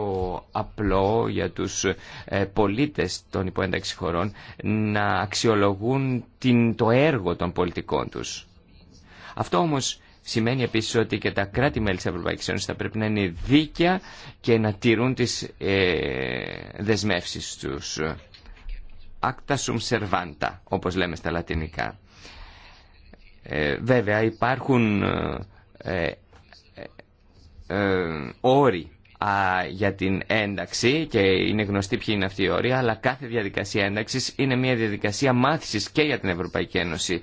απλό για τους ε, πολίτες των υποένταξη χωρών να αξιολογούν την, το έργο των πολιτικών τους. Αυτό όμως Σημαίνει επίσης ότι και τα κράτη-μέλη της Ευρωπαϊκής Ένωσης θα πρέπει να είναι δίκαια και να τηρούν τις ε, δεσμεύσεις τους. Acta sum servanta, όπως λέμε στα λατινικά. Ε, βέβαια υπάρχουν ε, ε, ε όροι για την ένταξη και είναι γνωστή ποιοι είναι αυτοί οι όροι, αλλά κάθε διαδικασία ένταξης είναι μια διαδικασία μάθησης και για την Ευρωπαϊκή Ένωση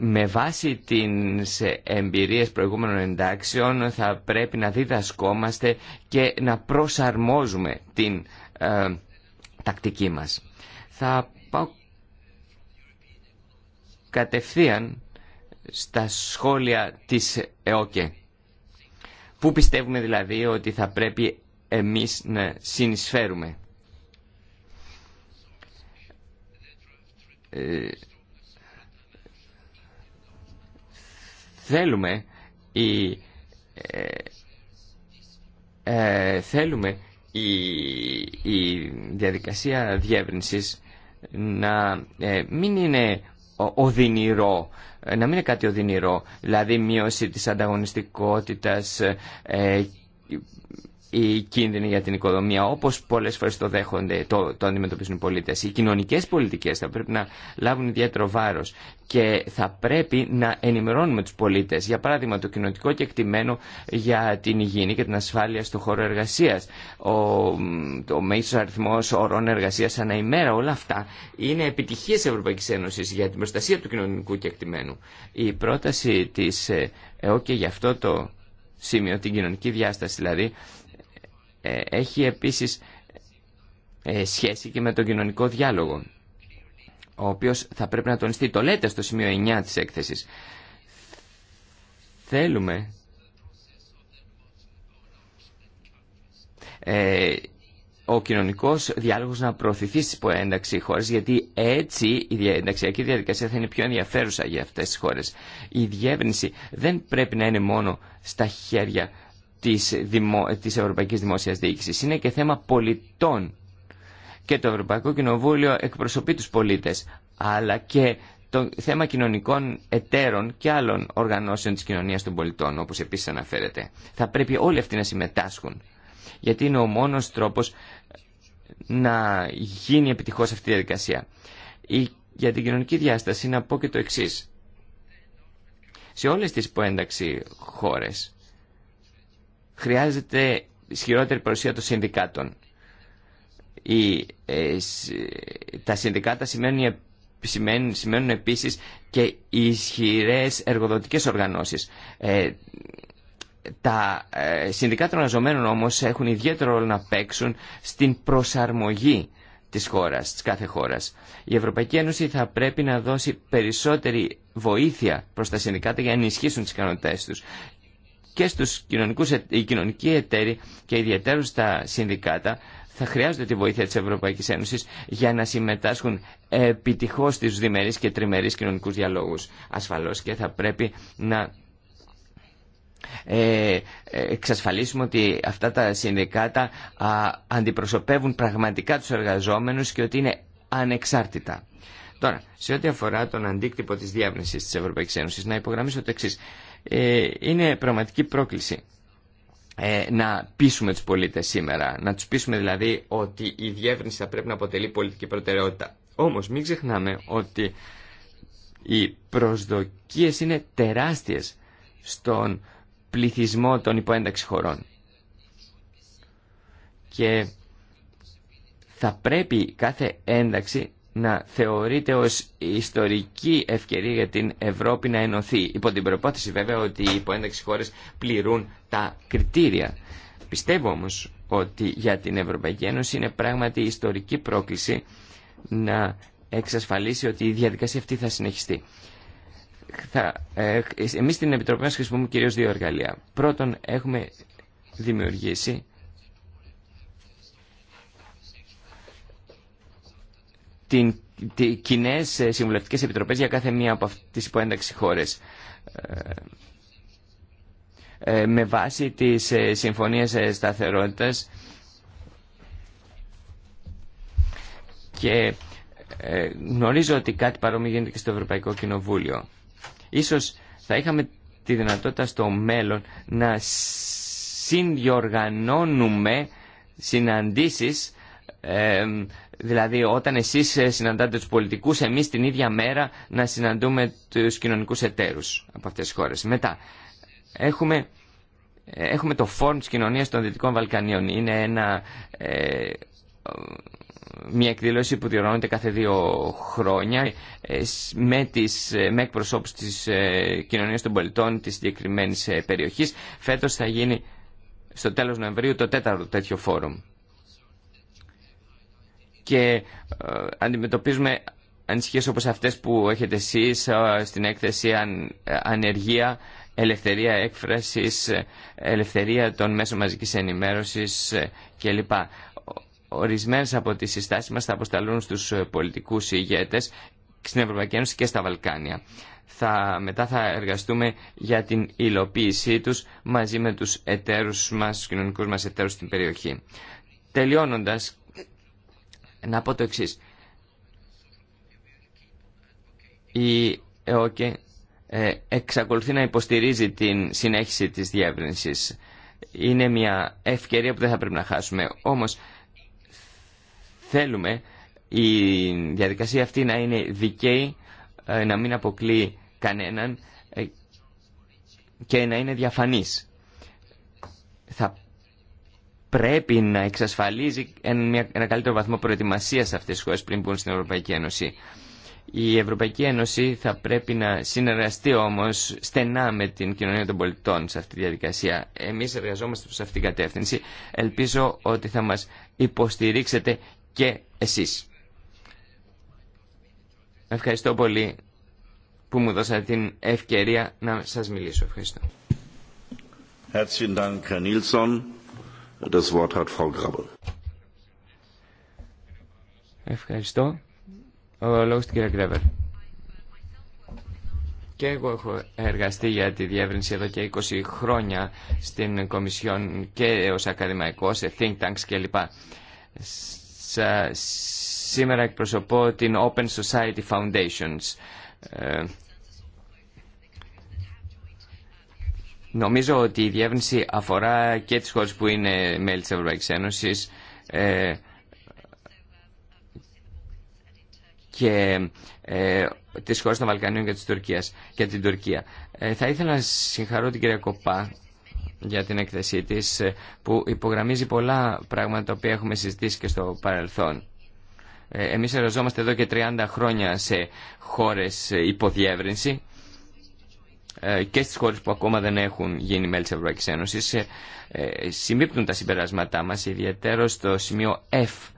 με βάση τις εμπειρίες προηγούμενων εντάξεων θα πρέπει να διδασκόμαστε και να προσαρμόζουμε την ε, τακτική μας. Θα πάω κατευθείαν στα σχόλια της ΕΟΚΕ. Πού πιστεύουμε δηλαδή ότι θα πρέπει εμείς να συνεισφέρουμε. Ε, Θέλουμε η, ε, ε, θέλουμε η, η διαδικασία διεύρυνσης να ε, μην είναι οδυνηρό, να μην είναι κάτι οδυνηρό, δηλαδή μείωση της ανταγωνιστικότητας, οι κίνδυνοι για την οικοδομία, όπω πολλέ φορέ το δέχονται, το, αντιμετωπίζουν οι πολίτες. Οι κοινωνικέ πολιτικέ θα πρέπει να λάβουν ιδιαίτερο βάρο. και θα πρέπει να ενημερώνουμε του πολίτε, Για παράδειγμα, το κοινωνικό κεκτημένο για την υγιεινή και την ασφάλεια στο χώρο εργασία. ο, το μέγιστο αριθμός ωρών εργασίας ανά ημέρα, όλα αυτά είναι επιτυχίε Ευρωπαϊκή Ένωση για την προστασία του κοινωνικού κεκτημένου. Η πρόταση τη ΕΟ και γι' αυτό το σημείο, την κοινωνική διάσταση δηλαδή, ε, έχει επίσης ε, σχέση και με τον κοινωνικό διάλογο, ο οποίος θα πρέπει να τονιστεί. Το λέτε στο σημείο 9 της έκθεσης. Θέλουμε ε, ο κοινωνικός διάλογος να προωθηθεί στις ένταξη χώρες, γιατί έτσι η ενταξιακή διαδικασία θα είναι πιο ενδιαφέρουσα για αυτές τις χώρες. Η διεύρυνση δεν πρέπει να είναι μόνο στα χέρια της, δημο, της Ευρωπαϊκής Δημόσιας Διοίκησης. Είναι και θέμα πολιτών και το Ευρωπαϊκό Κοινοβούλιο εκπροσωπεί τους πολίτες, αλλά και το θέμα κοινωνικών εταίρων και άλλων οργανώσεων της κοινωνίας των πολιτών, όπως επίσης αναφέρεται. Θα πρέπει όλοι αυτοί να συμμετάσχουν, γιατί είναι ο μόνος τρόπος να γίνει επιτυχώς αυτή η διαδικασία. Για την κοινωνική διάσταση να πω και το εξής. Σε όλες τις υποένταξη χώρες χρειάζεται ισχυρότερη παρουσία των συνδικάτων. Η, ε, τα συνδικάτα σημαίνουν, σημαίνουν, σημαίνουν επίσης και ισχυρές εργοδοτικές οργανώσεις. Ε, τα ε, συνδικάτα των όμως έχουν ιδιαίτερο ρόλο να παίξουν στην προσαρμογή της χώρας, της κάθε χώρας. Η Ευρωπαϊκή Ένωση θα πρέπει να δώσει περισσότερη βοήθεια προς τα συνδικάτα για να ενισχύσουν τις ικανότητές τους και στους κοινωνικούς, ε, οι κοινωνικοί εταίροι και ιδιαίτερως στα συνδικάτα θα χρειάζονται τη βοήθεια της Ευρωπαϊκής Ένωσης για να συμμετάσχουν επιτυχώς στις διμερείς και τριμερείς κοινωνικούς διαλόγους. Ασφαλώς και θα πρέπει να ε, εξασφαλίσουμε ότι αυτά τα συνδικάτα αντιπροσωπεύουν πραγματικά τους εργαζόμενους και ότι είναι ανεξάρτητα. Τώρα, σε ό,τι αφορά τον αντίκτυπο της διάβνησης της Ευρωπαϊκής Ένωσης, να υπογραμμίσω το εξής. Ε, είναι πραγματική πρόκληση ε, να πείσουμε τους πολίτες σήμερα. Να τους πείσουμε δηλαδή ότι η διεύρυνση θα πρέπει να αποτελεί πολιτική προτεραιότητα. Όμως μην ξεχνάμε ότι οι προσδοκίες είναι τεράστιες στον πληθυσμό των υποένταξη χωρών. Και θα πρέπει κάθε ένταξη να θεωρείται ως ιστορική ευκαιρία για την Ευρώπη να ενωθεί. Υπό την προπόθεση βέβαια ότι οι υποένταξη χώρες πληρούν τα κριτήρια. Πιστεύω όμως ότι για την Ευρωπαϊκή Ένωση είναι πράγματι ιστορική πρόκληση να εξασφαλίσει ότι η διαδικασία αυτή θα συνεχιστεί. Θα, ε, εμείς στην Επιτροπή μας χρησιμοποιούμε κυρίως δύο εργαλεία. Πρώτον, έχουμε δημιουργήσει την, τι, κοινέ ε, συμβουλευτικές επιτροπές για κάθε μία από αυτές τις υποένταξη χώρες. Ε, ε, με βάση τις συμφωνίες σταθερότητας και γνωρίζω ότι κάτι παρόμοιο γίνεται και στο Ευρωπαϊκό Κοινοβούλιο. Ίσως θα είχαμε τη δυνατότητα στο μέλλον να συνδιοργανώνουμε συναντήσεις ε, Δηλαδή όταν εσείς ε, συναντάτε τους πολιτικούς, εμείς την ίδια μέρα να συναντούμε τους κοινωνικούς εταίρους από αυτές τις χώρες. Μετά, έχουμε, ε, έχουμε το φόρμ της κοινωνίας των Δυτικών Βαλκανίων. Είναι ένα, ε, μια εκδήλωση που διοργανώνεται κάθε δύο χρόνια με, τις, με εκπροσώπους της κοινωνίας των πολιτών της συγκεκριμένη περιοχής. Φέτος θα γίνει στο τέλος Νοεμβρίου το τέταρτο τέτοιο φόρουμ και ε, αντιμετωπίζουμε ανησυχίες όπως αυτές που έχετε εσείς ε, στην έκθεση ε, ανεργία, ελευθερία έκφρασης, ελευθερία των μέσων μαζικής ενημέρωσης κλπ. Ορισμένες από τις συστάσεις μας θα αποσταλούν στους πολιτικούς ηγέτες στην Ευρωπαϊκή Ένωση και στα Βαλκάνια. Θα, μετά θα εργαστούμε για την υλοποίησή τους μαζί με τους εταίρους μας, τους κοινωνικούς μας εταίρους στην περιοχή. Τελειώνοντας, να πω το εξή. Η ΕΟΚΕ εξακολουθεί να υποστηρίζει την συνέχιση της διεύρυνσης. Είναι μια ευκαιρία που δεν θα πρέπει να χάσουμε. Όμως θέλουμε η διαδικασία αυτή να είναι δικαίη, ε, να μην αποκλείει κανέναν ε, και να είναι διαφανής. Θα πρέπει να εξασφαλίζει ένα καλύτερο βαθμό προετοιμασία σε αυτές τις χώρες πριν μπουν στην Ευρωπαϊκή Ένωση. Η Ευρωπαϊκή Ένωση θα πρέπει να συνεργαστεί όμω στενά με την κοινωνία των πολιτών σε αυτή τη διαδικασία. Εμεί εργαζόμαστε σε αυτήν την κατεύθυνση. Ελπίζω ότι θα μα υποστηρίξετε και εσεί. Ευχαριστώ πολύ που μου δώσατε την ευκαιρία να σας μιλήσω. Ευχαριστώ. Ευχαριστώ. Ο λόγος του κύριε Γκρέβερ. Και εγώ έχω εργαστεί για τη διεύρυνση εδώ και 20 χρόνια στην Κομισιόν και ως ακαδημαϊκός, σε think tanks κλπ. Σήμερα εκπροσωπώ την Open Society Foundations ε, Νομίζω ότι η διεύρυνση αφορά και τις χώρες που είναι μέλη της Ευρωπαϊκής Ένωσης ε, και ε, τις χώρες των Βαλκανίων και της Τουρκίας και την Τουρκία. Ε, θα ήθελα να συγχαρώ την κυρία Κοπά για την έκθεσή της ε, που υπογραμμίζει πολλά πράγματα τα οποία έχουμε συζητήσει και στο παρελθόν. Ε, εμείς εργαζόμαστε εδώ και 30 χρόνια σε χώρες υποδιεύρυνση ε, και στις χώρες που ακόμα δεν έχουν γίνει μέλη της Ευρωπαϊκής Ένωσης ε, ε, συμπίπτουν τα συμπεράσματά μας ιδιαίτερο στο σημείο F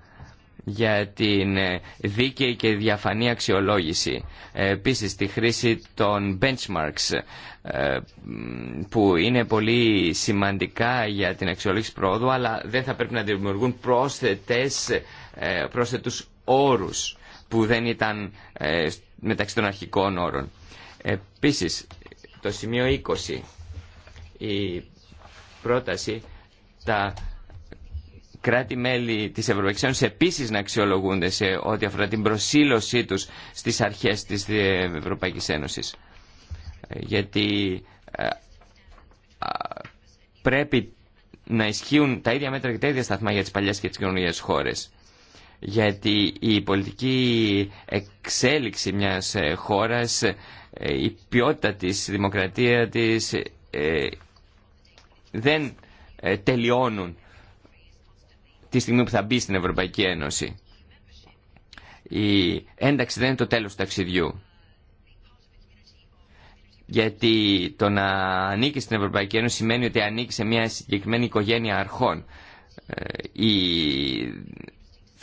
για την δίκαιη και διαφανή αξιολόγηση. Επίσης τη χρήση των benchmarks που είναι πολύ σημαντικά για την αξιολόγηση πρόοδου αλλά δεν θα πρέπει να δημιουργούν πρόσθετες, πρόσθετους όρους που δεν ήταν μεταξύ των αρχικών όρων. Επίσης το σημείο 20. Η πρόταση τα κράτη-μέλη της Ευρωπαϊκής Ένωσης επίσης να αξιολογούνται σε ό,τι αφορά την προσήλωσή τους στις αρχές της Ευρωπαϊκής Ένωσης. Γιατί ε, πρέπει να ισχύουν τα ίδια μέτρα και τα ίδια σταθμά για τις παλιές και τις κοινωνικές χώρες. Γιατί η πολιτική εξέλιξη μιας ε, χώρας ε, η ποιότητα της δημοκρατία της ε, δεν ε, τελειώνουν τη στιγμή που θα μπει στην Ευρωπαϊκή Ένωση. Η ένταξη δεν είναι το τέλος του ταξιδιού. Γιατί το να ανήκει στην Ευρωπαϊκή Ένωση σημαίνει ότι ανήκει σε μια συγκεκριμένη οικογένεια αρχών. Η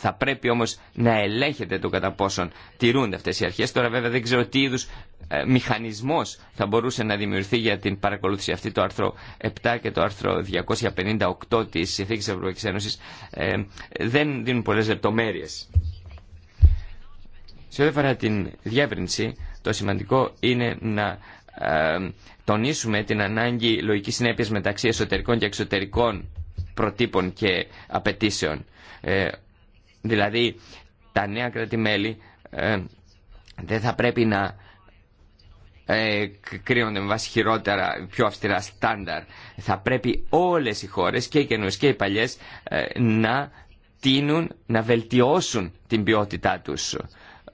θα πρέπει όμως να ελέγχεται το κατά πόσον τηρούνται αυτές οι αρχές. Τώρα βέβαια δεν ξέρω τι είδους ε, μηχανισμό θα μπορούσε να δημιουργηθεί για την παρακολούθηση αυτή. Το άρθρο 7 και το άρθρο 258 της Συνθήκης Ευρωπαϊκής Ένωσης ε, δεν δίνουν πολλές λεπτομέρειες. Σε ό,τι αφορά την διεύρυνση, το σημαντικό είναι να ε, τονίσουμε την ανάγκη λογικής συνέπειας μεταξύ εσωτερικών και εξωτερικών προτύπων και απαιτήσεων. Δηλαδή τα νέα κράτη-μέλη ε, δεν θα πρέπει να ε, κρίνονται με βάση χειρότερα, πιο αυστηρά στάνταρ. Θα πρέπει όλες οι χώρες, και οι καινούς και οι παλιές, ε, να τίνουν, να βελτιώσουν την ποιότητά τους.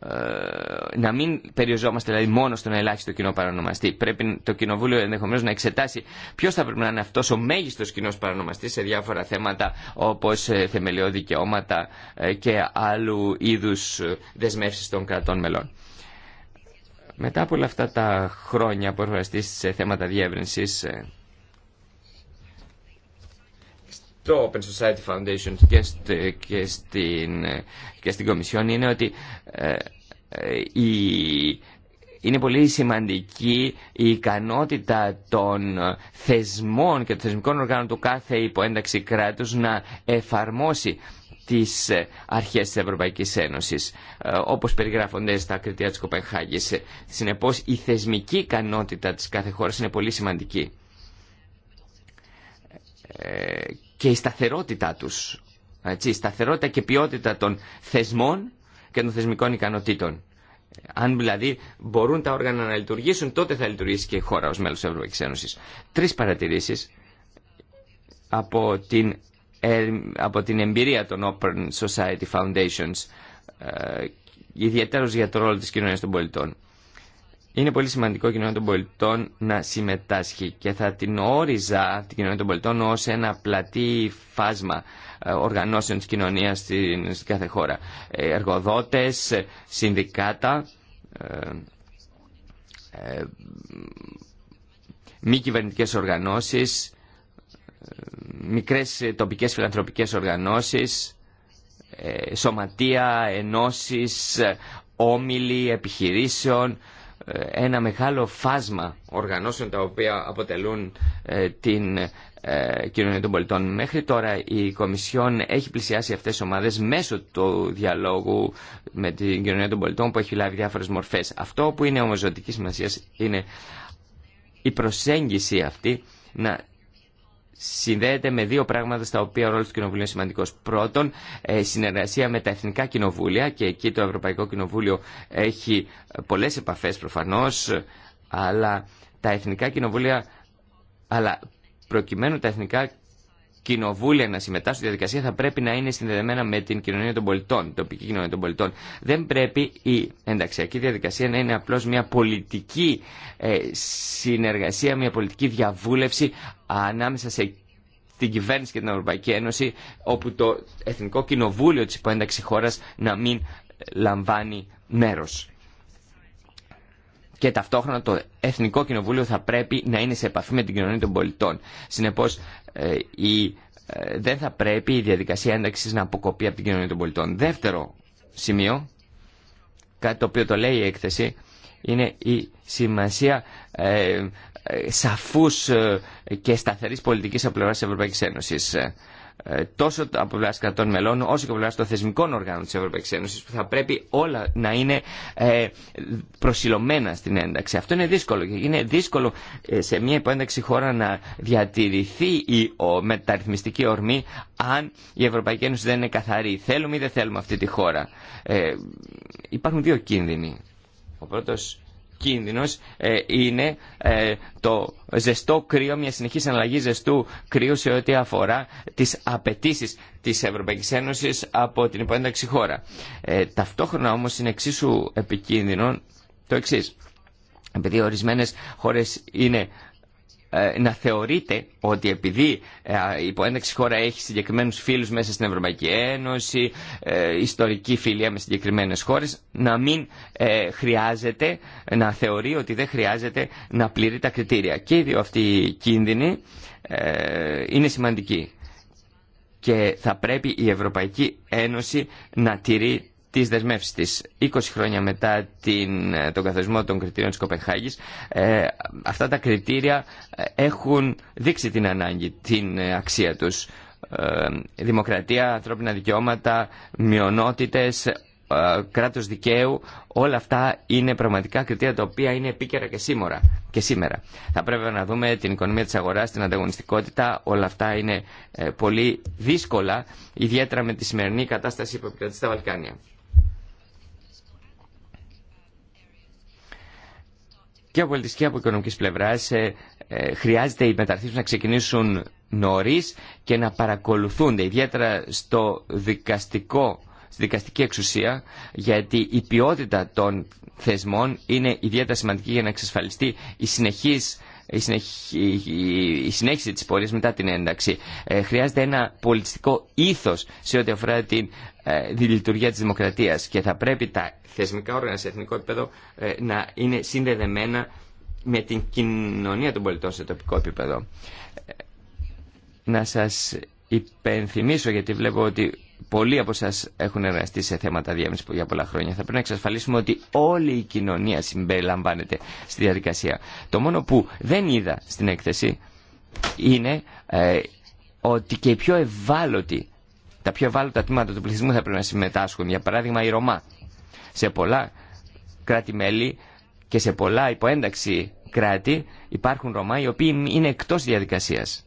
Ε, να μην περιοριζόμαστε δηλαδή μόνο στον ελάχιστο κοινό παρανομαστή. Πρέπει το Κοινοβούλιο ενδεχομένω να εξετάσει ποιο θα πρέπει να είναι αυτό ο μέγιστο κοινό παρανομαστή σε διάφορα θέματα όπω ε, θεμελιώδη δικαιώματα ε, και άλλου είδου δεσμεύσει των κρατών μελών. Μετά από όλα αυτά τα χρόνια που έχω σε θέματα διεύρυνση Το Open Society Foundation και, στην, και στην Κομισιόν είναι ότι ε, ε, η, είναι πολύ σημαντική η ικανότητα των θεσμών και των θεσμικών οργάνων του κάθε υποένταξη κράτους να εφαρμόσει τις αρχές της Ευρωπαϊκής Ένωσης, ε, όπως περιγράφονται στα κριτήρια της Κοπενχάγης. Συνεπώς, η θεσμική ικανότητα της κάθε χώρας είναι πολύ σημαντική και η σταθερότητά τους. Έτσι, η σταθερότητα και ποιότητα των θεσμών και των θεσμικών ικανοτήτων. Αν δηλαδή μπορούν τα όργανα να λειτουργήσουν, τότε θα λειτουργήσει και η χώρα ως μέλος της Ευρωπαϊκής Ένωσης. Τρεις παρατηρήσεις από την, από την εμπειρία των Open Society Foundations, ε, ιδιαίτερος για το ρόλο της κοινωνίας των πολιτών. Είναι πολύ σημαντικό η κοινωνία των πολιτών να συμμετάσχει και θα την όριζα την κοινωνία των πολιτών ως ένα πλατή φάσμα ε, οργανώσεων της κοινωνίας στην, κάθε χώρα. Ε, εργοδότες, ε, συνδικάτα, μη κυβερνητικές οργανώσεις, μικρές τοπικές φιλανθρωπικές οργανώσεις, σωματεία, ενώσεις, όμιλοι επιχειρήσεων, ε, ένα μεγάλο φάσμα οργανώσεων τα οποία αποτελούν ε, την ε, κοινωνία των πολιτών. Μέχρι τώρα η Κομισιόν έχει πλησιάσει αυτές τις ομάδες μέσω του διαλόγου με την κοινωνία των πολιτών που έχει λάβει διάφορες μορφές. Αυτό που είναι όμως ζωτική σημασία είναι η προσέγγιση αυτή να συνδέεται με δύο πράγματα στα οποία ο ρόλο του Κοινοβουλίου είναι σημαντικό. Πρώτον, ε, συνεργασία με τα εθνικά κοινοβούλια και εκεί το Ευρωπαϊκό Κοινοβούλιο έχει πολλέ επαφέ προφανώ, αλλά τα εθνικά κοινοβούλια. Αλλά προκειμένου τα εθνικά κοινοβούλια να συμμετάσχουν στη διαδικασία θα πρέπει να είναι συνδεδεμένα με την κοινωνία των πολιτών, την τοπική κοινωνία των πολιτών. Δεν πρέπει η ενταξιακή διαδικασία να είναι απλώ μια πολιτική ε, συνεργασία, μια πολιτική διαβούλευση ανάμεσα σε την κυβέρνηση και την Ευρωπαϊκή Ένωση, όπου το Εθνικό Κοινοβούλιο της υποένταξη χώρας να μην λαμβάνει μέρος. Και ταυτόχρονα το Εθνικό Κοινοβούλιο θα πρέπει να είναι σε επαφή με την κοινωνία των πολιτών. Συνεπώς ε, η, ε, δεν θα πρέπει η διαδικασία ένταξης να αποκοπεί από την κοινωνία των πολιτών. Δεύτερο σημείο, κάτι το οποίο το λέει η έκθεση, είναι η σημασία ε, ε σαφούς και σταθερής πολιτικής από της Ευρωπαϊκής Ένωσης. Ε, τόσο από πλευρά κρατών μελών όσο και από πλευρά των θεσμικών οργάνων τη Ευρωπαϊκή Ένωση που θα πρέπει όλα να είναι ε, προσιλωμένα στην ένταξη. Αυτό είναι δύσκολο και είναι δύσκολο ε, σε μια υποένταξη χώρα να διατηρηθεί η μεταρρυθμιστική ορμή αν η Ευρωπαϊκή Ένωση δεν είναι καθαρή. Θέλουμε ή δεν θέλουμε αυτή τη χώρα. υπάρχουν δύο κίνδυνοι. Ο πρώτος κίνδυνος ε, είναι ε, το ζεστό κρύο, μια συνεχής αναλλαγή ζεστού κρύου σε ό,τι αφορά τις απαιτήσει της Ευρωπαϊκής Ένωσης από την υποένταξη χώρα. Ε, ταυτόχρονα όμως είναι εξίσου επικίνδυνο το εξής. Επειδή ορισμένες χώρες είναι ε, να θεωρείται ότι επειδή η ε, έναξη χώρα έχει συγκεκριμένους φίλους μέσα στην Ευρωπαϊκή Ένωση, ε, ιστορική φιλία με συγκεκριμένες χώρε, να μην χρειάζεται, να θεωρεί ότι δεν χρειάζεται να πληρεί τα κριτήρια. Και οι δύο αυτοί οι είναι σημαντική. Και θα πρέπει η Ευρωπαϊκή Ένωση να τηρεί τις δεσμεύσει τη, 20 χρόνια μετά την, ε, τον καθορισμό των κριτήριων τη Κοπεχάγης ε, αυτά τα κριτήρια ε, έχουν δείξει την ανάγκη, την αξία του. δημοκρατία, ανθρώπινα δικαιώματα, μειονότητε, ε, κράτος δικαίου όλα αυτά είναι πραγματικά κριτήρια τα οποία είναι επίκαιρα και, σήμερα. και σήμερα θα πρέπει να δούμε την οικονομία τη αγορά, την ανταγωνιστικότητα, όλα αυτά είναι πολύ δύσκολα ιδιαίτερα με τη σημερινή κατάσταση που επικρατεί στα Βαλκάνια και από πολιτιστική και από οικονομικής πλευράς ε, ε, χρειάζεται οι μεταρρύθμιση να ξεκινήσουν νωρίς και να παρακολουθούνται ιδιαίτερα στο δικαστικό στη δικαστική εξουσία γιατί η ποιότητα των θεσμών είναι ιδιαίτερα σημαντική για να εξασφαλιστεί η συνεχής η συνέχιση της πορείας μετά την ένταξη. Ε, χρειάζεται ένα πολιτιστικό ήθος σε ό,τι αφορά την ε, τη λειτουργία της δημοκρατίας και θα πρέπει τα θεσμικά όργανα σε εθνικό επίπεδο ε, να είναι συνδεδεμένα με την κοινωνία των πολιτών σε τοπικό επίπεδο. Να σας υπενθυμίσω γιατί βλέπω ότι πολλοί από εσά έχουν εργαστεί σε θέματα διάμεση για πολλά χρόνια. Θα πρέπει να εξασφαλίσουμε ότι όλη η κοινωνία συμπεριλαμβάνεται στη διαδικασία. Το μόνο που δεν είδα στην έκθεση είναι ε, ότι και οι πιο ευάλωτοι, τα πιο ευάλωτα τμήματα του πληθυσμού θα πρέπει να συμμετάσχουν. Για παράδειγμα, η Ρωμά. Σε πολλά κράτη-μέλη και σε πολλά υποένταξη κράτη υπάρχουν Ρωμά οι οποίοι είναι εκτός διαδικασίας.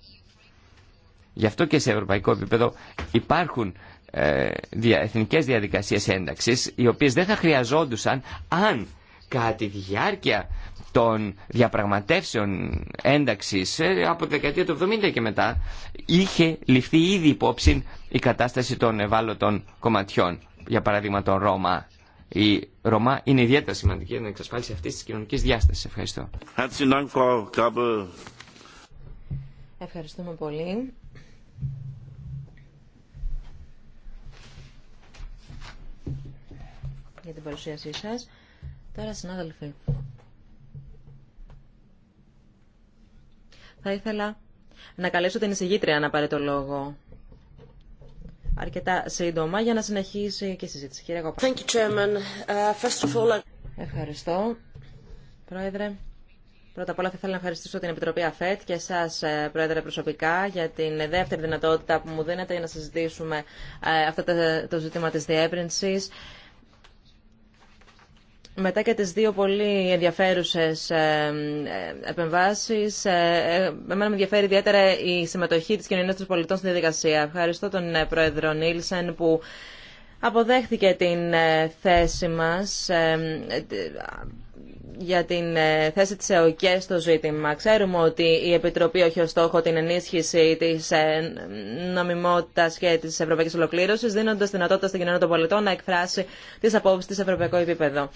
Γι' αυτό και σε ευρωπαϊκό επίπεδο υπάρχουν ε, εθνικές διαδικασίες ένταξης οι οποίες δεν θα χρειαζόντουσαν αν κατά τη διάρκεια των διαπραγματεύσεων ένταξης ε, από τη δεκαετία του 70 και μετά είχε ληφθεί ήδη υπόψη η κατάσταση των ευάλωτων κομματιών για παράδειγμα τον Ρώμα η Ρωμά είναι ιδιαίτερα σημαντική για την εξασφάλιση αυτή τη κοινωνική διάσταση. Ευχαριστώ. Ευχαριστούμε πολύ. για την παρουσίασή σας. Τώρα, συνάδελφοι, θα ήθελα να καλέσω την εισηγήτρια να πάρει το λόγο αρκετά σύντομα για να συνεχίσει και η συζήτηση. Thank you, Chairman. Uh, first of all... Ευχαριστώ, Πρόεδρε. Πρώτα απ' όλα θα ήθελα να ευχαριστήσω την Επιτροπή ΑΦΕΤ και εσά, ε, Πρόεδρε, προσωπικά για την δεύτερη δυνατότητα που μου δίνετε για να συζητήσουμε ε, αυτό το ζήτημα τη διεύρυνση μετά και τις δύο πολύ ενδιαφέρουσες ε, ε, επεμβάσεις, ε, εμένα με ενδιαφέρει ιδιαίτερα η συμμετοχή της κοινωνίας των πολιτών στην διαδικασία. Ευχαριστώ τον Πρόεδρο Νίλσεν που αποδέχθηκε την θέση μας για την ε, θέση της ΕΟΚΕ στο ζήτημα. Ξέρουμε ότι η Επιτροπή έχει ως στόχο την ενίσχυση της ε, νομιμότητας και της ευρωπαϊκής ολοκλήρωσης, δίνοντας δυνατότητα στην κοινωνία των πολιτών να εκφράσει τις απόψεις της ευρωπαϊκού επίπεδο.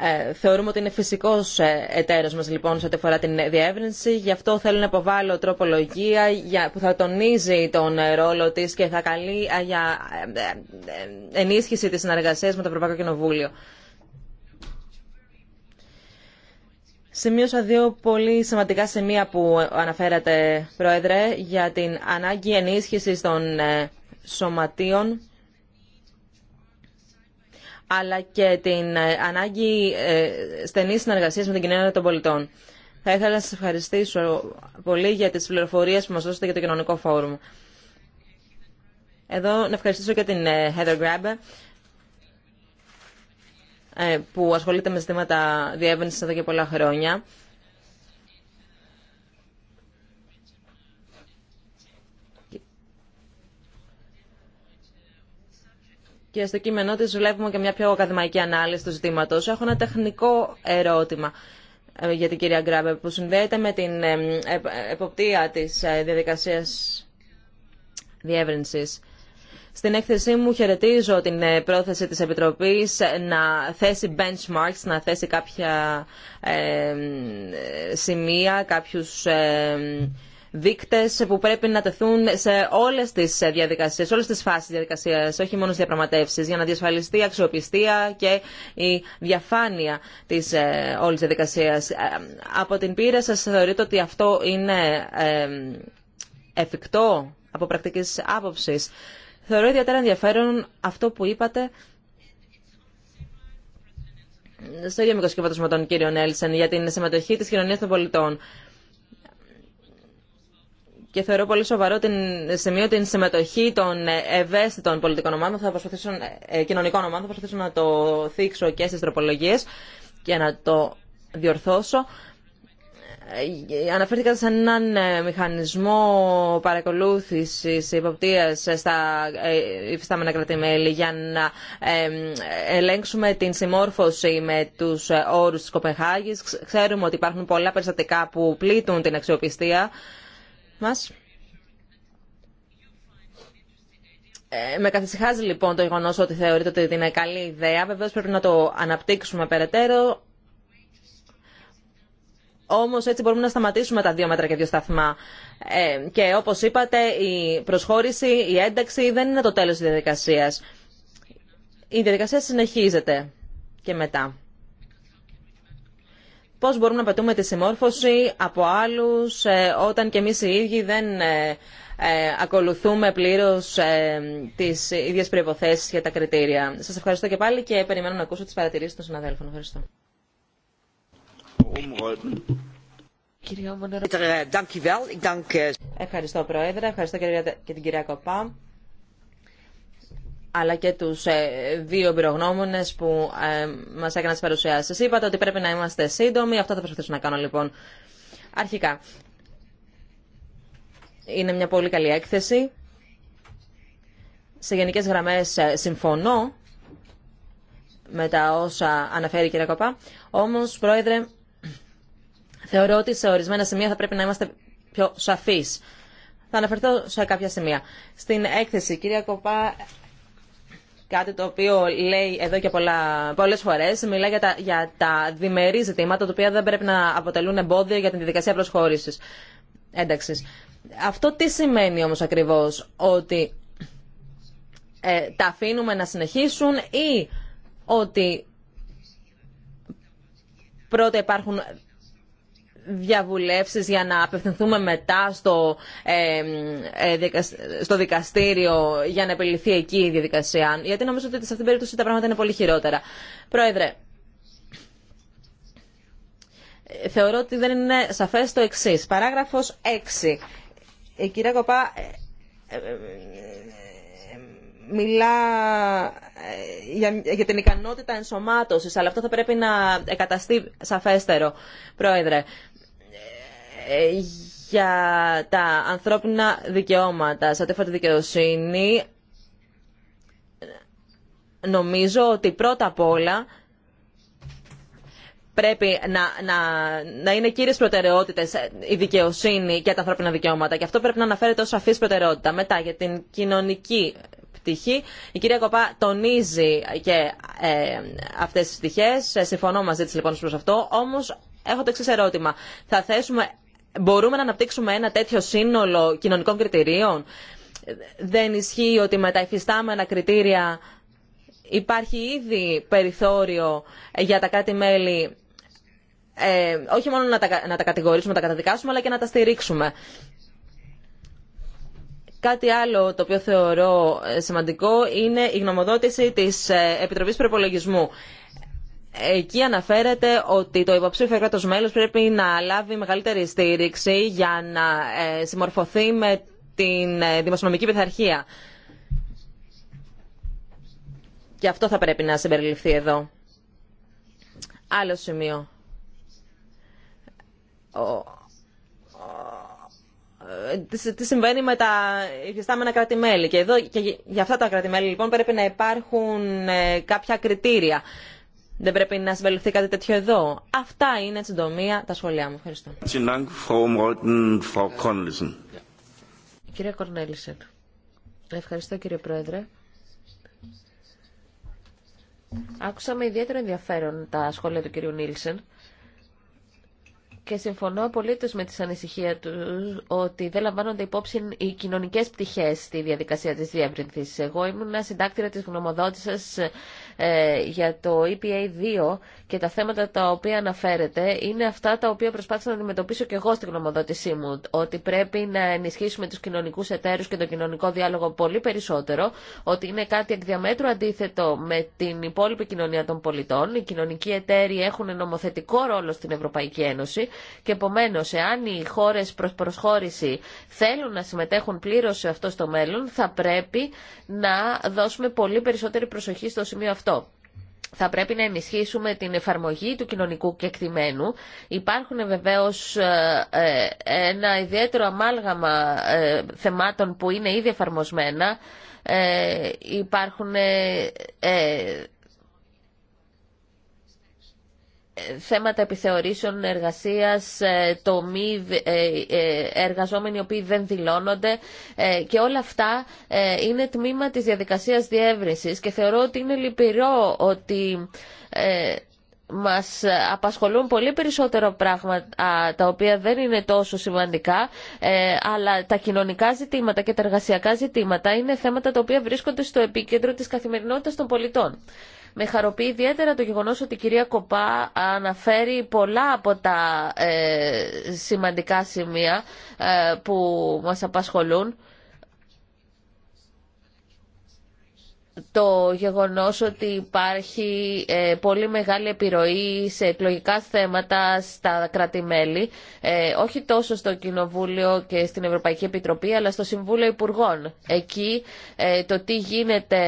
Ε, θεωρούμε ότι είναι φυσικό ε, εταίρος μας λοιπόν σε ό,τι αφορά την διεύρυνση. Γι' αυτό θέλω να υποβάλω τροπολογία που θα τονίζει τον ε, ρόλο τη και θα καλεί για ενίσχυση της συνεργασία με το Ευρωπαϊκό Κοινοβούλιο. Σημείωσα δύο πολύ σημαντικά σημεία που αναφέρατε, Πρόεδρε, για την ανάγκη ενίσχυσης των σωματείων αλλά και την ε, ανάγκη ε, στενή συνεργασία με την κοινωνία των πολιτών. Θα ήθελα να σα ευχαριστήσω πολύ για τις πληροφορίες που μας δώσατε για το κοινωνικό φόρουμ. Εδώ να ευχαριστήσω και την ε, Heather Grab, που ασχολείται με ζητήματα διεύρυνσης εδώ και πολλά χρόνια. και στο κείμενό τη βλέπουμε και μια πιο ακαδημαϊκή ανάλυση του ζητήματος. Έχω ένα τεχνικό ερώτημα ε, για την κυρία Γκράμπερ που συνδέεται με την ε, ε, εποπτεία της διαδικασία διεύρυνση. Στην έκθεσή μου χαιρετίζω την πρόθεση της Επιτροπής να θέσει benchmarks, να θέσει κάποια σημεία, κάποιους δείκτε που πρέπει να τεθούν σε όλε τι διαδικασίε, σε τι φάσει φάσεις διαδικασίας, όχι μόνο στι διαπραγματεύσεις, για να διασφαλιστεί η αξιοπιστία και η διαφάνεια τη όλη ε, όλης διαδικασίας. Ε, από την πείρα σα θεωρείτε ότι αυτό είναι εφικτό από πρακτική άποψη. Θεωρώ ιδιαίτερα ενδιαφέρον αυτό που είπατε στο ίδιο μικρό των τον κύριο για την συμμετοχή της κοινωνίας των πολιτών και θεωρώ πολύ σοβαρό την, σημείο την συμμετοχή των ευαίσθητων πολιτικών ομάδων, θα προσπαθήσω, ε, κοινωνικών ομάδων, θα προσπαθήσω να το θίξω και στις τροπολογίες και να το διορθώσω. Ε, αναφέρθηκα σε έναν ε, μηχανισμό παρακολούθησης υποπτίας στα υφιστάμενα κρατημέλη για να ελέγξουμε την συμμόρφωση με τους όρους της Κοπεχάγης. Ξέρουμε ότι υπάρχουν πολλά περιστατικά που πλήττουν την αξιοπιστία μας. Ε, με καθησυχάζει λοιπόν το γεγονό ότι θεωρείται ότι είναι καλή ιδέα. Βεβαίως πρέπει να το αναπτύξουμε περαιτέρω. Όμως έτσι μπορούμε να σταματήσουμε τα δύο μέτρα και δύο σταθμά. Ε, και όπως είπατε, η προσχώρηση, η ένταξη δεν είναι το τέλος της διαδικασίας. Η διαδικασία συνεχίζεται και μετά πώς μπορούμε να πετούμε τη συμμόρφωση από άλλους ε, όταν και εμείς οι ίδιοι δεν ε, ε, ακολουθούμε πλήρως τις ίδιες προϋποθέσεις για τα κριτήρια. Σας ευχαριστώ και πάλι και περιμένω να ακούσω τις παρατηρήσεις των συναδέλφων. Ευχαριστώ. Ευχαριστώ, Πρόεδρε. Ευχαριστώ και την κυρία Κοπά αλλά και τους ε, δύο εμπειρογνώμονε που ε, μα έκαναν τι παρουσιάσει. Είπατε ότι πρέπει να είμαστε σύντομοι. Αυτό θα προσπαθήσω να κάνω λοιπόν αρχικά. Είναι μια πολύ καλή έκθεση. Σε γενικές γραμμές ε, συμφωνώ με τα όσα αναφέρει η κυρία Κοπά. Όμως, Πρόεδρε, θεωρώ ότι σε ορισμένα σημεία θα πρέπει να είμαστε πιο σαφείς. Θα αναφερθώ σε κάποια σημεία. Στην έκθεση, κυρία Κοπά κάτι το οποίο λέει εδώ και πολλέ πολλές φορές, μιλάει για τα, για τα διμερεί ζητήματα, τα οποία δεν πρέπει να αποτελούν εμπόδιο για την διαδικασία προσχώρηση. Ένταξη. Αυτό τι σημαίνει όμως ακριβώς, ότι ε, τα αφήνουμε να συνεχίσουν ή ότι πρώτα υπάρχουν διαβουλεύσεις για να απευθυνθούμε μετά στο, ε, ε, στο δικαστήριο για να επιληθεί εκεί η διαδικασία. Γιατί νομίζω ότι σε αυτήν την περίπτωση τα πράγματα είναι πολύ χειρότερα. Πρόεδρε, θεωρώ ότι δεν είναι σαφές το εξή. Παράγραφος 6. Η ε, κυρία Κοπά μιλά για, την ικανότητα ενσωμάτωσης, αλλά αυτό θα πρέπει να εκαταστεί σαφέστερο, Πρόεδρε για τα ανθρώπινα δικαιώματα σαν τέτοια δικαιοσύνη, νομίζω ότι πρώτα απ' όλα πρέπει να, να, να είναι κύριε προτεραιότητε η δικαιοσύνη και τα ανθρώπινα δικαιώματα. Και αυτό πρέπει να αναφέρεται ω σαφή προτεραιότητα. Μετά, για την κοινωνική πτυχή, η κυρία Κοπά τονίζει και ε, αυτέ τι πτυχέ. Ε, συμφωνώ μαζί τη λοιπόν προ αυτό. Όμω, έχω το εξή ερώτημα. Θα θέσουμε μπορούμε να αναπτύξουμε ένα τέτοιο σύνολο κοινωνικών κριτηρίων. Δεν ισχύει ότι με τα υφιστάμενα κριτήρια υπάρχει ήδη περιθώριο για τα κάτι μελη ε, όχι μόνο να τα, να τα κατηγορήσουμε, να τα καταδικάσουμε, αλλά και να τα στηρίξουμε. Κάτι άλλο το οποίο θεωρώ ε, σημαντικό είναι η γνωμοδότηση της ε, Επιτροπής Προπολογισμού. Εκεί αναφέρεται ότι το υποψήφιο κράτο μέλο πρέπει να λάβει μεγαλύτερη στήριξη για να ε, συμμορφωθεί με την ε, δημοσιονομική πειθαρχία. Και αυτό θα πρέπει να συμπεριληφθεί εδώ. Άλλο σημείο. Ε, τι συμβαίνει με τα υφιστάμενα κράτη-μέλη. Και, για αυτά τα κράτη-μέλη λοιπόν πρέπει να υπάρχουν κάποια κριτήρια δεν πρέπει να συμπεριληφθεί κάτι τέτοιο εδώ. Αυτά είναι, συντομία, τα σχόλιά μου. Ευχαριστώ. Κύριε Κορνέλισεν, ευχαριστώ κύριε Πρόεδρε. Άκουσα με ιδιαίτερο ενδιαφέρον τα σχόλια του κύριου Νίλσεν και συμφωνώ απολύτως με τις ανησυχία του ότι δεν λαμβάνονται υπόψη οι κοινωνικές πτυχές στη διαδικασία της διεύρυνθης. Εγώ ήμουν συντάκτηρα της γνωμοδότησης ε, για το EPA2 και τα θέματα τα οποία αναφέρεται είναι αυτά τα οποία προσπάθησα να αντιμετωπίσω και εγώ στην γνωμοδότησή μου. Ότι πρέπει να ενισχύσουμε του κοινωνικού εταίρου και τον κοινωνικό διάλογο πολύ περισσότερο. Ότι είναι κάτι εκ διαμέτρου αντίθετο με την υπόλοιπη κοινωνία των πολιτών. Οι κοινωνικοί εταίροι έχουν νομοθετικό ρόλο στην Ευρωπαϊκή Ένωση και επομένω, εάν οι χώρε προ προσχώρηση θέλουν να συμμετέχουν πλήρω σε αυτό στο μέλλον, θα πρέπει να δώσουμε πολύ περισσότερη προσοχή στο σημείο αυτό θα πρέπει να ενισχύσουμε την εφαρμογή του κοινωνικού κεκτημένου. Υπάρχουν βεβαίως ε, ε, ένα ιδιαίτερο αμάλγαμα ε, θεμάτων που είναι ήδη εφαρμοσμένα. Υπάρχουν θέματα επιθεωρήσεων εργασίας, ε, το μη ε, ε, εργαζόμενοι οι οποίοι δεν δηλώνονται και όλα αυτά είναι τμήμα της διαδικασίας διεύρυνσης και θεωρώ ότι είναι λυπηρό ότι μας απασχολούν πολύ περισσότερο πράγματα τα οποία δεν είναι τόσο σημαντικά αλλά τα κοινωνικά ζητήματα και τα εργασιακά ζητήματα είναι θέματα τα οποία βρίσκονται στο επίκεντρο της καθημερινότητας των πολιτών. Με χαροποιεί ιδιαίτερα το γεγονό ότι η κυρία Κοπά αναφέρει πολλά από τα ε, σημαντικά σημεία ε, που μας απασχολούν το γεγονός ότι υπάρχει ε, πολύ μεγάλη επιρροή σε εκλογικά θέματα στα κρατη ε, όχι τόσο στο Κοινοβούλιο και στην Ευρωπαϊκή Επιτροπή, αλλά στο Συμβούλιο Υπουργών. Εκεί ε, το τι γίνεται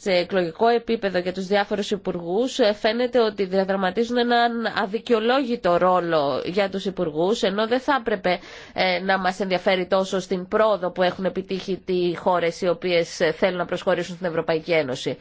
σε εκλογικό επίπεδο για τους διάφορους υπουργούς φαίνεται ότι διαδραματίζουν έναν αδικαιολόγητο ρόλο για τους υπουργούς, ενώ δεν θα έπρεπε να μας ενδιαφέρει τόσο στην πρόοδο που έχουν επιτύχει οι χώρες οι οποίες θέλουν να προσχωρήσουν στην Ευρωπαϊκή Ευρωπαϊκή Ένωση.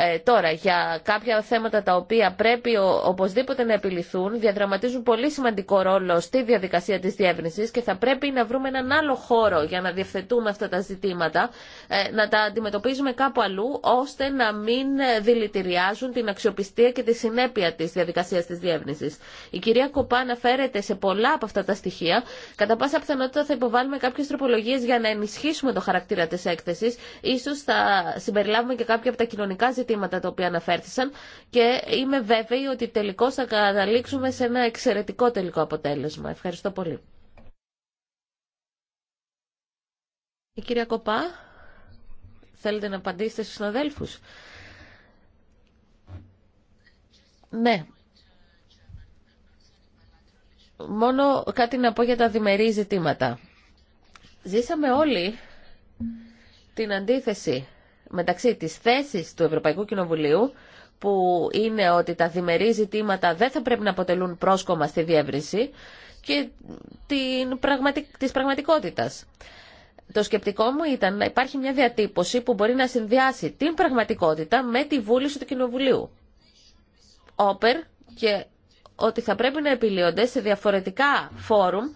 Ε, τώρα, για κάποια θέματα τα οποία πρέπει οπωσδήποτε να επιληθούν, διαδραματίζουν πολύ σημαντικό ρόλο στη διαδικασία της διεύρυνσης και θα πρέπει να βρούμε έναν άλλο χώρο για να διευθετούμε αυτά τα ζητήματα, ε, να τα αντιμετωπίζουμε κάπου αλλού, ώστε να μην δηλητηριάζουν την αξιοπιστία και τη συνέπεια της διαδικασίας της διεύρυνσης. Η κυρία Κοπά αναφέρεται σε πολλά από αυτά τα στοιχεία. Κατά πάσα πιθανότητα θα υποβάλουμε κάποιες τροπολογίες για να ενισχύσουμε το χαρακτήρα της έκθεσης. Ίσως θα συμπεριλάβουμε και κάποια από τα κοινωνικά ζητήματα ζητήματα τα οποία αναφέρθησαν και είμαι βέβαιη ότι τελικώ θα καταλήξουμε σε ένα εξαιρετικό τελικό αποτέλεσμα. Ευχαριστώ πολύ. Η κυρία Κοπά, θέλετε να απαντήσετε στους συναδέλφους. Ναι. Μόνο κάτι να πω για τα διμερεί ζητήματα. Ζήσαμε όλοι την αντίθεση μεταξύ της θέσης του Ευρωπαϊκού Κοινοβουλίου που είναι ότι τα διμερή ζητήματα δεν θα πρέπει να αποτελούν πρόσκομα στη διεύρυνση και την της πραγματικότητας. Το σκεπτικό μου ήταν να υπάρχει μια διατύπωση που μπορεί να συνδυάσει την πραγματικότητα με τη βούληση του Κοινοβουλίου. Όπερ και ότι θα πρέπει να επιλύονται σε διαφορετικά φόρουμ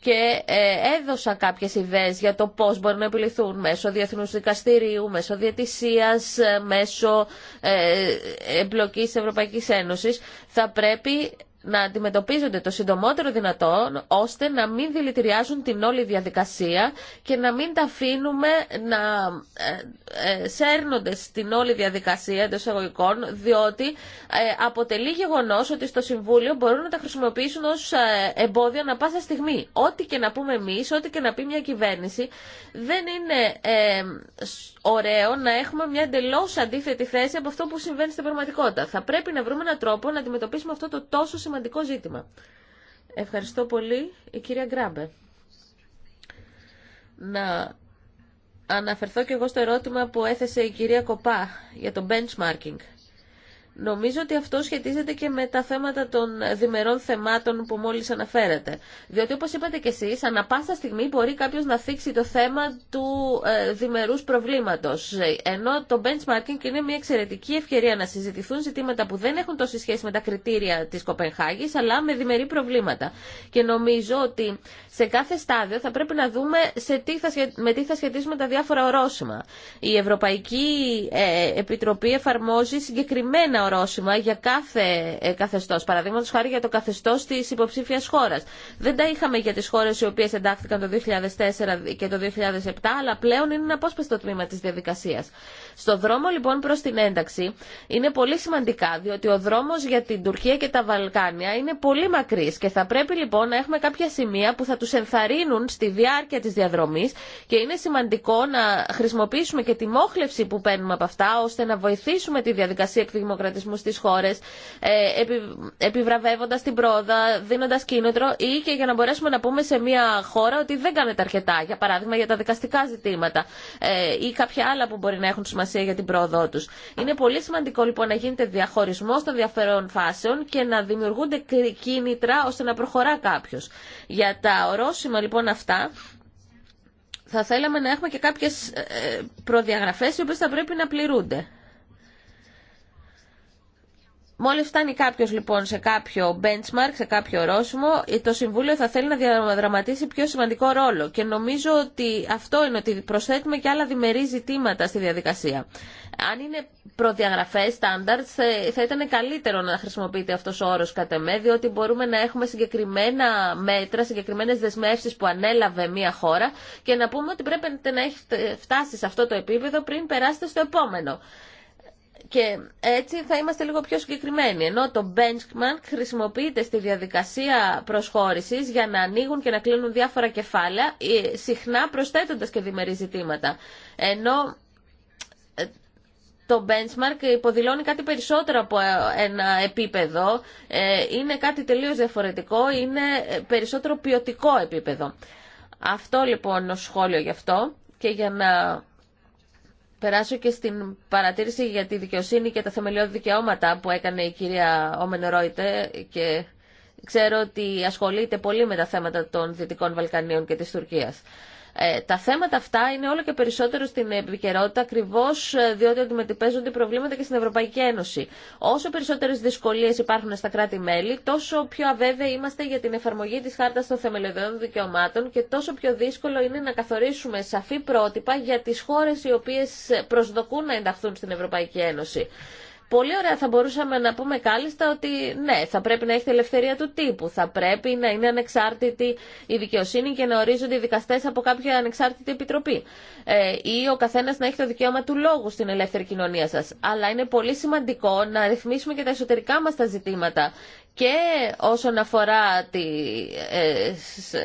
και ε, έδωσα κάποιες ιδέες για το πώς μπορεί να επιληθούν μέσω διεθνούς δικαστηρίου, μέσω διατησίας, ε, μέσω ε, εμπλοκής Ευρωπαϊκής Ένωσης. Θα πρέπει να αντιμετωπίζονται το συντομότερο δυνατόν, ώστε να μην δηλητηριάζουν την όλη διαδικασία και να μην τα αφήνουμε να ε, ε, σέρνονται στην όλη διαδικασία εντό εισαγωγικών διότι ε, αποτελεί γεγονό ότι στο Συμβούλιο μπορούν να τα χρησιμοποιήσουν ω εμπόδιο να πάσα στιγμή. Ό,τι και να πούμε εμεί, ό,τι και να πει μια κυβέρνηση, δεν είναι ωραίο να έχουμε μια εντελώ αντίθετη θέση από αυτό που συμβαίνει στην πραγματικότητα. Θα πρέπει να βρούμε έναν τρόπο να αντιμετωπίσουμε αυτό το τόσο σημαντικό σημαντικό ζήτημα. Ευχαριστώ πολύ, η κυρία Γκράμπε. Να αναφερθώ και εγώ στο ερώτημα που έθεσε η κυρία Κοπά για το benchmarking. Νομίζω ότι αυτό σχετίζεται και με τα θέματα των διμερών θεμάτων που μόλι αναφέρατε. Διότι όπω είπατε κι εσεί, ανα πάσα στιγμή μπορεί κάποιο να θίξει το θέμα του ε, διμερούς προβλήματος. Ενώ το benchmarking είναι μια εξαιρετική ευκαιρία να συζητηθούν ζητήματα που δεν έχουν τόση σχέση με τα κριτήρια τη Κοπενχάγη, αλλά με διμερή προβλήματα. Και νομίζω ότι σε κάθε στάδιο θα πρέπει να δούμε σε τι με τι θα σχετίσουμε τα διάφορα ορόσημα. Η Ευρωπαϊκή ε, Επιτροπή εφαρμόζει συγκεκριμένα ορόσημα για κάθε ε, καθεστώ, παραδείγματο χάρη για το καθεστώ τη υποψήφια χώρα. Δεν τα είχαμε για τις χώρες οι οποίες εντάχθηκαν το 2004 και το 2007, αλλά πλέον είναι ένα απόσπαστο τμήμα της διαδικασία. Στο δρόμο λοιπόν προς την ένταξη είναι πολύ σημαντικά, διότι ο δρόμος για την Τουρκία και τα Βαλκάνια είναι πολύ μακρύς και θα πρέπει λοιπόν να έχουμε κάποια σημεία που θα τους ενθαρρύνουν στη διάρκεια της διαδρομής και είναι σημαντικό να χρησιμοποιήσουμε και τη μόχλευση που παίρνουμε από αυτά ώστε να βοηθήσουμε τη διαδικασία εκδημοκρατισμού στις χώρες ε, επιβραβεύοντας την πρόοδα, δίνοντας κίνητρο ή και για να μπορέσουμε να πούμε σε μια χώρα ότι δεν κάνετε αρκετά, για παράδειγμα για τα δικαστικά ζητήματα ε, ή κάποια άλλα που μπορεί να έχουν σημασία σημασία για την πρόοδό Είναι πολύ σημαντικό λοιπόν να γίνεται διαχωρισμό των διαφερών φάσεων και να δημιουργούνται κίνητρα ώστε να προχωρά κάποιο. Για τα ορόσημα λοιπόν αυτά, θα θέλαμε να έχουμε και κάποιες ε, προδιαγραφές οι οποίες θα πρέπει να πληρούνται. Μόλι φτάνει κάποιο λοιπόν σε κάποιο benchmark, σε κάποιο ορόσημο, ε, το Συμβούλιο θα θέλει να διαδραματίσει πιο σημαντικό ρόλο και νομίζω ότι αυτό είναι ότι προσθέτουμε και άλλα διμερεί ζητήματα στη διαδικασία. Αν είναι προδιαγραφέ, standards, θα ήταν καλύτερο να χρησιμοποιείται αυτό ο όρο κατά με, διότι μπορούμε να έχουμε συγκεκριμένα μέτρα, συγκεκριμένες δεσμεύσει που ανέλαβε μία χώρα και να πούμε ότι πρέπει να έχετε φτάσει σε αυτό το επίπεδο πριν περάσετε στο επόμενο και έτσι θα είμαστε λίγο πιο συγκεκριμένοι. Ενώ το benchmark χρησιμοποιείται στη διαδικασία προσχώρησης για να ανοίγουν και να κλείνουν διάφορα κεφάλαια, ε, συχνά προσθέτοντα και διμερεί ζητήματα. Ενώ ε, το benchmark υποδηλώνει κάτι περισσότερο από ε, ένα επίπεδο, είναι κάτι τελείω διαφορετικό, είναι περισσότερο ποιοτικό επίπεδο. Αυτό λοιπόν ο σχόλιο γι' αυτό και για να περάσω και στην παρατήρηση για τη δικαιοσύνη και τα θεμελιώδη δικαιώματα που έκανε η κυρία Όμεν Ρόιτε και ξέρω ότι ασχολείται πολύ με τα θέματα των Δυτικών Βαλκανίων και της Τουρκίας. Ε, τα θέματα αυτά είναι όλο και περισσότερο στην επικαιρότητα ακριβώ ε, διότι αντιμετωπίζονται προβλήματα και στην Ευρωπαϊκή Ένωση. Όσο περισσότερε δυσκολίε υπάρχουν στα κράτη-μέλη, τόσο πιο αβέβαιοι είμαστε για την εφαρμογή τη Χάρτα των Θεμελιωδών Δικαιωμάτων και τόσο πιο δύσκολο είναι να καθορίσουμε σαφή πρότυπα για τι χώρε οι οποίε προσδοκούν να ενταχθούν στην Ευρωπαϊκή Ένωση. Πολύ ωραία θα μπορούσαμε να πούμε κάλλιστα ότι ναι, θα πρέπει να έχετε ελευθερία του τύπου, θα πρέπει να είναι ανεξάρτητη η δικαιοσύνη και να ορίζονται οι δικαστές από κάποια ανεξάρτητη επιτροπή. Ε, ή ο καθένας να έχει το δικαίωμα του λόγου στην ελεύθερη κοινωνία σας. Αλλά είναι πολύ σημαντικό να ρυθμίσουμε και τα εσωτερικά μας τα ζητήματα και όσον αφορά τη, ε,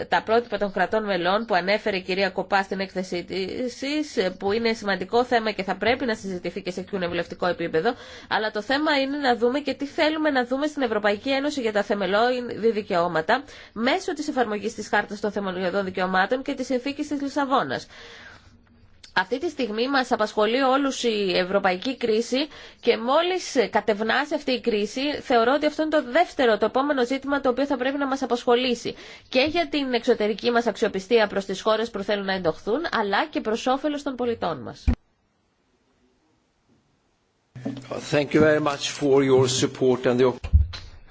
τα πρότυπα των κρατών μελών που ανέφερε η κυρία Κοπά στην έκθεσή τη, ε, που είναι σημαντικό θέμα και θα πρέπει να συζητηθεί και σε κοινοβουλευτικό επίπεδο, αλλά το θέμα είναι να δούμε και τι θέλουμε να δούμε στην Ευρωπαϊκή Ένωση για τα θεμελιώδη δικαιώματα μέσω τη εφαρμογή τη Χάρτα των Θεμελιωδών Δικαιωμάτων και τη Συνθήκη τη Λισαβόνα. Αυτή τη στιγμή μας απασχολεί όλους η ευρωπαϊκή κρίση και μόλις κατευνάσει αυτή η κρίση θεωρώ ότι αυτό είναι το δεύτερο, το επόμενο ζήτημα το οποίο θα πρέπει να μας απασχολήσει και για την εξωτερική μας αξιοπιστία προς τις χώρες που θέλουν να εντοχθούν αλλά και προς όφελος των πολιτών μας.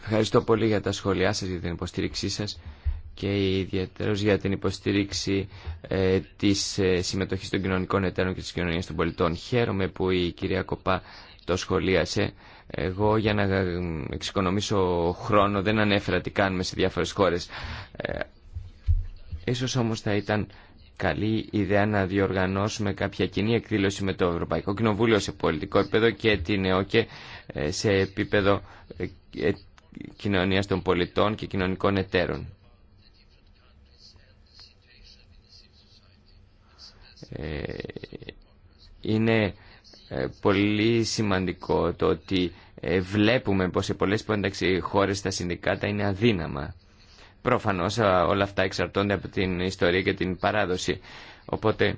Ευχαριστώ πολύ για τα σχόλιά σας, για την υποστήριξή σας και ιδιαίτερα για την υποστήριξη ε, της ε, συμμετοχής των κοινωνικών εταίρων και τη κοινωνία των πολιτών. Χαίρομαι που η κυρία Κοπά το σχολίασε. Εγώ για να εξοικονομήσω χρόνο δεν ανέφερα τι κάνουμε σε διάφορες χώρες. Ε, ίσως όμως θα ήταν καλή ιδέα να διοργανώσουμε κάποια κοινή εκδήλωση με το Ευρωπαϊκό Κοινοβούλιο σε πολιτικό επίπεδο και την ΕΟΚΕ ε, σε επίπεδο ε, κοινωνίας των πολιτών και κοινωνικών εταίρων. Ε, είναι ε, πολύ σημαντικό το ότι ε, βλέπουμε πως σε πολλές πόνταξη χώρες τα συνδικάτα είναι αδύναμα. Προφανώς όλα αυτά εξαρτώνται από την ιστορία και την παράδοση. Οπότε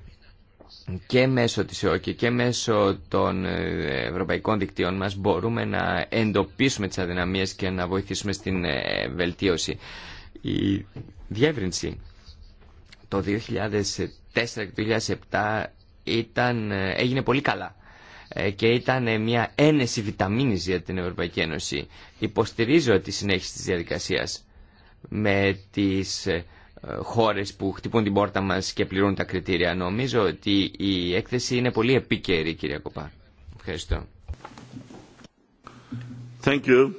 και μέσω της ΕΟΚΙ και μέσω των ευρωπαϊκών δικτύων μας μπορούμε να εντοπίσουμε τις αδυναμίες και να βοηθήσουμε στην βελτίωση. Η διεύρυνση το 2004 και το 2007 ήταν, ε, έγινε πολύ καλά ε, και ήταν ε, μια ένεση βιταμίνης για την Ευρωπαϊκή Ένωση. Υποστηρίζω τη συνέχιση της διαδικασίας με τις χώρες που χτυπούν την πόρτα μας και πληρούν τα κριτήρια. Νομίζω ότι η έκθεση είναι πολύ επίκαιρη, κυρία Κοπά. Ευχαριστώ. Thank you.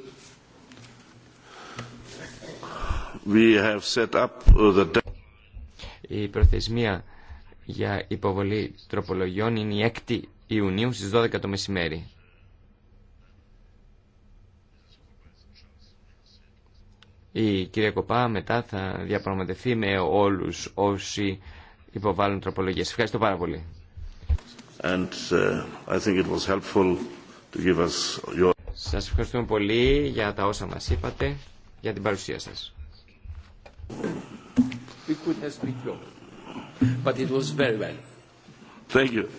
We have set up uh, the... Η προθεσμία για υποβολή τροπολογιών είναι η 6η Ιουνίου στις 12 το μεσημέρι. Η κυρία Κοπά μετά θα διαπραγματευτεί με όλους όσοι υποβάλλουν τροπολογίες. Ευχαριστώ πάρα πολύ. Σας ευχαριστούμε πολύ για τα όσα μας είπατε, για την παρουσία σας we could have been Europe. But it was very well. Thank you.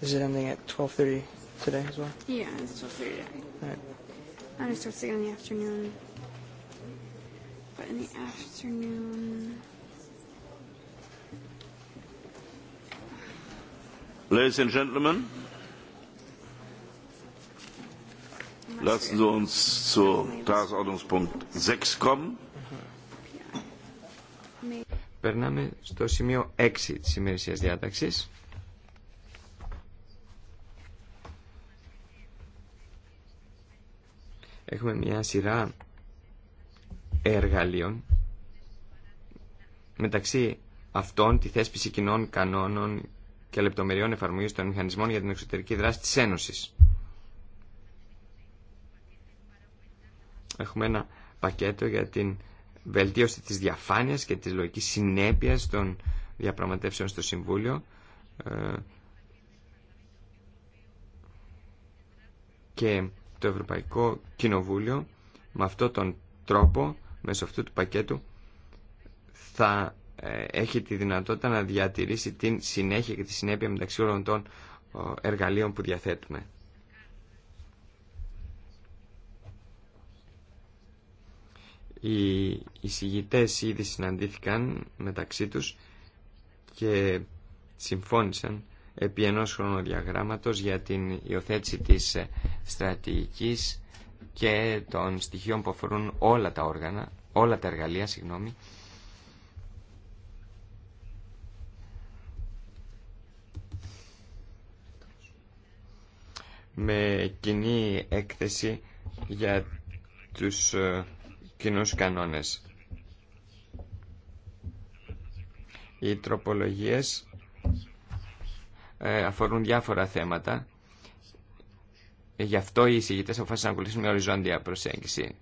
Is it ending at 12.30? today as well? Yeah, it's 12.30 today. All right. I'm it starts again in the afternoon. But in the afternoon... Ladies and gentlemen, lassen Sie uns zu Tagesordnungspunkt 6 kommen. Περνάμε στο σημείο 6 της ημερησίας διάταξης. Έχουμε μια σειρά εργαλείων μεταξύ αυτών τη θέσπιση κοινών κανόνων και λεπτομεριών εφαρμογής των μηχανισμών για την εξωτερική δράση της Ένωσης. Έχουμε ένα πακέτο για την βελτίωση της διαφάνειας και της λογικής συνέπειας των διαπραγματεύσεων στο Συμβούλιο ε, και το Ευρωπαϊκό Κοινοβούλιο με αυτόν τον τρόπο, μέσω αυτού του πακέτου, θα ε, έχει τη δυνατότητα να διατηρήσει την συνέχεια και τη συνέπεια μεταξύ όλων των εργαλείων που διαθέτουμε. Οι εισηγητές ήδη συναντήθηκαν μεταξύ τους και συμφώνησαν επί ενός χρονοδιαγράμματος για την υιοθέτηση της στρατηγικής και των στοιχείων που αφορούν όλα τα όργανα, όλα τα εργαλεία, συγγνώμη. με κοινή έκθεση για τους ε, κοινού κανόνες. Οι τροπολογίες ε, αφορούν διάφορα θέματα. Γι' αυτό οι εισηγητέ αποφάσισαν να ακολουθήσουν μια οριζόντια προσέγγιση.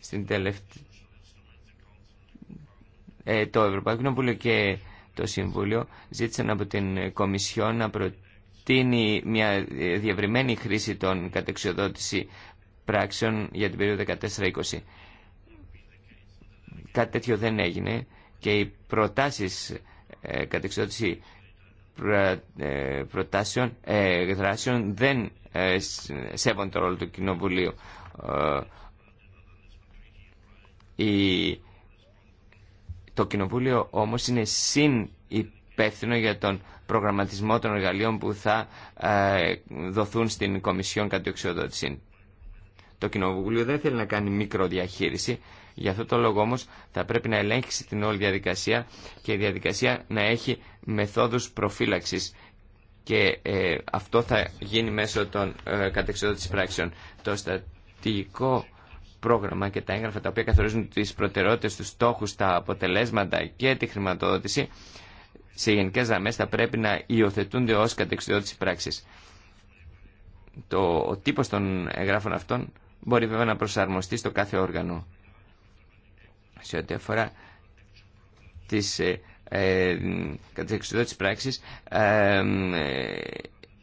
Στην τελευταία. Ε, το Ευρωπαϊκό Κοινοβούλιο και το Συμβούλιο ζήτησαν από την Κομισιό να προτείνει μια διευρυμένη χρήση των κατεξιοδότηση πράξεων για την περίοδο 14-20. Κάτι τέτοιο δεν έγινε και οι προτάσεις η ε, κατεξότηση ε, προτάσεων, ε, δεν ε, σέβονται το ρόλο του Κοινοβουλίου. Η, το Κοινοβούλιο όμως είναι συν για τον προγραμματισμό των εργαλείων που θα δοθούν στην Κομισιόν κατεξοδότηση. Το Κοινοβούλιο δεν θέλει να κάνει μικροδιαχείριση, Γι' αυτό το λόγο όμω θα πρέπει να ελέγξει την όλη διαδικασία και η διαδικασία να έχει μεθόδου προφύλαξη. και ε, αυτό θα γίνει μέσω των ε, κατεξοδότη πράξεων. Το στατικό πρόγραμμα και τα έγγραφα τα οποία καθορίζουν τι προτεραιότητε, του στόχου, τα αποτελέσματα και τη χρηματοδότηση σε γενικέ γραμμέ θα πρέπει να υιοθετούνται ω κατεξοδότηση πράξη. Το, ο τύπο των εγγράφων αυτών μπορεί βέβαια να προσαρμοστεί στο κάθε όργανο σε ό,τι αφορά τις ε, ε, της πράξης ε, ε,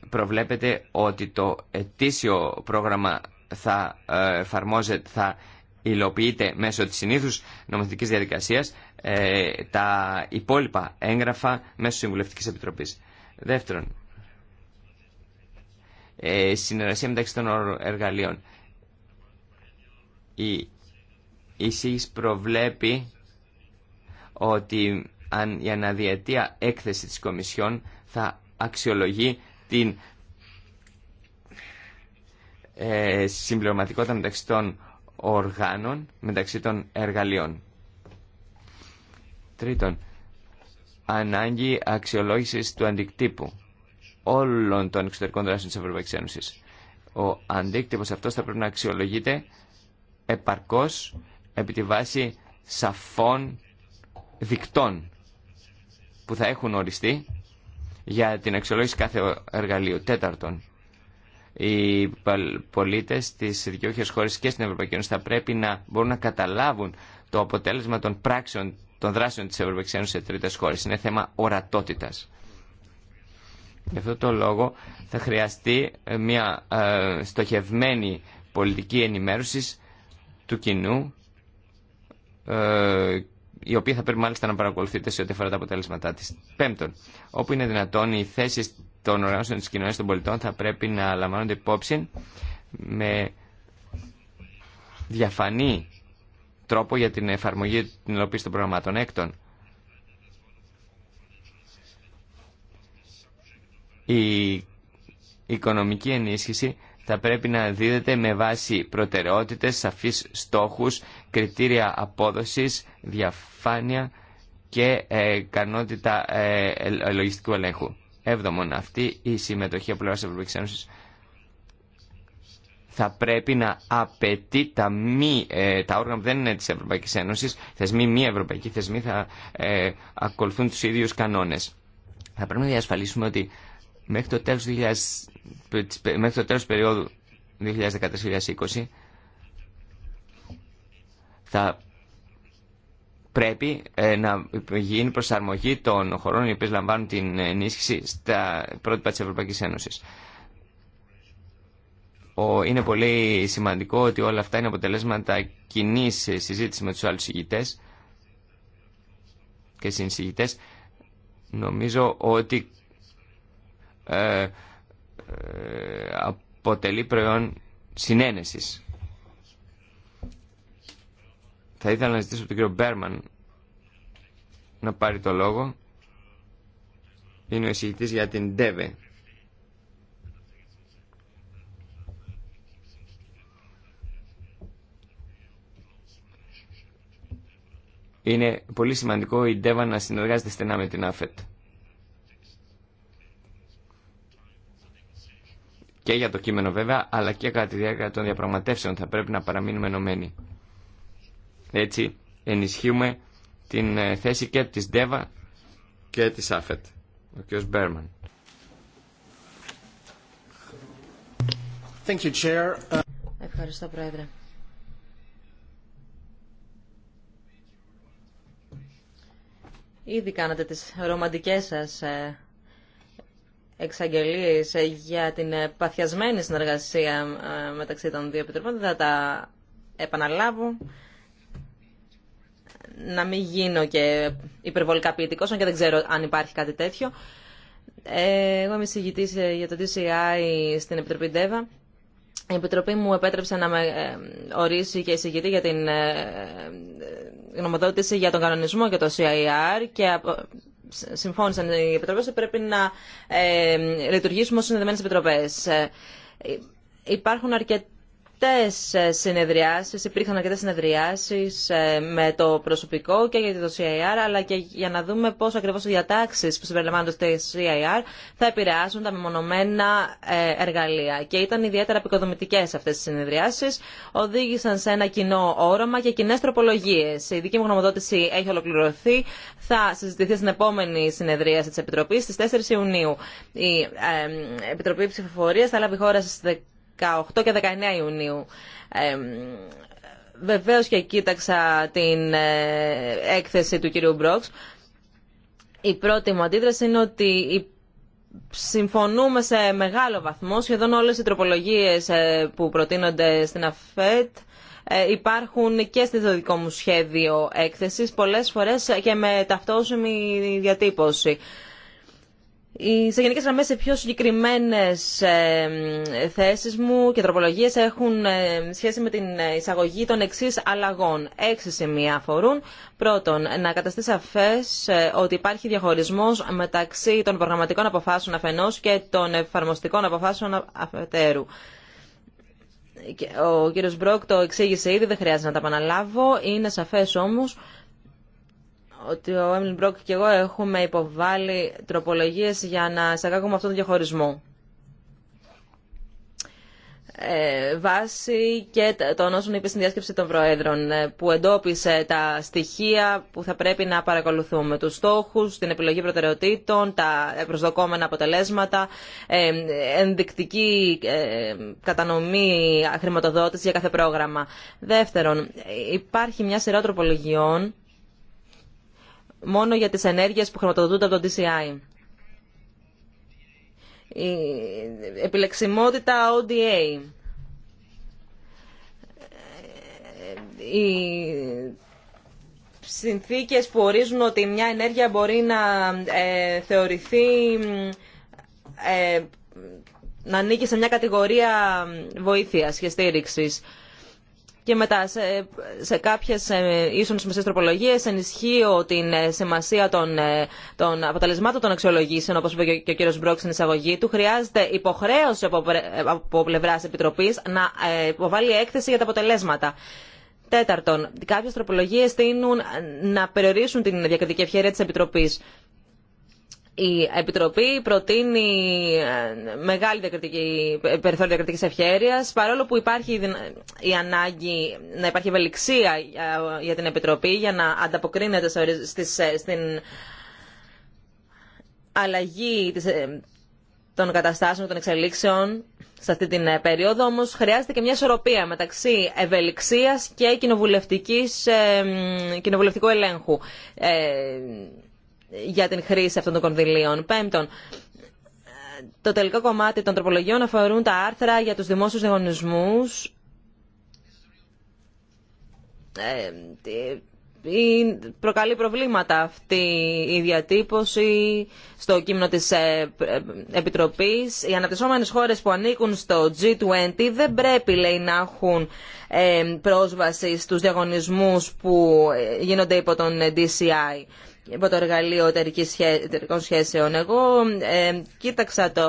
προβλέπεται ότι το ετήσιο πρόγραμμα θα ε, εφαρμόζεται, θα υλοποιείται μέσω της συνήθους νομοθετικής διαδικασίας ε, τα υπόλοιπα έγγραφα μέσω Συμβουλευτικής Επιτροπής. Δεύτερον, συνεργασία μεταξύ των εργαλείων. Η η προβλέπει ότι αν η αναδιαιτία έκθεση της Κομισιόν θα αξιολογεί την ε, συμπληρωματικότητα μεταξύ των οργάνων, μεταξύ των εργαλείων. Τρίτον, ανάγκη αξιολόγησης του αντικτύπου όλων των εξωτερικών δράσεων της Ευρωπαϊκής Ένωσης. Ο αντίκτυπος αυτός θα πρέπει να αξιολογείται επαρκώς επί τη βάση σαφών δικτών που θα έχουν οριστεί για την αξιολόγηση κάθε εργαλείου. Τέταρτον, οι πολίτες της δικαιούχες χώρες και στην Ευρωπαϊκή Ένωση θα πρέπει να μπορούν να καταλάβουν το αποτέλεσμα των πράξεων, των δράσεων της Ευρωπαϊκής Ένωσης σε τρίτες χώρες. Είναι θέμα ορατότητας. Γι' αυτό το λόγο θα χρειαστεί ε, μια ε, στοχευμένη πολιτική ενημέρωση του κοινού ε, η οποία θα πρέπει μάλιστα να παρακολουθείτε σε ό,τι αφορά τα αποτέλεσματά τη. Πέμπτον, όπου είναι δυνατόν, οι θέσει των οργάνωσεων τη κοινωνία των πολιτών θα πρέπει να λαμβάνονται υπόψη με διαφανή τρόπο για την εφαρμογή την υλοποίηση των προγραμμάτων. Έκτον, η οικονομική ενίσχυση θα πρέπει να δίδεται με βάση προτεραιότητες, σαφείς στόχους, κριτήρια απόδοσης, διαφάνεια και ε, κανότητα ε, λογιστικού ελέγχου. Έβδομον, αυτή η συμμετοχή από πλευράς Ευρωπαϊκής Ένωσης θα πρέπει να απαιτεί τα, μη, ε, τα όργανα που δεν είναι της Ευρωπαϊκής Ένωσης, θεσμοί μη ευρωπαϊκοί θεσμοί θα ε, ακολουθούν τους ίδιους κανόνες. Θα πρέπει να διασφαλίσουμε ότι μέχρι το τέλος, 2000, μέχρι το τέλος περίοδου 2014-2020 θα πρέπει ε, να γίνει προσαρμογή των χωρών οι οποίες λαμβάνουν την ενίσχυση στα πρότυπα της Ευρωπαϊκής Ένωσης. είναι πολύ σημαντικό ότι όλα αυτά είναι αποτελέσματα κοινή συζήτηση με τους άλλους ηγητές και συνεισηγητές. Νομίζω ότι ε, ε, αποτελεί προϊόν συνένεσης. Θα ήθελα να ζητήσω από τον κύριο Μπέρμαν να πάρει το λόγο. Είναι ο εισηγητής για την ΔΕΒΕ. Είναι πολύ σημαντικό η ΔΕΒΑ να συνεργάζεται στενά με την ΑΦΕΤ. και για το κείμενο βέβαια, αλλά και κατά τη διάρκεια των διαπραγματεύσεων θα πρέπει να παραμείνουμε ενωμένοι. Έτσι ενισχύουμε την ε, θέση και της ΔΕΒΑ και της ΑΦΕΤ. Ο κ. Μπέρμαν. Thank you, Chair. Ευχαριστώ, Πρόεδρε. Ήδη κάνατε τις ρομαντικές σας ε, εξαγγελίες για την παθιασμένη συνεργασία ε, μεταξύ των δύο επιτροπών. Δεν θα τα επαναλάβω. Να μην γίνω και υπερβολικά ποιητικός, αν και δεν ξέρω αν υπάρχει κάτι τέτοιο. Ε, εγώ είμαι συγγητής ε, για το DCI στην Επιτροπή ΔΕΒΑ. Η Επιτροπή μου επέτρεψε να με ορίσει και εισηγητή για την γνωμοδότηση για τον κανονισμό και το CIR και συμφώνησαν οι επιτροπέ ότι πρέπει να ε, λειτουργήσουμε συνδεδεμένε συνδεδεμένες επιτροπές. Ε, υπάρχουν αρκετέ ε, συνεδριάσεις, υπήρχαν αρκετέ συνεδριάσει ε, με το προσωπικό και για το CIR, αλλά και για να δούμε πώ ακριβώ οι διατάξει που συμπεριλαμβάνονται στο CIR θα επηρεάσουν τα μεμονωμένα ε, εργαλεία. Και ήταν ιδιαίτερα επικοδομητικέ αυτέ οι συνεδριάσει. οδήγησαν σε ένα κοινό όρομα και κοινέ τροπολογίε. Η δική μου γνωμοδότηση έχει ολοκληρωθεί, θα συζητηθεί στην επόμενη συνεδρία τη Επιτροπή, στι 4 Ιουνίου. Η Επιτροπή ψηφοφορία, θα λάβει χώρα στι. 18 και 19 Ιουνίου. Ε, βεβαίως και κοίταξα την ε, έκθεση του κυρίου Μπρόξ. Η πρώτη μου αντίδραση είναι ότι συμφωνούμε σε μεγάλο βαθμό. Σχεδόν όλες οι τροπολογίες ε, που προτείνονται στην ΑΦΕΤ ε, υπάρχουν και στο δικό μου σχέδιο έκθεσης, πολλές φορές και με ταυτόσιμη διατύπωση. Σε γενικέ γραμμέ, οι πιο συγκεκριμένε θέσει μου και τροπολογίε έχουν σχέση με την εισαγωγή των εξή αλλαγών. Έξι σημεία αφορούν. Πρώτον, να καταστεί σαφέ ε, ότι υπάρχει διαχωρισμό μεταξύ των προγραμματικών αποφάσεων αφενό και των εφαρμοστικών αποφάσεων αφετέρου. Ο κύριος Μπρόκ το εξήγησε ήδη, δεν χρειάζεται να τα επαναλάβω. Είναι σαφέ όμω ότι ο Έμιλ Μπρόκ και εγώ έχουμε υποβάλει τροπολογίες για να εισαγάγουμε αυτόν τον διαχωρισμό. Ε, και των όσων είπε στην διάσκεψη των Προέδρων ε, που εντόπισε τα στοιχεία που θα πρέπει να παρακολουθούμε τους στόχους, την επιλογή προτεραιοτήτων, τα προσδοκόμενα αποτελέσματα ε, ενδεικτική ε, κατανομή χρηματοδότηση για κάθε πρόγραμμα. Δεύτερον, ε, υπάρχει μια σειρά τροπολογιών μόνο για τις ενέργειες που χρηματοδοτούνται από το DCI. Η επιλεξιμότητα ODA. Οι συνθήκες που ορίζουν ότι μια ενέργεια μπορεί να ε, θεωρηθεί... Ε, να ανήκει σε μια κατηγορία βοήθειας και στήριξης. Και μετά σε, σε κάποιες ε, ίσον τροπολογίε τροπολογίε, ενισχύω την ε, σημασία των, ε, των αποτελεσμάτων των αξιολογήσεων, όπως είπε και ο, κ. στην εισαγωγή του. Χρειάζεται υποχρέωση από, από πλευράς Επιτροπής να υποβάλει έκθεση για τα αποτελέσματα. Τέταρτον, κάποιε τροπολογίε τείνουν να περιορίσουν την διακριτική ευχαίρεια τη Επιτροπή. Η Επιτροπή προτείνει ε, μεγάλη διακριτική, περιθώριο διακριτική ευχέρεια, παρόλο που υπάρχει η ανάγκη να υπάρχει ευελιξία ε, για την Επιτροπή για να ανταποκρίνεται ε, στην αλλαγή των καταστάσεων, των εξελίξεων σε αυτή την περίοδο. Όμω χρειάζεται και μια ισορροπία μεταξύ ευελιξία και κοινοβουλευτικού ελέγχου για την χρήση αυτών των κονδυλίων. Πέμπτον, το τελικό κομμάτι των τροπολογιών αφορούν τα άρθρα για τους δημόσιους διαγωνισμούς. Ε, ε, ε, προκαλεί προβλήματα αυτή η διατύπωση στο κείμενο της Επιτροπής. Οι αναπτυσσόμενες χώρες που ανήκουν στο G20 δεν πρέπει, λέει, να έχουν πρόσβαση στους διαγωνισμούς που γίνονται υπό τον DCI υπό το εργαλείο εταιρικών σχέσεων. Εγώ ε, κοίταξα το...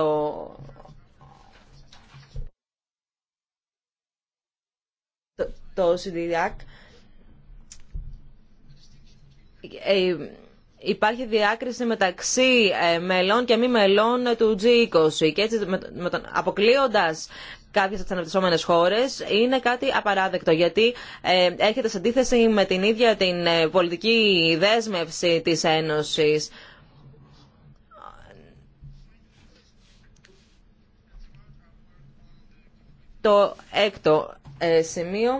Το, το ε, υπάρχει διάκριση μεταξύ ε, μελών και μη μελών του G20 και έτσι αποκλείοντας κάποιε από τι αναπτυσσόμενε χώρε είναι κάτι απαράδεκτο. Γιατί ε, έρχεται σε αντίθεση με την ίδια την ε, πολιτική δέσμευση τη Ένωση. Το έκτο ε, σημείο.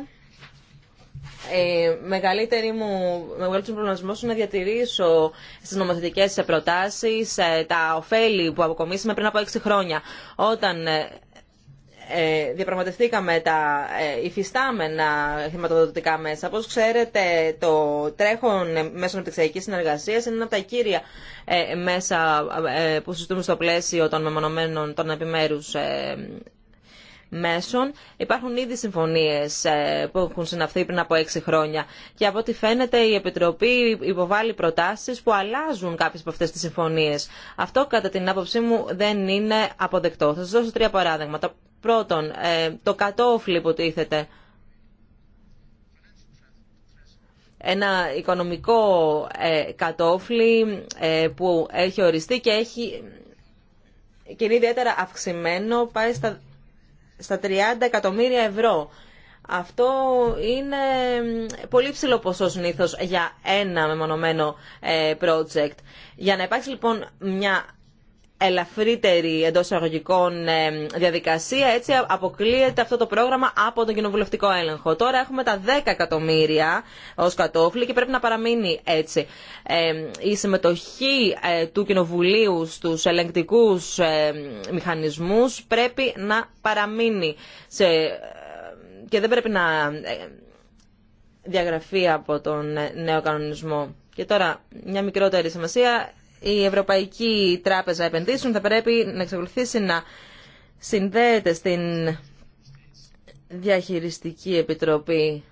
Ε, μεγαλύτερη μου, μεγαλύτερος μου είναι να διατηρήσω στις νομοθετικές προτάσεις τα ωφέλη που αποκομίσαμε πριν από έξι χρόνια. Όταν ε, διαπραγματευτήκαμε τα ε, υφιστάμενα χρηματοδοτικά μέσα. Όπως ξέρετε, το τρέχον μέσω επιτεξιακής συνεργασίας είναι ένα από τα κύρια ε, μέσα που συζητούμε στο πλαίσιο των μεμονωμένων των επιμέρους μέσων. Υπάρχουν ήδη συμφωνίες που έχουν συναυθεί πριν από έξι χρόνια και από ό,τι φαίνεται η Επιτροπή υποβάλλει προτάσεις που αλλάζουν κάποιες από αυτές τις συμφωνίες. Αυτό κατά την άποψή μου δεν είναι αποδεκτό. Θα σας δώσω τρία παράδειγμα. Πρώτον, ε, το κατόφλι που τίθεται. Ένα οικονομικό ε, κατόφλι ε, που έχει οριστεί και έχει και είναι ιδιαίτερα αυξημένο, πάει στα, στα 30 εκατομμύρια ευρώ. Αυτό είναι πολύ ψηλό ποσό συνήθω για ένα μεμονωμένο project. Για να υπάρξει λοιπόν μια ελαφρύτερη εντό εισαγωγικών ε, διαδικασία. Έτσι αποκλείεται αυτό το πρόγραμμα από τον κοινοβουλευτικό έλεγχο. Τώρα έχουμε τα 10 εκατομμύρια ω κατόφλι και πρέπει να παραμείνει έτσι. Ε, η συμμετοχή ε, του κοινοβουλίου στου ελεγκτικού μηχανισμού πρέπει να παραμείνει σε... και δεν πρέπει να διαγραφεί από τον νέο κανονισμό. Και τώρα μια μικρότερη σημασία η Ευρωπαϊκή Τράπεζα Επενδύσεων θα πρέπει να εξακολουθήσει να συνδέεται στην Διαχειριστική Επιτροπή.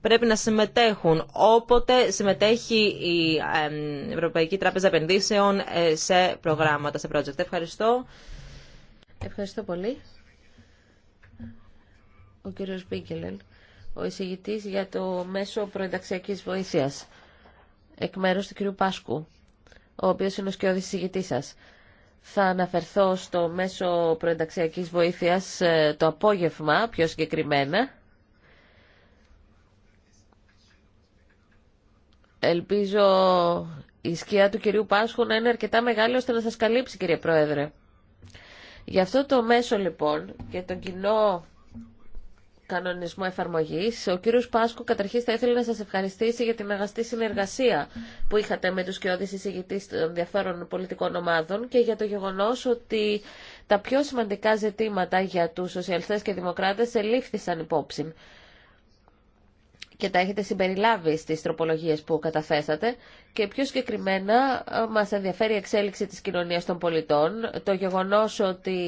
Πρέπει να συμμετέχουν όποτε συμμετέχει η Ευρωπαϊκή Τράπεζα Επενδύσεων ε, σε προγράμματα, σε project. Ευχαριστώ. Ευχαριστώ πολύ. Ο κύριος ο εισηγητή για το μέσο προενταξιακή βοήθειας εκ μέρους του κ. Πάσκου, ο οποίος είναι ο σκιώδη εισηγητή σας. Θα αναφερθώ στο μέσο προενταξιακής βοήθειας ε, το απόγευμα, πιο συγκεκριμένα. Ελπίζω η σκιά του κυρίου Πάσχου να είναι αρκετά μεγάλη ώστε να σας καλύψει κύριε Πρόεδρε. Γι' αυτό το μέσο λοιπόν και τον κοινό κανονισμό εφαρμογή. Ο κύριο Πάσκου καταρχήν θα ήθελε να σα ευχαριστήσει για τη μεγαστή συνεργασία που είχατε με του κοιόδη εισηγητής των διαφόρων πολιτικών ομάδων και για το γεγονό ότι τα πιο σημαντικά ζητήματα για του σοσιαλιστέ και δημοκράτε ελήφθησαν υπόψη και τα έχετε συμπεριλάβει στις τροπολογίες που καταθέσατε και πιο συγκεκριμένα ε, μας ενδιαφέρει η εξέλιξη της κοινωνίας των πολιτών, το γεγονός ότι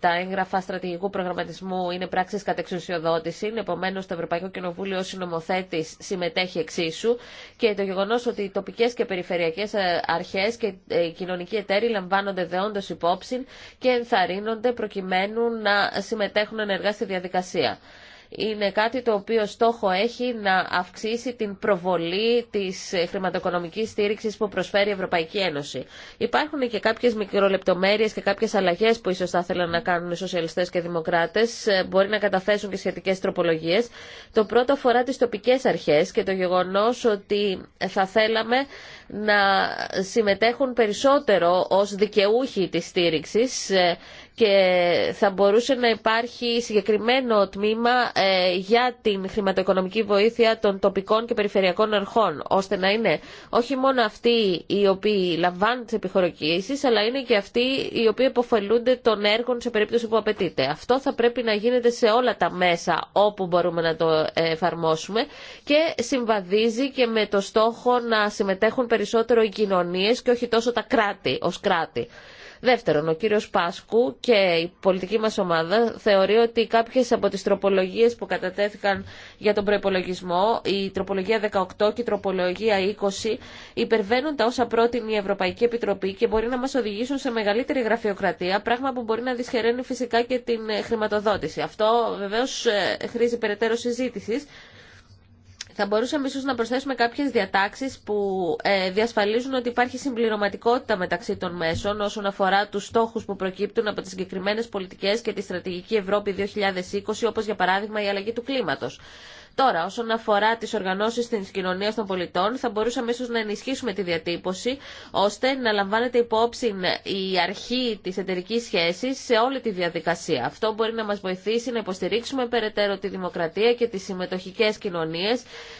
τα έγγραφα στρατηγικού προγραμματισμού είναι πράξεις εξουσιοδότηση επομένως το Ευρωπαϊκό Κοινοβούλιο ως συνομοθέτης συμμετέχει εξίσου και το γεγονός ότι οι τοπικές και περιφερειακές ε, αρχές και ε, οι κοινωνικοί εταίροι λαμβάνονται δεόντως υπόψη και ενθαρρύνονται προκειμένου να συμμετέχουν ενεργά στη διαδικασία είναι κάτι το οποίο στόχο έχει να αυξήσει την προβολή της χρηματοοικονομικής στήριξης που προσφέρει η Ευρωπαϊκή Ένωση. Υπάρχουν και κάποιες μικρολεπτομέρειες και κάποιες αλλαγές που ίσως θα ήθελαν να κάνουν οι σοσιαλιστές και οι δημοκράτες. Ε, μπορεί να καταθέσουν και σχετικές τροπολογίες. Το πρώτο αφορά τις τοπικές αρχές και το γεγονός ότι θα θέλαμε να συμμετέχουν περισσότερο ως δικαιούχοι της στήριξης ε, και θα μπορούσε να υπάρχει συγκεκριμένο τμήμα ε, για την χρηματοοικονομική βοήθεια των τοπικών και περιφερειακών αρχών, ώστε να είναι όχι μόνο αυτοί οι οποίοι λαμβάνουν τι επιχορηγήσει, αλλά είναι και αυτοί οι οποίοι υποφελούνται των έργων σε περίπτωση που απαιτείται. Αυτό θα πρέπει να γίνεται σε όλα τα μέσα όπου μπορούμε να το ε, εφαρμόσουμε και συμβαδίζει και με το στόχο να συμμετέχουν περισσότερο οι κοινωνίε και όχι τόσο τα κράτη ω κράτη. Δεύτερον, ο κύριος Πάσκου και η πολιτική μας ομάδα θεωρεί ότι κάποιες από τις τροπολογίες που κατατέθηκαν για τον προπολογισμό, η τροπολογία 18 και η τροπολογία 20, υπερβαίνουν τα όσα πρότεινε η Ευρωπαϊκή Επιτροπή και μπορεί να μας οδηγήσουν σε μεγαλύτερη γραφειοκρατία, πράγμα που μπορεί να δυσχεραίνει φυσικά και την χρηματοδότηση. Αυτό βεβαίως ε, χρήζει περαιτέρω συζήτηση θα μπορούσαμε ίσως να προσθέσουμε κάποιες διατάξεις που ε, διασφαλίζουν ότι υπάρχει συμπληρωματικότητα μεταξύ των μέσων όσον αφορά τους στόχους που προκύπτουν από τις συγκεκριμένε πολιτικές και τη στρατηγική Ευρώπη 2020, όπως για παράδειγμα η αλλαγή του κλίματος. Τώρα, όσον αφορά τι οργανώσει τη κοινωνία των πολιτών, θα μπορούσαμε ίσω να ενισχύσουμε τη διατύπωση, ώστε να λαμβάνεται υπόψη η αρχή τη εταιρική σχέση σε όλη τη διαδικασία. Αυτό μπορεί να μα βοηθήσει να υποστηρίξουμε περαιτέρω τη δημοκρατία και τι συμμετοχικέ κοινωνίε,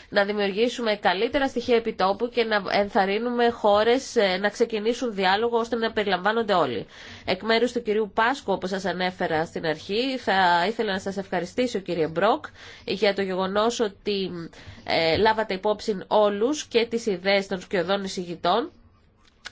να δημιουργήσουμε καλύτερα στοιχεία επιτόπου και να ενθαρρύνουμε χώρε ε, να ξεκινήσουν διάλογο ώστε να περιλαμβάνονται όλοι. Εκ μέρου του κυρίου Πάσκου, όπω σα ανέφερα στην αρχή, θα ήθελα να σα ευχαριστήσω, κύριε Μπροκ, για το γεγονό γεγονός ότι ε, λάβατε υπόψη όλους και τις ιδέες των σκιωδών εισηγητών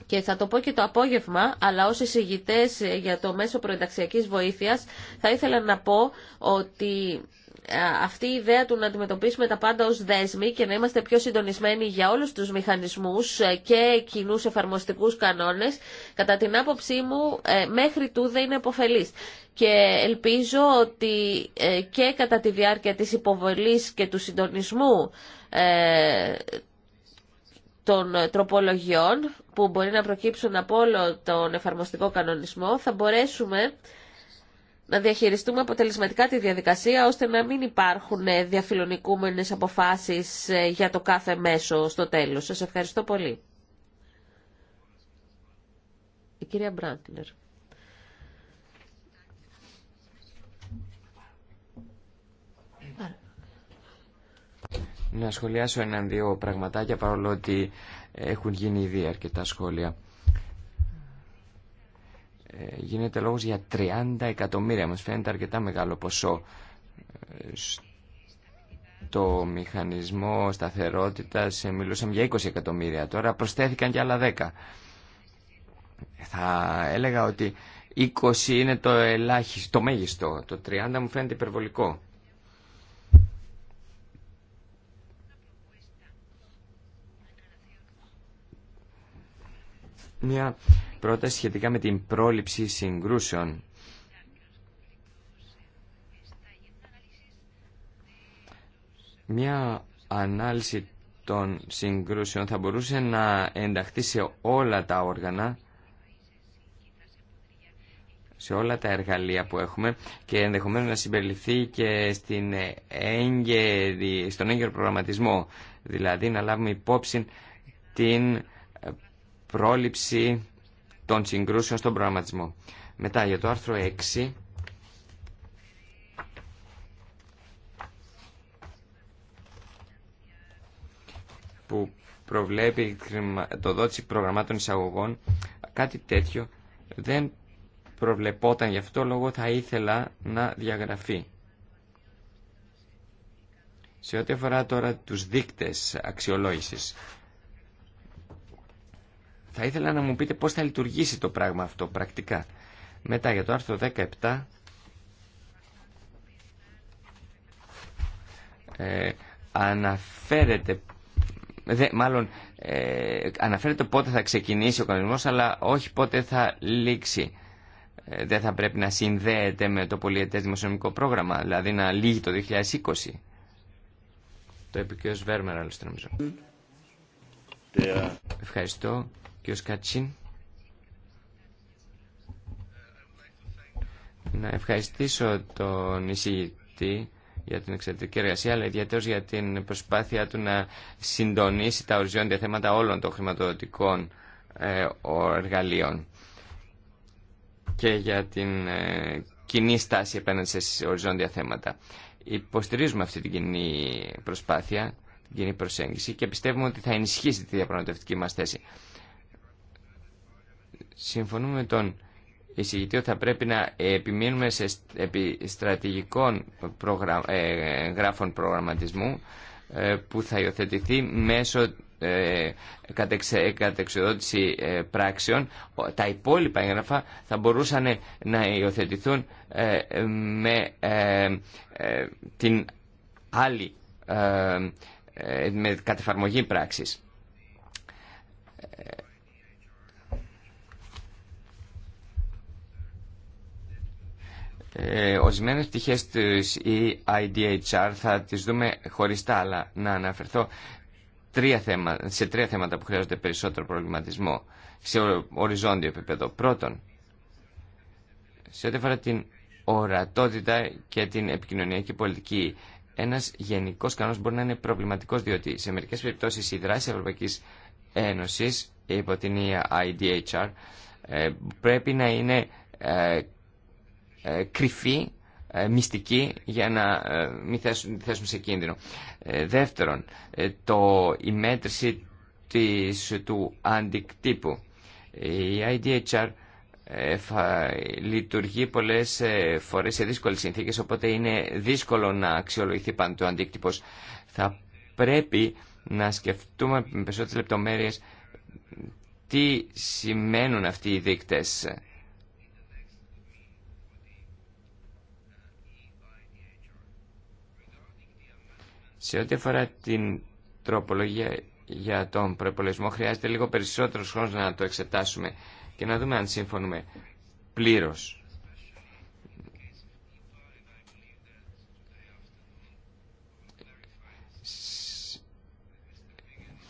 και θα το πω και το απόγευμα, αλλά ως εισηγητές ε, για το μέσο προενταξιακής βοήθειας θα ήθελα να πω ότι ε, αυτή η ιδέα του να αντιμετωπίσουμε τα πάντα ως δέσμοι και να είμαστε πιο συντονισμένοι για όλους τους μηχανισμούς και κοινού εφαρμοστικούς κανόνες, κατά την άποψή μου μέχρι τούδε είναι υποφελής και ελπίζω ότι ε, και κατά τη διάρκεια της υποβολής και του συντονισμού ε, των τροπολογιών που μπορεί να προκύψουν από όλο τον εφαρμοστικό κανονισμό θα μπορέσουμε να διαχειριστούμε αποτελεσματικά τη διαδικασία ώστε να μην υπάρχουν διαφιλονικούμενες αποφάσεις ε, για το κάθε μέσο στο τέλος. Σας ευχαριστώ πολύ. Η κυρία να σχολιάσω έναν δύο πραγματάκια παρόλο ότι έχουν γίνει ήδη αρκετά σχόλια. Ε, γίνεται λόγος για 30 εκατομμύρια. Μας φαίνεται αρκετά μεγάλο ποσό ε, το μηχανισμό σταθερότητας ε, μιλούσαμε για 20 εκατομμύρια τώρα προσθέθηκαν και άλλα 10 θα έλεγα ότι 20 είναι το ελάχιστο το μέγιστο το 30 μου φαίνεται υπερβολικό μια πρόταση σχετικά με την πρόληψη συγκρούσεων. Μια ανάλυση των συγκρούσεων θα μπορούσε να ενταχθεί σε όλα τα όργανα σε όλα τα εργαλεία που έχουμε και ενδεχομένως να συμπεριληφθεί και στην έγκαιρη, στον έγκαιρο προγραμματισμό. Δηλαδή να λάβουμε υπόψη την πρόληψη των συγκρούσεων στον προγραμματισμό. Μετά για το άρθρο 6. που προβλέπει το δότηση προγραμμάτων εισαγωγών, κάτι τέτοιο δεν προβλεπόταν. Γι' αυτό λόγο θα ήθελα να διαγραφεί. Σε ό,τι αφορά τώρα τους δείκτες αξιολόγησης, θα ήθελα να μου πείτε πώς θα λειτουργήσει το πράγμα αυτό πρακτικά. Μετά για το άρθρο 17 ε, αναφέρεται μάλλον ε, αναφέρεται πότε θα ξεκινήσει ο κανονισμός αλλά όχι πότε θα λήξει. Ε, δεν θα πρέπει να συνδέεται με το πολιετές δημοσιονομικό πρόγραμμα, δηλαδή να λύγει το 2020. Το είπε και ο Σβέρμερ, νομίζω. Ευχαριστώ. Κύριος Κατσίν. Να ευχαριστήσω τον εισηγητή για την εξαιρετική εργασία, αλλά ιδιαίτερως για την προσπάθεια του να συντονίσει τα οριζόντια θέματα όλων των χρηματοδοτικών εργαλείων και για την ε, κοινή στάση επέναντι σε οριζόντια θέματα. Υποστηρίζουμε αυτή την κοινή προσπάθεια, την κοινή προσέγγιση και πιστεύουμε ότι θα ενισχύσει τη διαπραγματευτική μας θέση συμφωνούμε με τον εισηγητή ότι θα πρέπει να επιμείνουμε σε επί στρατηγικών ε, γράφων προγραμματισμού ε, που θα υιοθετηθεί μέσω ε, κατεξοδότηση πράξεων. Τα υπόλοιπα έγγραφα θα μπορούσαν να υιοθετηθούν με την άλλη με κατεφαρμογή πράξης. Ε, ορισμένες πτυχές της EIDHR θα τις δούμε χωριστά, αλλά να αναφερθώ τρία θέμα, σε τρία θέματα που χρειάζονται περισσότερο προβληματισμό σε οριζόντιο επίπεδο. Πρώτον, σε ό,τι αφορά την ορατότητα και την επικοινωνιακή πολιτική, ένας γενικός κανόνας μπορεί να είναι προβληματικός, διότι σε μερικές περιπτώσεις η δράση Ευρωπαϊκής Ένωσης υπό την EIDHR ε, πρέπει να είναι ε, ε, κρυφή, ε, μυστική για να ε, μην θέσουν, σε κίνδυνο. Δεύτερον, το, η μέτρηση της, του αντικτύπου. Η IDHR λειτουργεί πολλές φορές σε δύσκολες συνθήκες, οπότε είναι δύσκολο να αξιολογηθεί πάντα το αντίκτυπος. Θα πρέπει να σκεφτούμε με περισσότερες λεπτομέρειες τι σημαίνουν αυτοί οι δείκτες Σε ό,τι αφορά την τροπολογία για τον προπολογισμό, χρειάζεται λίγο περισσότερο χρόνο να το εξετάσουμε και να δούμε αν σύμφωνουμε πλήρω.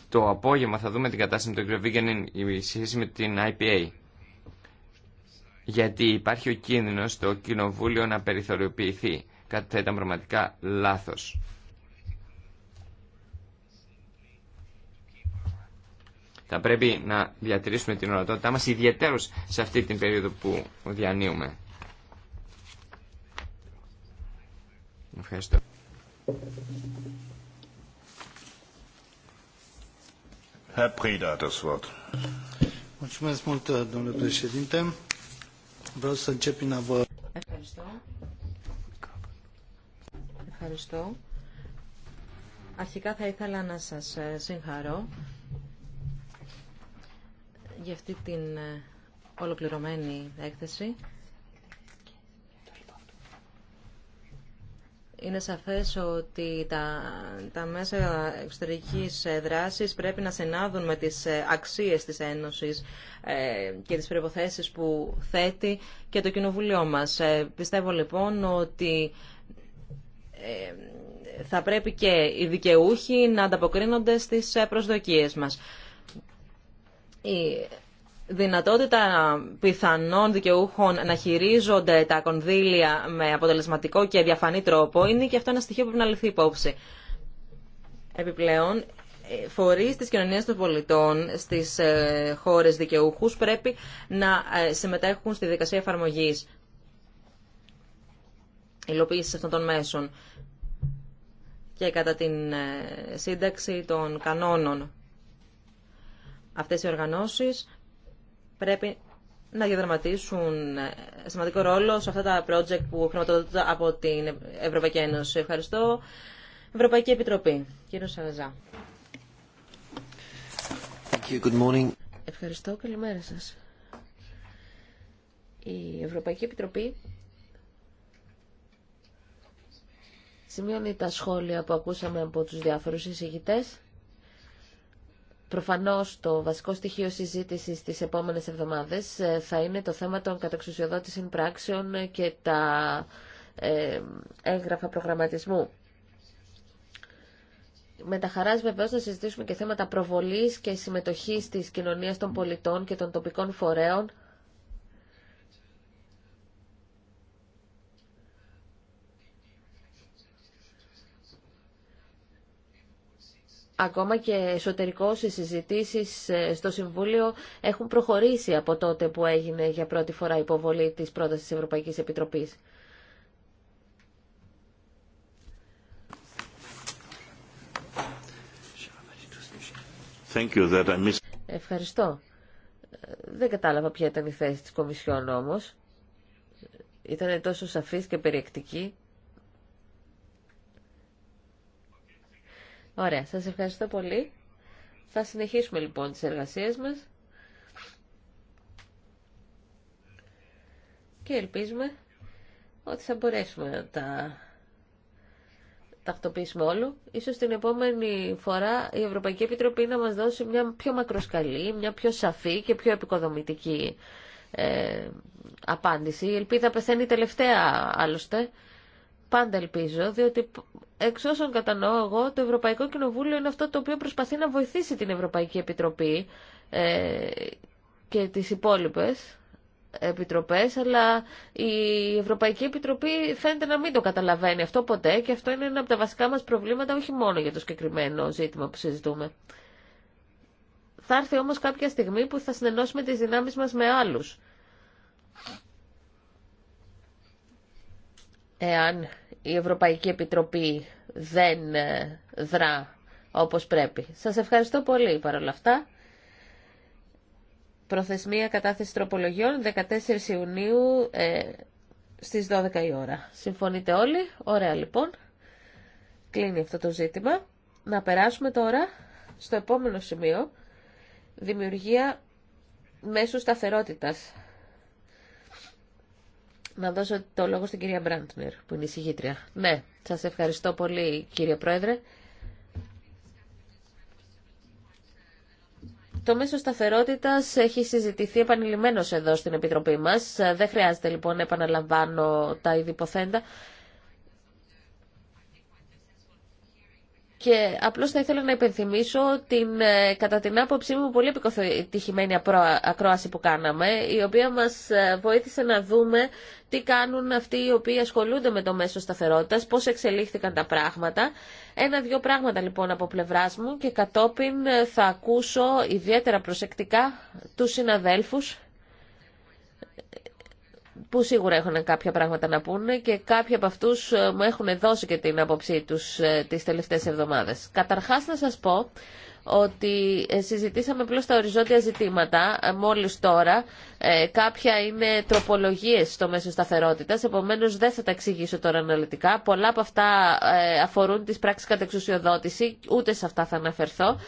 Το απόγευμα θα δούμε την κατάσταση με τον κ. σχέση με την IPA. Γιατί υπάρχει ο κίνδυνος το κοινοβούλιο να περιθωριοποιηθεί. Κάτι θα ήταν πραγματικά λάθος. Θα πρέπει να διατηρήσουμε την ορατότητά μας ιδιαίτερως σε αυτή την περίοδο που διανύουμε. Ευχαριστώ. Ευχαριστώ. Ευχαριστώ. Αρχικά θα ήθελα να σας ε, συγχαρώ για αυτή την ε, ολοκληρωμένη έκθεση. Είναι σαφές ότι τα, τα μέσα εξωτερικής ε, δράσης πρέπει να συνάδουν με τις ε, αξίες της Ένωσης και τις προϋποθέσεις που θέτει και το Κοινοβουλίο μας. Πιστεύω λοιπόν ότι θα πρέπει και οι δικαιούχοι να ανταποκρίνονται στις προσδοκίες μας η δυνατότητα πιθανών δικαιούχων να χειρίζονται τα κονδύλια με αποτελεσματικό και διαφανή τρόπο είναι και αυτό ένα στοιχείο που πρέπει να λυθεί υπόψη. Επιπλέον, φορείς της κοινωνίας των πολιτών στις ε, χώρες δικαιούχου πρέπει να ε, συμμετέχουν στη δικασία φαρμογής υλοποίηση αυτών των μέσων και κατά την ε, σύνταξη των κανόνων Αυτές οι οργανώσεις πρέπει να διαδραματίσουν σημαντικό ρόλο σε αυτά τα project που χρηματοδοτούνται από την Ευρωπαϊκή Ένωση. Ευχαριστώ. Ευρωπαϊκή Επιτροπή. Κύριο Σαραζά. Ευχαριστώ. Καλημέρα σας. Η Ευρωπαϊκή Επιτροπή σημειώνει τα σχόλια που ακούσαμε από τους διάφορους εισηγητές Προφανώς το βασικό στοιχείο συζήτησης τις επόμενες εβδομάδες ε, θα είναι το θέμα των καταξουσιοδότησης πράξεων και τα ε, έγγραφα προγραμματισμού. Με τα χαράς βεβαίως να συζητήσουμε και θέματα προβολής και συμμετοχής της κοινωνίας των πολιτών και των τοπικών φορέων ακόμα και εσωτερικώς οι συζητήσεις ε, στο Συμβούλιο έχουν προχωρήσει από τότε που έγινε για πρώτη φορά η υποβολή της πρότασης της Ευρωπαϊκής Επιτροπής. Ευχαριστώ. Δεν κατάλαβα ποια ήταν η θέση της Κομισιόν όμως. Ήταν τόσο σαφής και περιεκτική. Ωραία, σας ευχαριστώ πολύ. Θα συνεχίσουμε λοιπόν τις εργασίες μας. Και ελπίζουμε ότι θα μπορέσουμε να τα τακτοποιήσουμε όλο. Ίσως την επόμενη φορά η Ευρωπαϊκή Επιτροπή να μας δώσει μια πιο μακροσκαλή, μια πιο σαφή και πιο επικοδομητική ε, απάντηση. Η ελπίδα πεθαίνει τελευταία άλλωστε. Πάντα ελπίζω, διότι εξ όσων κατανοώ εγώ, το Ευρωπαϊκό Κοινοβούλιο είναι αυτό το οποίο προσπαθεί να βοηθήσει την Ευρωπαϊκή Επιτροπή ε, και τις υπόλοιπες επιτροπές, αλλά η Ευρωπαϊκή Επιτροπή φαίνεται να μην το καταλαβαίνει αυτό ποτέ και αυτό είναι ένα από τα βασικά μας προβλήματα, όχι μόνο για το συγκεκριμένο ζήτημα που συζητούμε. Θα έρθει όμως κάποια στιγμή που θα συνενώσουμε τις δυνάμεις μας με άλλους. Εάν η Ευρωπαϊκή Επιτροπή δεν ε, δρά όπως πρέπει. Σας ευχαριστώ πολύ παρόλα αυτά. Προθεσμία κατάθεση τροπολογιών 14 Ιουνίου ε, στις 12 η ώρα. Συμφωνείτε όλοι. Ωραία λοιπόν. Κλείνει αυτό το ζήτημα. Να περάσουμε τώρα στο επόμενο σημείο. Δημιουργία μέσου σταθερότητας να δώσω το λόγο στην κυρία Μπράντνερ, που είναι η συγγήτρια. Ναι, σας ευχαριστώ πολύ κύριε Πρόεδρε. Το μέσο σταθερότητα έχει συζητηθεί επανειλημμένω εδώ στην Επιτροπή μα. Δεν χρειάζεται λοιπόν να επαναλαμβάνω τα είδη υποθέντα. Και απλώς θα ήθελα να υπενθυμίσω την, ε, κατά την άποψή μου, πολύ επιτυχημένη ακρόαση που κάναμε, η οποία μας ε, βοήθησε να δούμε τι κάνουν αυτοί οι οποίοι ασχολούνται με το μέσο σταθερότητα, πώ εξελίχθηκαν τα πράγματα. Ένα-δυο πράγματα λοιπόν από πλευρά μου και κατόπιν ε, θα ακούσω ιδιαίτερα προσεκτικά του συναδέλφου που σίγουρα έχουν κάποια πράγματα να πούνε και κάποιοι από αυτούς ε, μου έχουν δώσει και την άποψή τους ε, τις τελευταίες εβδομάδες. Καταρχάς να σας πω ότι ε, συζητήσαμε απλώ τα οριζόντια ζητήματα ε, μόλις τώρα. Ε, κάποια είναι τροπολογίες στο μέσο σταθερότητα. επομένως δεν θα τα εξηγήσω τώρα αναλυτικά. Πολλά από αυτά αφορούν τις πράξεις εξουσιοδότηση. ούτε σε αυτά θα αναφερθώ.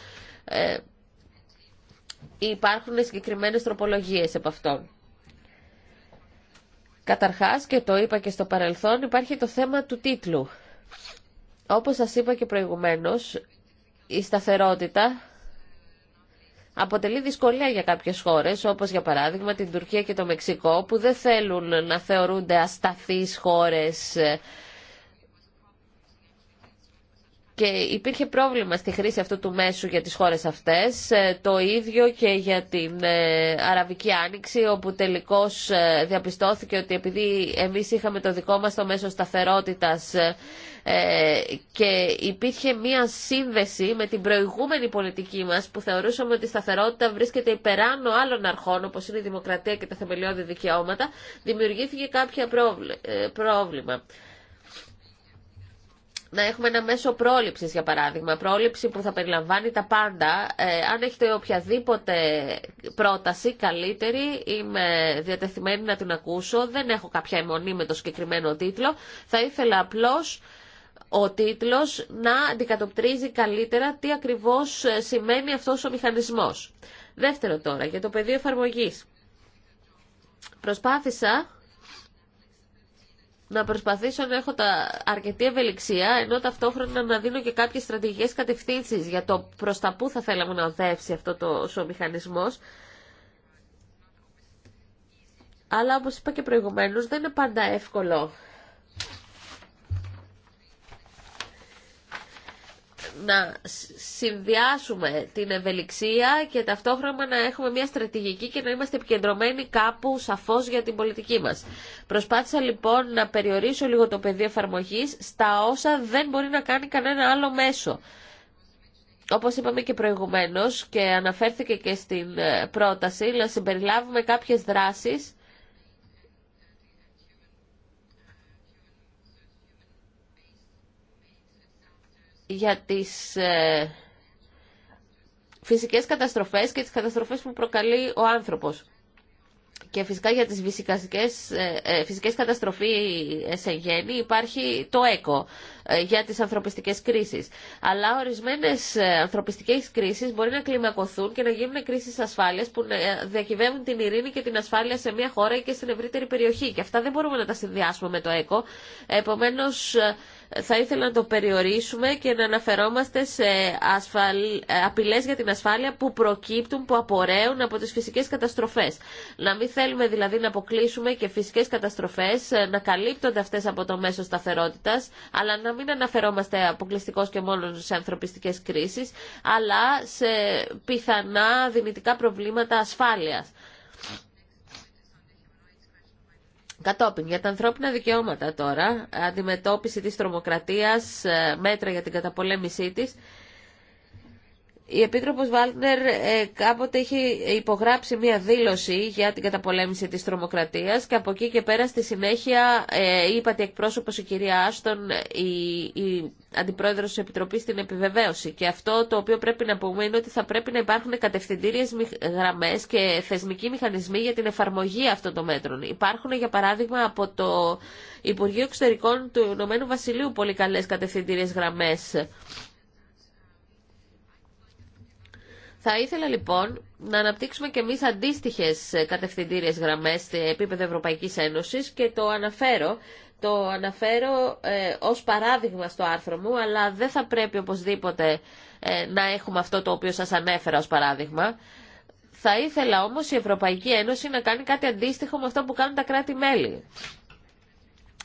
υπάρχουν συγκεκριμένε τροπολογίες από αυτό. Καταρχάς, και το είπα και στο παρελθόν, υπάρχει το θέμα του τίτλου. Όπως σας είπα και προηγουμένως, η σταθερότητα αποτελεί δυσκολία για κάποιες χώρες, όπως για παράδειγμα την Τουρκία και το Μεξικό, που δεν θέλουν να θεωρούνται ασταθείς χώρες και υπήρχε πρόβλημα στη χρήση αυτού του μέσου για τις χώρες αυτές, ε, το ίδιο και για την ε, Αραβική Άνοιξη, όπου τελικώς ε, διαπιστώθηκε ότι επειδή εμείς είχαμε το δικό μας το μέσο σταθερότητας ε, και υπήρχε μία σύνδεση με την προηγούμενη πολιτική μας που θεωρούσαμε ότι η σταθερότητα βρίσκεται υπεράνω άλλων αρχών όπως είναι η δημοκρατία και τα θεμελιώδη δικαιώματα, δημιουργήθηκε κάποια ε, πρόβλημα να έχουμε ένα μέσο πρόληψης για παράδειγμα, πρόληψη που θα περιλαμβάνει τα πάντα. Ε, αν έχετε οποιαδήποτε πρόταση καλύτερη, είμαι διατεθειμένη να την ακούσω, δεν έχω κάποια αιμονή με το συγκεκριμένο τίτλο. Θα ήθελα απλώς ο τίτλος να αντικατοπτρίζει καλύτερα τι ακριβώς ε, σημαίνει αυτός ο μηχανισμός. Δεύτερο τώρα, για το πεδίο εφαρμογής. Προσπάθησα να προσπαθήσω να έχω τα αρκετή ευελιξία, ενώ ταυτόχρονα να δίνω και κάποιες στρατηγικές κατευθύνσεις για το προς τα που θα θέλαμε να οδεύσει αυτό το ο μηχανισμός. Αλλά όπως είπα και προηγουμένως δεν είναι πάντα εύκολο να συνδυάσουμε την ευελιξία και ταυτόχρονα να έχουμε μια στρατηγική και να είμαστε επικεντρωμένοι κάπου σαφώς για την πολιτική μας. Προσπάθησα λοιπόν να περιορίσω λίγο το πεδίο εφαρμογής στα όσα δεν μπορεί να κάνει κανένα άλλο μέσο. Όπως είπαμε και προηγουμένως και αναφέρθηκε και στην ε, πρόταση, να συμπεριλάβουμε κάποιες δράσεις για τις ε, φυσικές καταστροφές και τις καταστροφές που προκαλεί ο άνθρωπος. Και φυσικά για τις ε, ε, φυσικές, φυσικές καταστροφές σε γέννη υπάρχει το ΕΚΟ για τις ανθρωπιστικές κρίσεις. Αλλά ορισμένες ανθρωπιστικές κρίσεις μπορεί να κλιμακωθούν και να γίνουν κρίσεις ασφάλειας που διακυβεύουν την ειρήνη και την ασφάλεια σε μια χώρα και στην ευρύτερη περιοχή. Και αυτά δεν μπορούμε να τα συνδυάσουμε με το ΕΚΟ. Επομένως θα ήθελα να το περιορίσουμε και να αναφερόμαστε σε ασφαλ... Ε, απειλές για την ασφάλεια που προκύπτουν, που απορρέουν από τις φυσικές καταστροφές. Να μην θέλουμε δηλαδή να αποκλείσουμε και φυσικές καταστροφές, ε, να καλύπτονται αυτές από το μέσο σταθερότητας, αλλά να μην αναφερόμαστε αποκλειστικώ και μόνο σε ανθρωπιστικές κρίσεις, αλλά σε πιθανά δυνητικά προβλήματα ασφάλειας. Κατόπιν, για τα ανθρώπινα δικαιώματα τώρα, αντιμετώπιση της τρομοκρατίας, ε, μέτρα για την καταπολέμησή της, η Επίτροπος Βάλτνερ ε, κάποτε είχε υπογράψει μία δήλωση για την καταπολέμηση της τρομοκρατίας και από εκεί και πέρα στη συνέχεια ε, ότι εκπρόσωπος η κυρία Άστον, η, η αντιπρόεδρος της Επιτροπής, την επιβεβαίωση. Και αυτό το οποίο πρέπει να πούμε είναι ότι θα πρέπει να υπάρχουν κατευθυντήριες γραμμές και θεσμικοί μηχανισμοί για την εφαρμογή αυτών των μέτρων. Υπάρχουν, για παράδειγμα, από το Υπουργείο Εξωτερικών του Ηνωμένου Βασιλείου πολύ καλέ κατευθυντήριε γραμμές Θα ήθελα λοιπόν να αναπτύξουμε και εμεί αντίστοιχε κατευθυντήριε γραμμέ σε επίπεδο Ευρωπαϊκή Ένωση και το αναφέρω, το αναφέρω ε, ως παράδειγμα στο άρθρο μου, αλλά δεν θα πρέπει οπωσδήποτε ε, να έχουμε αυτό το οποίο σας ανέφερα ως παράδειγμα. Θα ήθελα όμως η Ευρωπαϊκή Ένωση να κάνει κάτι αντίστοιχο με αυτό που κάνουν τα κράτη-μέλη.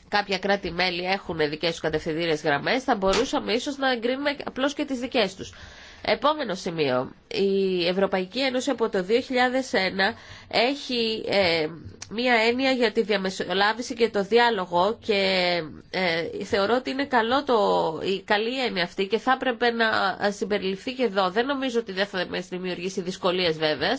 Κάποια κράτη-μέλη έχουν δικές τους κατευθυντήριες γραμμές, θα μπορούσαμε ίσως να εγκρίνουμε απλώς και τις δικές τους. Επόμενο σημείο. Η Ευρωπαϊκή Ένωση από το 2001 έχει ε, μία έννοια για τη διαμεσολάβηση και το διάλογο και ε, θεωρώ ότι είναι καλό το, η καλή έννοια αυτή και θα έπρεπε να συμπεριληφθεί και εδώ. Δεν νομίζω ότι δεν θα δημιουργήσει δυσκολίες βέβαια.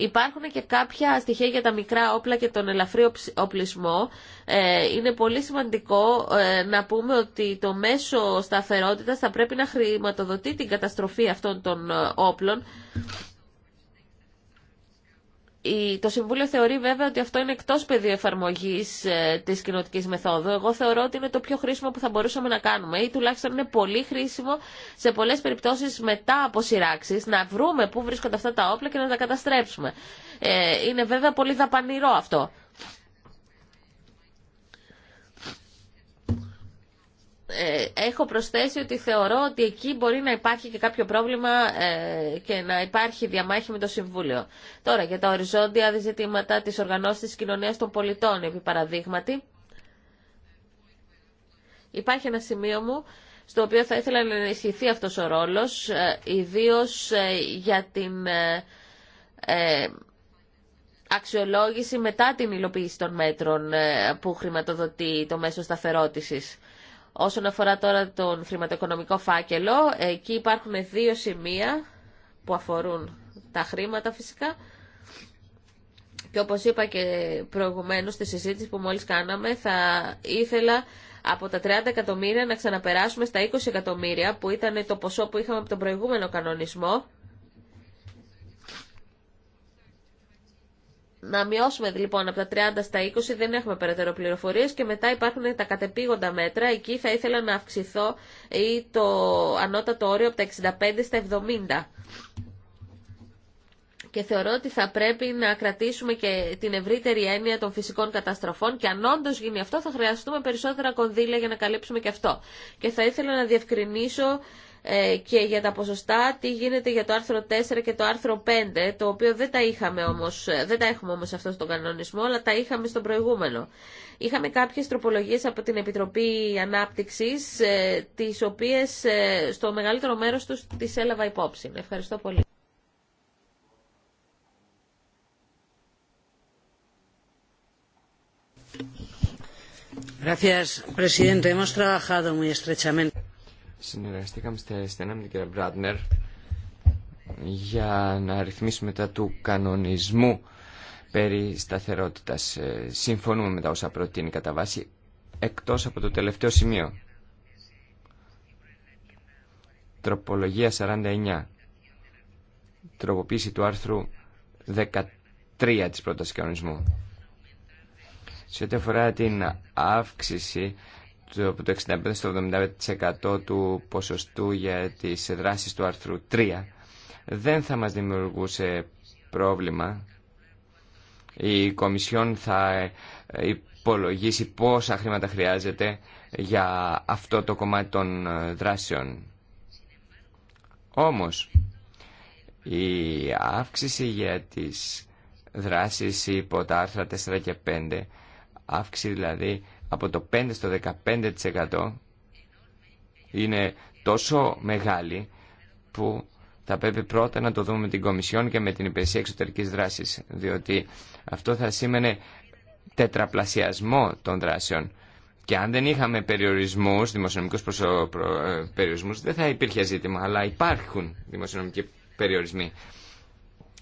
Υπάρχουν και κάποια στοιχεία για τα μικρά όπλα και τον ελαφρύ οπλισμό. Ε, είναι πολύ σημαντικό ε, να πούμε ότι το μέσο σταθερότητας θα πρέπει να χρηματοδοτεί την καταστροφή αυτών των ε, όπλων το Συμβούλιο θεωρεί βέβαια ότι αυτό είναι εκτός πεδίου εφαρμογής ε, της κοινοτικής μεθόδου. Εγώ θεωρώ ότι είναι το πιο χρήσιμο που θα μπορούσαμε να κάνουμε ή τουλάχιστον είναι πολύ χρήσιμο σε πολλές περιπτώσεις μετά από σειράξεις να βρούμε πού βρίσκονται αυτά τα όπλα και να τα καταστρέψουμε. Ε, είναι βέβαια πολύ δαπανηρό αυτό. Ε, έχω προσθέσει ότι θεωρώ ότι εκεί μπορεί να υπάρχει και κάποιο πρόβλημα ε, και να υπάρχει διαμάχη με το Συμβούλιο. Τώρα, για τα οριζόντια ζητήματα της οργανώσης της κοινωνίας των πολιτών, επί παραδείγματι, υπάρχει ένα σημείο μου στο οποίο θα ήθελα να ενισχυθεί αυτός ο ρόλος, ε, ιδίως για την αξιολόγηση μετά την υλοποίηση των μέτρων που χρηματοδοτεί το μέσο σταθερότησης. Όσον αφορά τώρα τον χρηματοοικονομικό φάκελο, εκεί υπάρχουν δύο σημεία που αφορούν τα χρήματα φυσικά. Και όπως είπα και προηγουμένως στη συζήτηση που μόλις κάναμε, θα ήθελα από τα 30 εκατομμύρια να ξαναπεράσουμε στα 20 εκατομμύρια, που ήταν το ποσό που είχαμε από τον προηγούμενο κανονισμό, Να μειώσουμε λοιπόν από τα 30 στα 20, δεν έχουμε περαιτέρω πληροφορίες και μετά υπάρχουν τα κατεπήγοντα μέτρα. Εκεί θα ήθελα να αυξηθώ ή το ανώτατο όριο από τα 65 στα 70. Και θεωρώ ότι θα πρέπει να κρατήσουμε και την ευρύτερη έννοια των φυσικών καταστροφών και αν όντω γίνει αυτό θα χρειαστούμε περισσότερα κονδύλια για να καλύψουμε και αυτό. Και θα ήθελα να διευκρινίσω ε, και για τα ποσοστά τι γίνεται για το άρθρο 4 και το άρθρο 5, το οποίο δεν τα, είχαμε όμως, ε, δεν τα έχουμε όμως αυτό στον κανονισμό, αλλά τα είχαμε στον προηγούμενο. Είχαμε κάποιες τροπολογίες από την Επιτροπή Ανάπτυξης, ε, τις οποίες στο μεγαλύτερο μέρος τους τις έλαβα υπόψη. Ευχαριστώ πολύ. Gracias, presidente. Hemos trabajado muy estrechamente συνεργαστήκαμε στενά με την κυρία Μπράτνερ για να ρυθμίσουμε τα του κανονισμού περί σταθερότητας. Ε, συμφωνούμε με τα όσα προτείνει κατά βάση, εκτός από το τελευταίο σημείο. Τροπολογία 49. Τροποποίηση του άρθρου 13 της πρότασης κανονισμού. Σε ό,τι αφορά την αύξηση από το 65% στο 75% του ποσοστού για τις δράσεις του άρθρου 3 δεν θα μας δημιουργούσε πρόβλημα. Η Κομισιόν θα υπολογίσει πόσα χρήματα χρειάζεται για αυτό το κομμάτι των δράσεων. Όμως, η αύξηση για τις δράσεις υπό τα άρθρα 4 και 5, αύξηση δηλαδή από το 5% στο 15% είναι τόσο μεγάλη που θα πρέπει πρώτα να το δούμε με την Κομισιόν και με την Υπηρεσία Εξωτερικής Δράσης, διότι αυτό θα σήμαινε τετραπλασιασμό των δράσεων. Και αν δεν είχαμε περιορισμούς, δημοσιονομικούς ε, περιορισμούς, δεν θα υπήρχε ζήτημα, αλλά υπάρχουν δημοσιονομικοί περιορισμοί.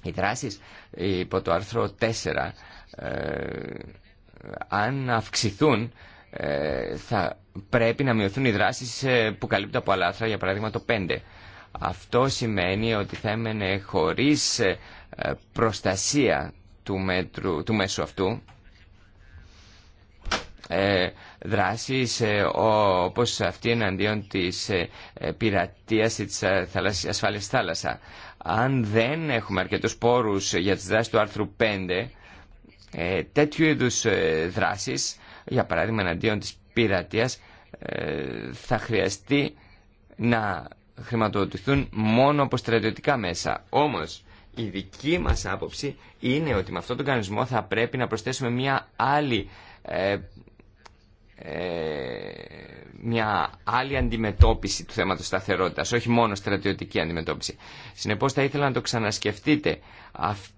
Οι δράσεις υπό το άρθρο 4 αν αυξηθούν ε, θα πρέπει να μειωθούν οι δράσεις ε, που καλύπτουν από αλάθρα, για παράδειγμα το 5. Αυτό σημαίνει ότι θα έμενε χωρίς ε, προστασία του, μέτρου, του μέσου αυτού δράσεις όπως αυτή εναντίον της πειρατείας ή της ασφάλειας θάλασσα. Αν δεν έχουμε αρκετούς πόρους για τις δράσεις του άρθρου 5 ε, τέτοιου είδους ε, δράσεις, για παράδειγμα εναντίον της πειρατείας, ε, θα χρειαστεί να χρηματοδοτηθούν μόνο από στρατιωτικά μέσα. Όμως, η δική μας άποψη είναι ότι με αυτόν τον κανονισμό θα πρέπει να προσθέσουμε μια άλλη ε, ε, μια άλλη αντιμετώπιση του θέματος σταθερότητας, όχι μόνο στρατιωτική αντιμετώπιση. Συνεπώς θα ήθελα να το ξανασκεφτείτε,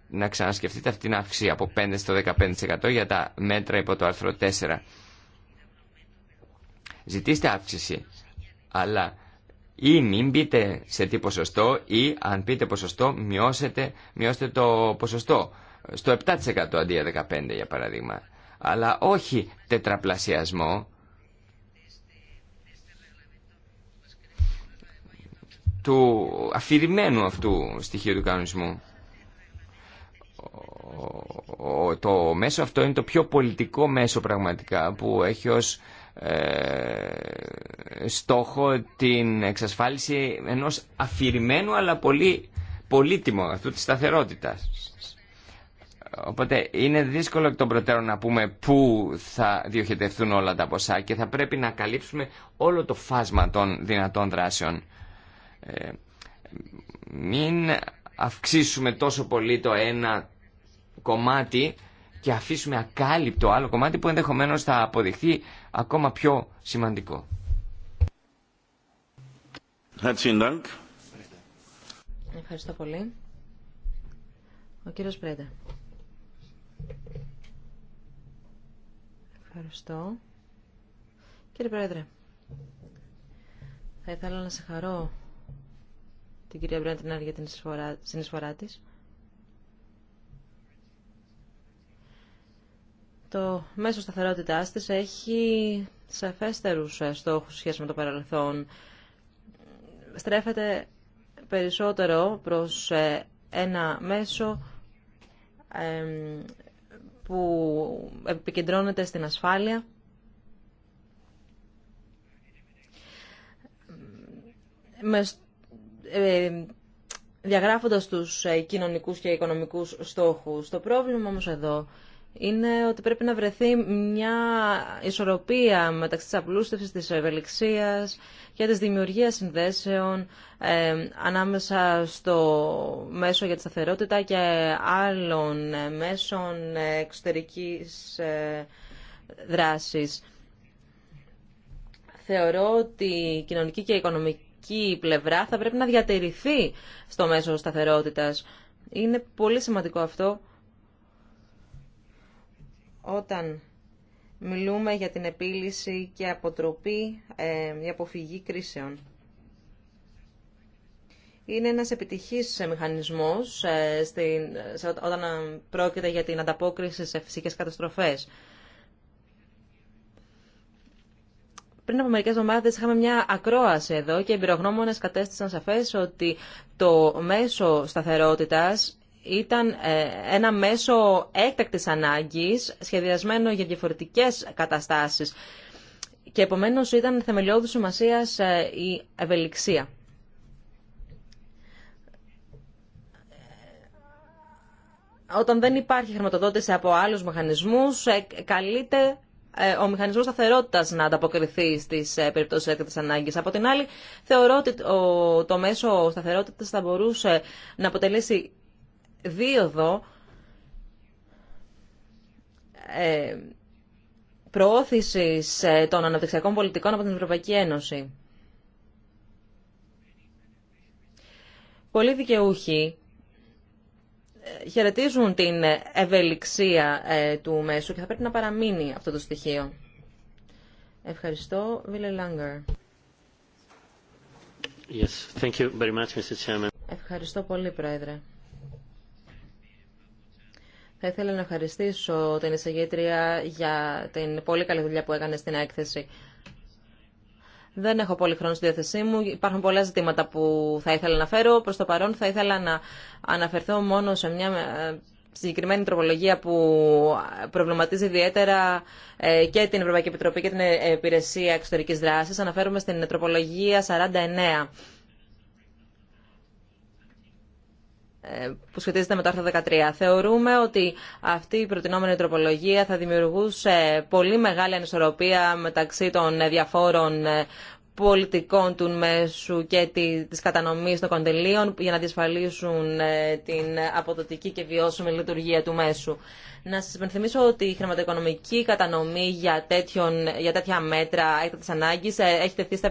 να ξανασκεφτείτε αυτήν την αύξηση από 5% στο 15% για τα μέτρα υπό το άρθρο 4. Ζητήστε αύξηση, αλλά ή μην πείτε σε τι ποσοστό ή αν πείτε ποσοστό μειώσετε, μειώστε το ποσοστό στο 7% αντί για 15% για παράδειγμα αλλά όχι τετραπλασιασμό του αφηρημένου αυτού στοιχείου του κανονισμού. Το μέσο αυτό είναι το πιο πολιτικό μέσο πραγματικά που έχει ως ε, στόχο την εξασφάλιση ενός αφηρημένου αλλά πολύ πολύτιμου αυτού της σταθερότητας. Οπότε είναι δύσκολο εκ των προτέρων να πούμε πού θα διοχετευτούν όλα τα ποσά και θα πρέπει να καλύψουμε όλο το φάσμα των δυνατών δράσεων. Ε, μην αυξήσουμε τόσο πολύ το ένα κομμάτι και αφήσουμε ακάλυπτο άλλο κομμάτι που ενδεχομένως θα αποδειχθεί ακόμα πιο σημαντικό. Ευχαριστώ πολύ. Ο κύριος Πρέντερ Ευχαριστώ. Κύριε Πρόεδρε, θα ήθελα να συγχαρώ την κυρία Μπρέντρινάρ για την συνεισφορά της. Το μέσο σταθερότητάς της έχει σαφέστερους στόχους σχέση με το παρελθόν. Στρέφεται περισσότερο προς ε, ένα μέσο που επικεντρώνεται στην ασφάλεια. Με, ε, διαγράφοντας τους ε, κοινωνικούς και οικονομικούς στόχους. Το πρόβλημα όμως εδώ είναι ότι πρέπει να βρεθεί μια ισορροπία μεταξύ της απλούστευσης, της ευελιξίας και της δημιουργίας συνδέσεων ε, ανάμεσα στο μέσο για τη σταθερότητα και άλλων ε, μέσων ε, εξωτερικής ε, δράσης. Θεωρώ ότι η κοινωνική και η οικονομική πλευρά θα πρέπει να διατηρηθεί στο μέσο σταθερότητας. Είναι πολύ σημαντικό αυτό όταν μιλούμε για την επίλυση και αποτροπή, ε, η αποφυγή κρίσεων. Είναι ένας επιτυχής μηχανισμός ε, στην, όταν ε, πρόκειται για την ανταπόκριση σε φυσικές καταστροφές. Πριν από μερικές εβδομάδες είχαμε μια ακρόαση εδώ και οι πυρογνώμονες κατέστησαν σαφές ότι το μέσο σταθερότητας ήταν ε, ένα μέσο έκτακτης ανάγκης, σχεδιασμένο για διαφορετικές καταστάσεις και επομένως ήταν θεμελιώδης σημασία ε, η ευελιξία. Όταν δεν υπάρχει χρηματοδότηση από άλλους μηχανισμούς, ε, καλείται ο μηχανισμός σταθερότητα να ανταποκριθεί στις περιπτώσεις έκτακτης ανάγκης. Από την άλλη, θεωρώ ότι το μέσο σταθερότητας θα μπορούσε να αποτελέσει δίωδο ε, προώθησης ε, των αναπτυξιακών πολιτικών από την Ευρωπαϊκή Ένωση. Πολλοί δικαιούχοι ε, χαιρετίζουν την ευελιξία ε, του μέσου και θα πρέπει να παραμείνει αυτό το στοιχείο. Ευχαριστώ. Βίλε Yes, thank you very much, Mr. Chairman. Ευχαριστώ πολύ, Πρόεδρε. Θα ήθελα να ευχαριστήσω την εισηγήτρια για την πολύ καλή δουλειά που έκανε στην έκθεση. Δεν έχω πολύ χρόνο στη διάθεσή μου. Υπάρχουν πολλά ζητήματα που θα ήθελα να φέρω. Προς το παρόν θα ήθελα να αναφερθώ μόνο σε μια ε, συγκεκριμένη τροπολογία που προβληματίζει ιδιαίτερα ε, και την Ευρωπαϊκή Επιτροπή και την Επιρεσία Εξωτερικής Δράσης. Αναφέρομαι στην τροπολογία 49 Ε, που σχετίζεται με το άρθρο 13. Θεωρούμε ότι αυτή η προτινόμενη τροπολογία θα δημιουργούσε πολύ μεγάλη ανισορροπία μεταξύ των ε, διαφόρων ε, πολιτικών του μέσου και τη κατανομής των κοντελίων για να διασφαλίσουν ε, την αποδοτική και βιώσιμη λειτουργία του μέσου. Να σας υπενθυμίσω ότι η χρηματοοικονομική κατανομή για, για τέτοια μέτρα της ανάγκης ε, έχει τεθεί στα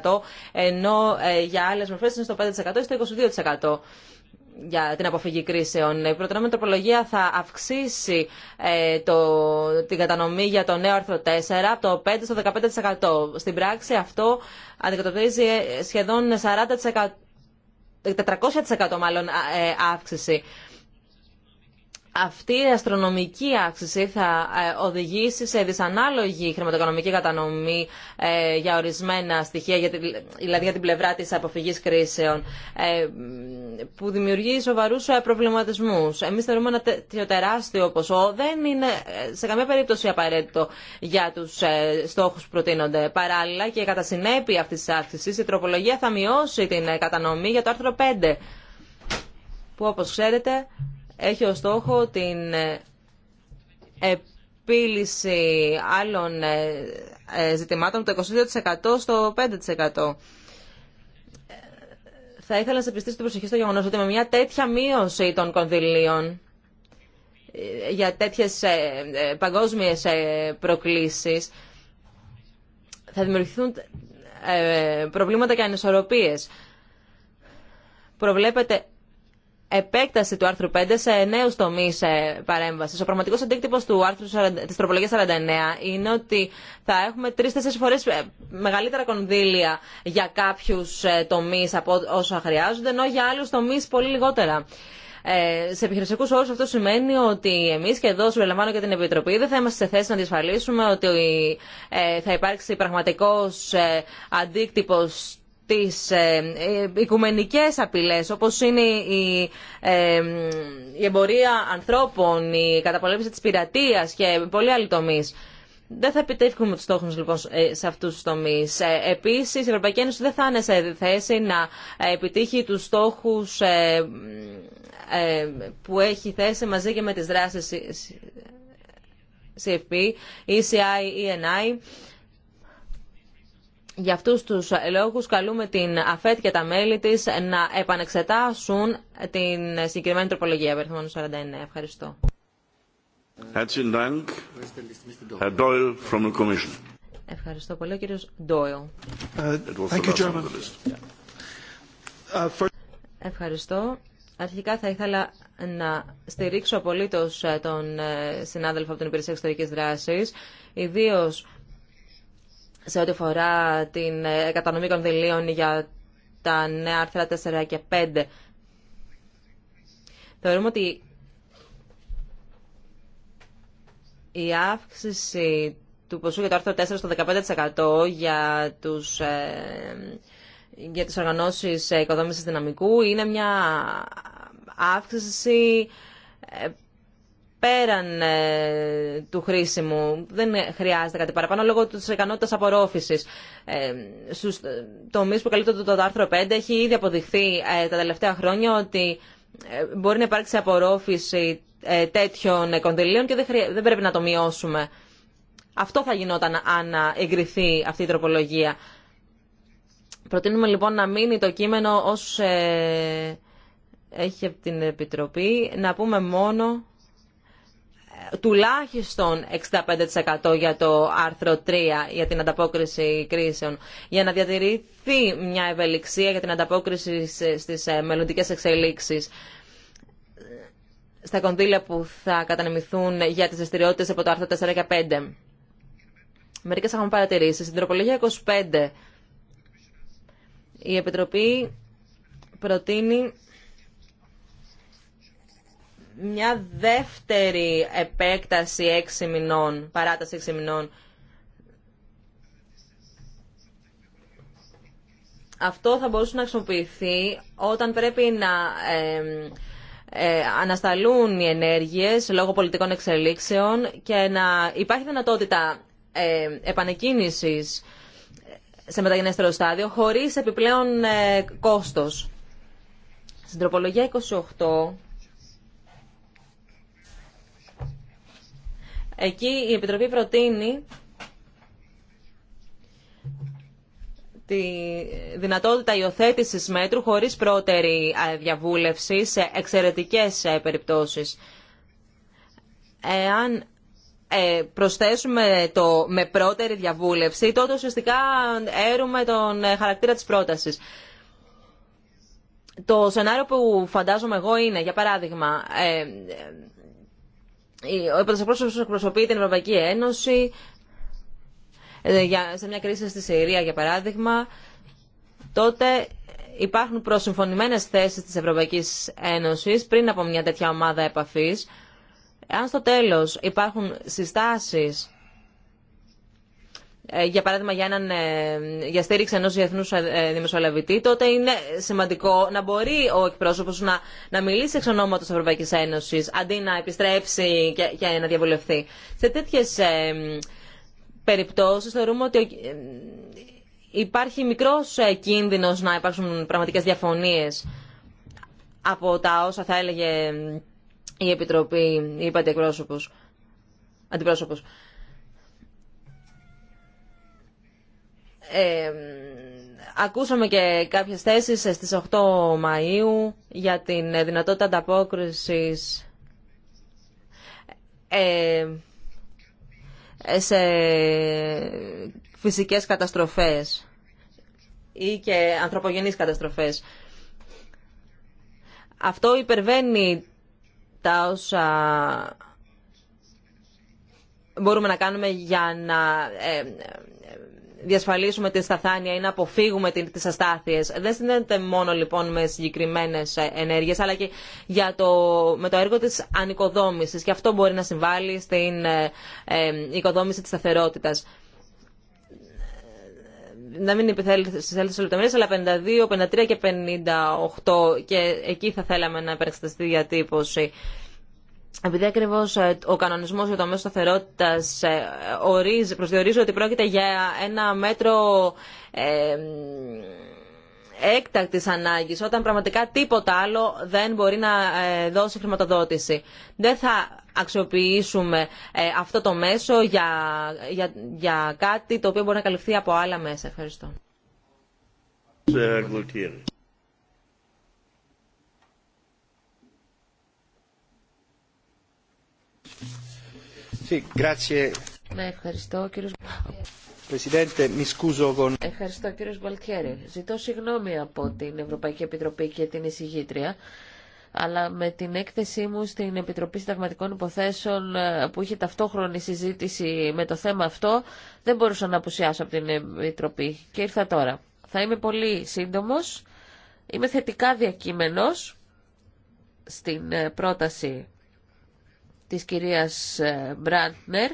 73% ε, ενώ για άλλες μορφές είναι στο 5% ή στο 22% για την αποφυγή κρίσεων. Η προτεραιότητα τροπολογία θα αυξήσει ε, το, την κατανομή για το νέο άρθρο 4 από το 5% στο 15%. Στην πράξη αυτό αντικατοπτρίζει ε, σχεδόν 40%, 400% μάλλον ε, αύξηση αυτή η αστρονομική αύξηση θα ε, οδηγήσει σε δυσανάλογη χρηματοοικονομική κατανομή ε, για ορισμένα στοιχεία, δηλαδή για την πλευρά της αποφυγής κρίσεων, ε, που δημιουργεί σοβαρούς προβληματισμούς. Εμείς θεωρούμε ένα τέτοιο τεράστιο ποσό δεν είναι σε καμία περίπτωση απαραίτητο για τους στόχους που προτείνονται. Παράλληλα και κατά συνέπεια αυτής της αύξηση, η τροπολογία θα μειώσει την κατανομή για το άρθρο 5 που όπως ξέρετε έχει ως στόχο την ε, επίλυση άλλων ε, ε, ζητημάτων το 22% στο 5%. Θα ήθελα να σε πιστήσω την προσοχή στο γεγονός ότι με μια τέτοια μείωση των κονδυλίων για τέτοιες παγκόσμιες προκλήσεις θα δημιουργηθούν προβλήματα και ανισορροπίες. Προβλέπεται επέκταση του άρθρου 5 σε νέου τομεί ε, παρέμβαση. Ο πραγματικό αντίκτυπο του άρθρου τη τροπολογία 49 είναι ότι θα έχουμε τρει-τέσσερι φορέ ε, μεγαλύτερα κονδύλια για κάποιου ε, τομεί από όσα χρειάζονται, ενώ για άλλου τομεί πολύ λιγότερα. Ε, σε επιχειρησιακού όρου αυτό σημαίνει ότι εμεί και εδώ, συμπεριλαμβάνω και την Επιτροπή, δεν θα είμαστε σε θέση να διασφαλίσουμε ότι θα υπάρξει πραγματικό ε, αντίκτυπο τις ε, ε, οικουμενικές απειλές όπως είναι ε, η, εμπορία ανθρώπων, η καταπολέμηση της πειρατείας και πολλοί άλλοι τομείς. Δεν θα επιτεύχουμε του στόχου λοιπόν σε αυτού του τομεί. Επίση, η Ευρωπαϊκή Ένωση δεν θα είναι σε θέση να επιτύχει του στόχου που έχει θέσει μαζί και με τι δράσει CFP, ECI, ENI για αυτού του λόγου καλούμε την ΑΦΕΤ και τα μέλη τη να επανεξετάσουν την συγκεκριμένη τροπολογία περιθμών 49. Ευχαριστώ. Ευχαριστώ πολύ, κύριος Ντόιλ. Uh, uh, Ευχαριστώ. Αρχικά θα ήθελα να στηρίξω απολύτω ε, τον ε, συνάδελφο από την Υπηρεσία Εξωτερική Δράσης, ιδίω σε ό,τι αφορά την ε, κατανομή κονδυλίων για τα νέα άρθρα 4 και 5. Θεωρούμε ότι η αύξηση του ποσού για το άρθρο 4 στο 15% για τους, ε, για τις οργανώσεις οικοδόμησης δυναμικού είναι μια αύξηση ε, πέραν ε, του χρήσιμου. Δεν χρειάζεται κάτι παραπάνω λόγω της ικανότητας απορρόφησης. Ε, στους ε, τομείς που καλύπτονται το άρθρο 5 έχει ήδη αποδειχθεί τα τελευταία χρόνια ότι μπορεί να υπάρξει απορρόφηση τέτοιων κονδυλίων και δεν πρέπει να το μειώσουμε. Αυτό θα γινόταν αν εγκριθεί αυτή η τροπολογία. Προτείνουμε λοιπόν να μείνει το κείμενο ως έχει την Επιτροπή. Να πούμε μόνο τουλάχιστον 65% για το άρθρο 3 για την ανταπόκριση κρίσεων για να διατηρηθεί μια ευελιξία για την ανταπόκριση στις ε, μελλοντικές εξελίξεις στα κονδύλια που θα κατανεμηθούν για τις δραστηριότητε από το άρθρο 4 και 5. Μερικές έχουμε παρατηρήσει. Στην τροπολογία 25 η Επιτροπή προτείνει μια δεύτερη επέκταση έξι μηνών, παράταση έξι μηνών. Αυτό θα μπορούσε να χρησιμοποιηθεί όταν πρέπει να ε, ανασταλούν οι ενέργειες λόγω πολιτικών εξελίξεων και να υπάρχει δυνατότητα ε, επανεκκίνησης σε μεταγενέστερο στάδιο χωρίς επιπλέον ε, κόστος. Στην τροπολογία 28 Εκεί η Επιτροπή προτείνει τη δυνατότητα υιοθέτηση μέτρου χωρίς πρώτερη διαβούλευση σε εξαιρετικέ ε, περιπτώσει. Εάν ε, προσθέσουμε το με πρώτερη διαβούλευση, τότε ουσιαστικά έρουμε τον ε, χαρακτήρα της πρότασης. Το σενάριο που φαντάζομαι εγώ είναι, για παράδειγμα, ο που εκπροσωπεί την Ευρωπαϊκή Ένωση ε, σε μια κρίση στη Συρία, για παράδειγμα, τότε υπάρχουν προσυμφωνημένες θέσεις της Ευρωπαϊκής Ένωσης πριν από μια τέτοια ομάδα επαφής. Αν στο τέλος υπάρχουν συστάσεις ε, για παράδειγμα για, έναν, ε, για στήριξη ενός διεθνούς ε, δημοσιολαβητή, τότε είναι σημαντικό να μπορεί ο εκπρόσωπος να, να μιλήσει εξ ονόματος της Ευρωπαϊκής Ένωσης, αντί να επιστρέψει και, και να διαβουλευθεί. Σε τέτοιες ε, περιπτώσεις θεωρούμε ότι υπάρχει μικρός κίνδυνος να υπάρξουν πραγματικές διαφωνίες από τα όσα θα έλεγε η Επιτροπή, είπατε εκπρόσωπος, αντιπρόσωπος. Ε, ακούσαμε και κάποιες θέσεις στις 8 Μαΐου για την δυνατότητα ανταπόκρισης σε φυσικές καταστροφές ή και ανθρωπογενείς καταστροφές. Αυτό υπερβαίνει τα όσα μπορούμε να κάνουμε για να διασφαλίσουμε την σταθάνεια ή να αποφύγουμε τι αστάθειε. Δεν συνδέεται μόνο λοιπόν με συγκεκριμένε ε, ενέργειε, αλλά και για το, με το έργο τη ανοικοδόμηση. Και αυτό μπορεί να συμβάλλει στην ε, ε, οικοδόμηση τη σταθερότητα. Να μην επιθέλετε σε λεπτομέρειε, αλλά 52, 53 και 58 και εκεί θα θέλαμε να επεξεργαστεί διατύπωση επειδή ακριβώ ε, ο κανονισμό για το μέσο σταθερότητα ε, προσδιορίζει ότι πρόκειται για ένα μέτρο ε, έκτακτη ανάγκη, όταν πραγματικά τίποτα άλλο δεν μπορεί να ε, δώσει χρηματοδότηση. Δεν θα αξιοποιήσουμε αυτό το μέσο για, για, για κάτι το οποίο μπορεί να καλυφθεί από άλλα μέσα. Ευχαριστώ. Ναι, ευχαριστώ κύριος... Ευχαριστώ Ζητώ συγγνώμη από την Ευρωπαϊκή Επιτροπή και την εισηγήτρια αλλά με την έκθεσή μου στην Επιτροπή Συνταγματικών Υποθέσεων ε, που είχε ταυτόχρονη συζήτηση με το θέμα αυτό, δεν μπορούσα να απουσιάσω από την Επιτροπή και ήρθα τώρα. Θα είμαι πολύ σύντομος. Είμαι θετικά διακείμενος στην ε, πρόταση της κυρίας ε, Μπραντνερ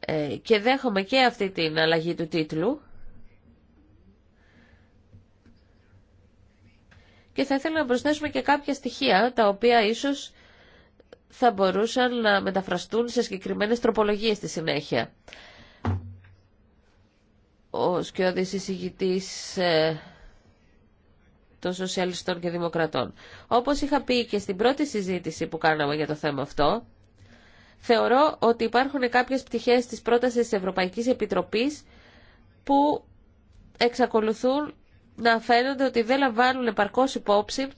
ε, και δέχομαι και αυτή την αλλαγή του τίτλου και θα ήθελα να προσθέσουμε και κάποια στοιχεία τα οποία ίσως θα μπορούσαν να μεταφραστούν σε συγκεκριμένες τροπολογίες στη συνέχεια. Ο σκιώδης εισηγητής ε, των Σοσιαλιστών και Δημοκρατών. Όπως είχα πει και στην πρώτη συζήτηση που κάναμε για το θέμα αυτό, θεωρώ ότι υπάρχουν κάποιες πτυχές της πρότασης της Ευρωπαϊκής Επιτροπής που εξακολουθούν να φαίνονται ότι δεν λαμβάνουν επαρκώς υπόψη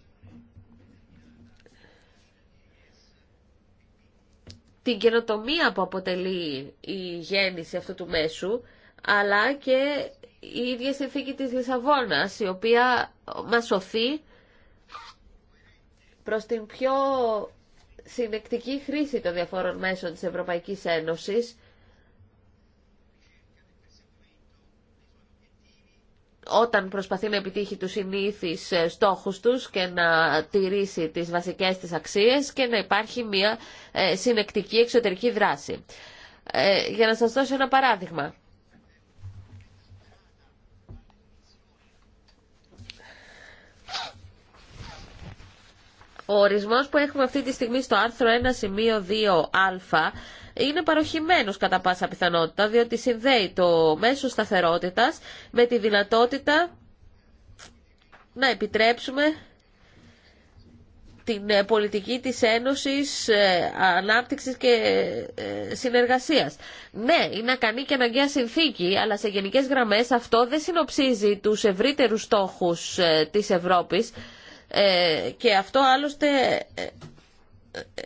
την καινοτομία που αποτελεί η γέννηση αυτού του μέσου, αλλά και η ίδια συνθήκη της Λισαβόνας, η οποία μας σωθεί προς την πιο συνεκτική χρήση των διαφόρων μέσων της Ευρωπαϊκής Ένωσης, όταν προσπαθεί να επιτύχει τους συνήθεις στόχους τους και να τηρήσει τις βασικές της αξίες και να υπάρχει μια ε, συνεκτική εξωτερική δράση. Ε, για να σας δώσω ένα παράδειγμα. Ο ορισμός που έχουμε αυτή τη στιγμή στο άρθρο 1 σημείο 2α είναι παροχημένος κατά πάσα πιθανότητα, διότι συνδέει το μέσο σταθερότητας με τη δυνατότητα να επιτρέψουμε την ε, πολιτική της Ένωσης ε, Ανάπτυξης και ε, Συνεργασίας. Ναι, είναι ακανή και αναγκαία συνθήκη, αλλά σε γενικές γραμμές αυτό δεν συνοψίζει τους ευρύτερους στόχους της Ευρώπης ε, και αυτό άλλωστε ε,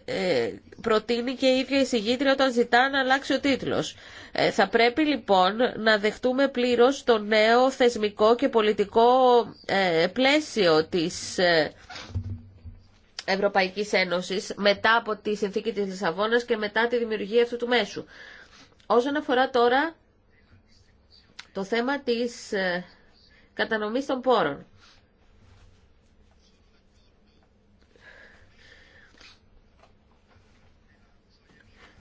ε, προτείνει και η ίδια η συγγήτρια όταν ζητά να αλλάξει ο τίτλος. Θα πρέπει λοιπόν να δεχτούμε πλήρως το νέο θεσμικό και πολιτικό πλαίσιο της Ευρωπαϊκής Ένωσης μετά από τη συνθήκη της Λισαβόνας και μετά τη δημιουργία αυτού του μέσου. Όσον αφορά τώρα το θέμα της κατανομής των πόρων.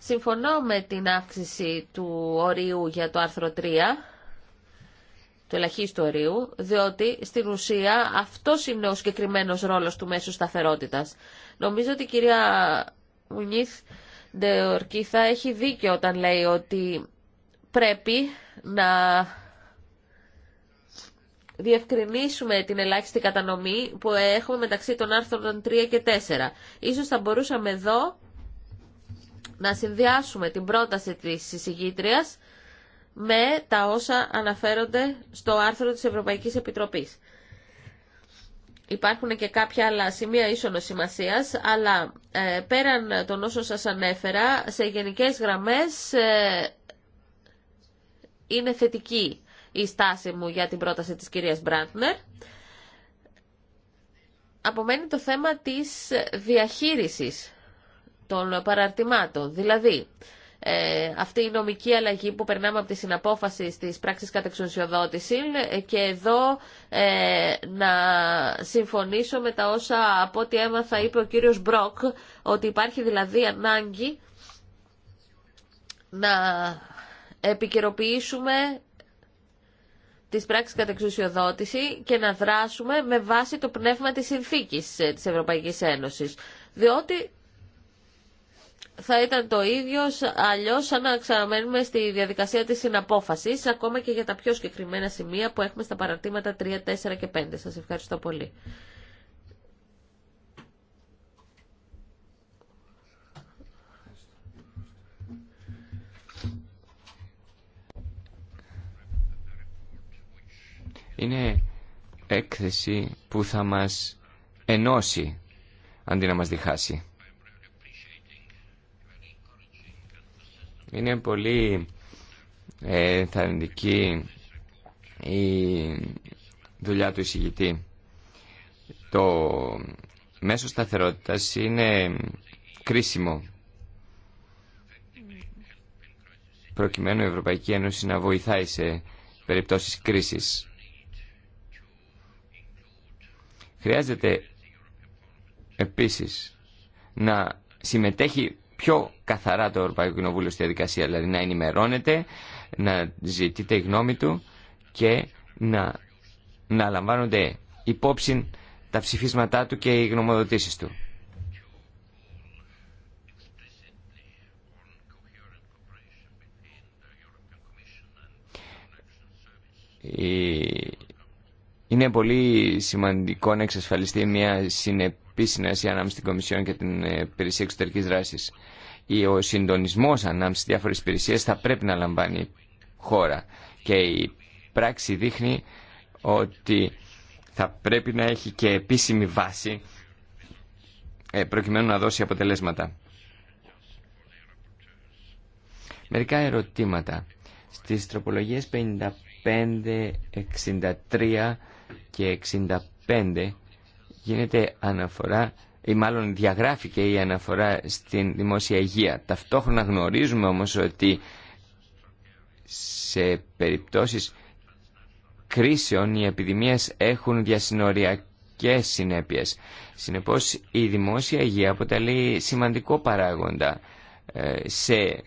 Συμφωνώ με την αύξηση του ορίου για το άρθρο 3, του ελαχίστου ορίου, διότι στην ουσία αυτό είναι ο συγκεκριμένο ρόλος του μέσου σταθερότητα. Νομίζω ότι η κυρία Μουνίθ Ντεορκίθα έχει δίκιο όταν λέει ότι πρέπει να διευκρινίσουμε την ελάχιστη κατανομή που έχουμε μεταξύ των άρθρων 3 και 4. Ίσως θα μπορούσαμε εδώ να συνδυάσουμε την πρόταση της εισηγήτριας με τα όσα αναφέρονται στο άρθρο της Ευρωπαϊκής Επιτροπής. Υπάρχουν και κάποια άλλα σημεία ίσονο σημασίας, αλλά ε, πέραν των όσων σας ανέφερα, σε γενικές γραμμές ε, είναι θετική η στάση μου για την πρόταση της κυρίας Μπραντνερ. Απομένει το θέμα της διαχείρισης των παραρτημάτων. Δηλαδή, ε, αυτή η νομική αλλαγή που περνάμε από τη συναπόφαση στις πράξεις κατεξουσιοδότηση ε, και εδώ ε, να συμφωνήσω με τα όσα από ό,τι έμαθα είπε ο κύριος Μπροκ ότι υπάρχει δηλαδή ανάγκη να επικαιροποιήσουμε τις πράξεις κατεξουσιοδότηση και να δράσουμε με βάση το πνεύμα της συνθήκης ε, της Ευρωπαϊκής Ένωσης. Διότι θα ήταν το ίδιο αλλιώς αν να ξαναμένουμε στη διαδικασία της συναπόφαση, ακόμα και για τα πιο συγκεκριμένα σημεία που έχουμε στα παρατήματα 3, 4 και 5. Σας ευχαριστώ πολύ. Είναι έκθεση που θα μας ενώσει αντί να μας διχάσει. Είναι πολύ ε, θαρρυντική η δουλειά του εισηγητή. Το μέσο σταθερότητας είναι κρίσιμο προκειμένου η Ευρωπαϊκή Ένωση να βοηθάει σε περιπτώσεις κρίσης. Χρειάζεται επίσης να συμμετέχει πιο καθαρά το Ευρωπαϊκό Κοινοβούλιο στη διαδικασία, δηλαδή να ενημερώνεται, να ζητείται η γνώμη του και να, να λαμβάνονται υπόψη τα ψηφίσματά του και οι γνωμοδοτήσεις του. Είναι πολύ σημαντικό να εξασφαλιστεί μια συνεπή συνεργασία ανάμεσα στην Κομισιόν και την Περισσία Εξωτερική Δράση ο συντονισμός ανάμεσα στις διάφορες υπηρεσίες θα πρέπει να λαμβάνει χώρα. Και η πράξη δείχνει ότι θα πρέπει να έχει και επίσημη βάση ε, προκειμένου να δώσει αποτελέσματα. Μερικά ερωτήματα. Στις τροπολογίες 55, 63 και 65 γίνεται αναφορά ή μάλλον διαγράφηκε η αναφορά στην δημόσια υγεία. Ταυτόχρονα γνωρίζουμε όμως ότι σε περιπτώσεις κρίσεων οι επιδημίες έχουν διασυνοριακές συνέπειες. Συνεπώς η δημόσια υγεία αποτελεί σημαντικό παράγοντα ε, σε ε,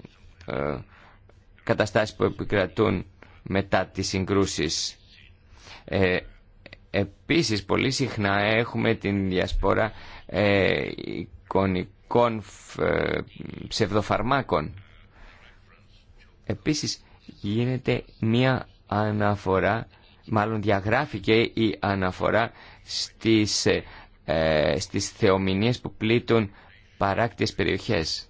καταστάσεις που επικρατούν μετά τις συγκρούσεις. Ε, επίσης πολύ συχνά έχουμε την διασπόρα ε, εικονικών ε, ψευδοφαρμάκων. Επίσης γίνεται μία αναφορά, μάλλον διαγράφηκε η αναφορά στις, ε, ε στις θεομηνίες που πλήττουν παράκτιες περιοχές.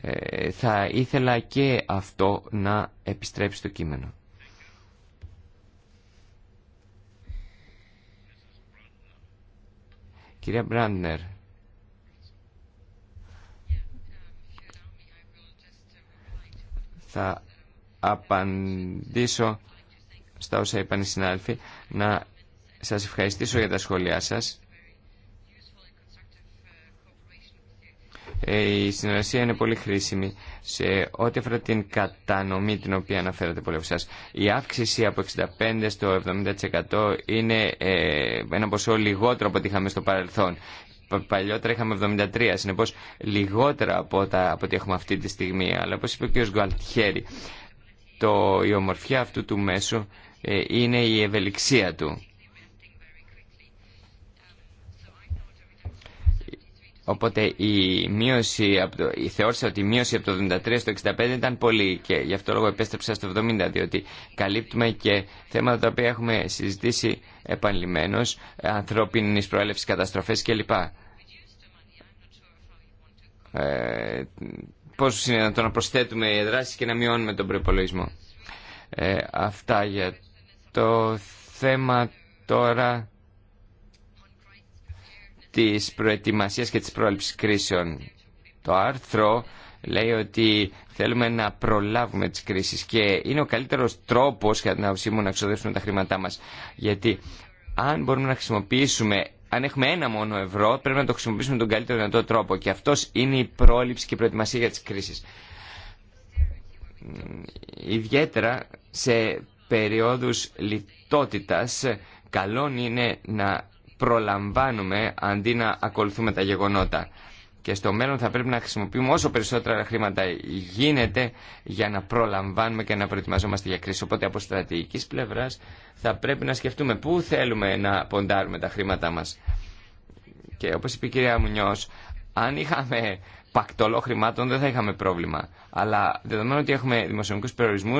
Ε, θα ήθελα και αυτό να επιστρέψει το κείμενο. Κυρία Μπράντνερ. Θα απαντήσω στα όσα είπαν οι συνάδελφοι. Να σας ευχαριστήσω για τα σχόλιά σας. Ε, η συνεργασία είναι πολύ χρήσιμη σε ό,τι αφορά την κατανομή την οποία αναφέρατε πολλοί από εσάς. Η αύξηση από 65% στο 70% είναι ε, ένα ποσό λιγότερο από ό,τι είχαμε στο παρελθόν. Παλιότερα είχαμε 73, συνεπώς λιγότερα από, τα, από ό,τι έχουμε αυτή τη στιγμή. Αλλά όπως είπε ο κ. το, η ομορφιά αυτού του μέσου ε, είναι η ευελιξία του. Οπότε η, μείωση, η θεώρησα ότι η μείωση από το 73 στο 65 ήταν πολύ και γι' αυτό λόγο επέστρεψα στο 70 διότι καλύπτουμε και θέματα τα οποία έχουμε συζητήσει επανειλημμένως, ανθρώπινης προέλευσης, καταστροφές κλπ. Ε, πώς είναι να το να προσθέτουμε δράσει και να μειώνουμε τον προπολογισμό. Ε, αυτά για το θέμα τώρα της προετοιμασίας και της πρόληψης κρίσεων. Το άρθρο λέει ότι θέλουμε να προλάβουμε τις κρίσεις και είναι ο καλύτερος τρόπος για την άποψή να ξοδεύσουμε τα χρήματά μας. Γιατί αν μπορούμε να χρησιμοποιήσουμε, αν έχουμε ένα μόνο ευρώ, πρέπει να το χρησιμοποιήσουμε τον καλύτερο δυνατό τρόπο και αυτός είναι η πρόληψη και η προετοιμασία για τις κρίσεις. Ιδιαίτερα σε περιόδους λιτότητας, καλό είναι να προλαμβάνουμε αντί να ακολουθούμε τα γεγονότα. Και στο μέλλον θα πρέπει να χρησιμοποιούμε όσο περισσότερα χρήματα γίνεται για να προλαμβάνουμε και να προετοιμαζόμαστε για κρίση. Οπότε από στρατηγική πλευρά θα πρέπει να σκεφτούμε πού θέλουμε να ποντάρουμε τα χρήματά μα. Και όπω είπε η κυρία Μουνιό, αν είχαμε πακτολό χρημάτων δεν θα είχαμε πρόβλημα. Αλλά δεδομένου ότι έχουμε δημοσιονομικούς περιορισμού,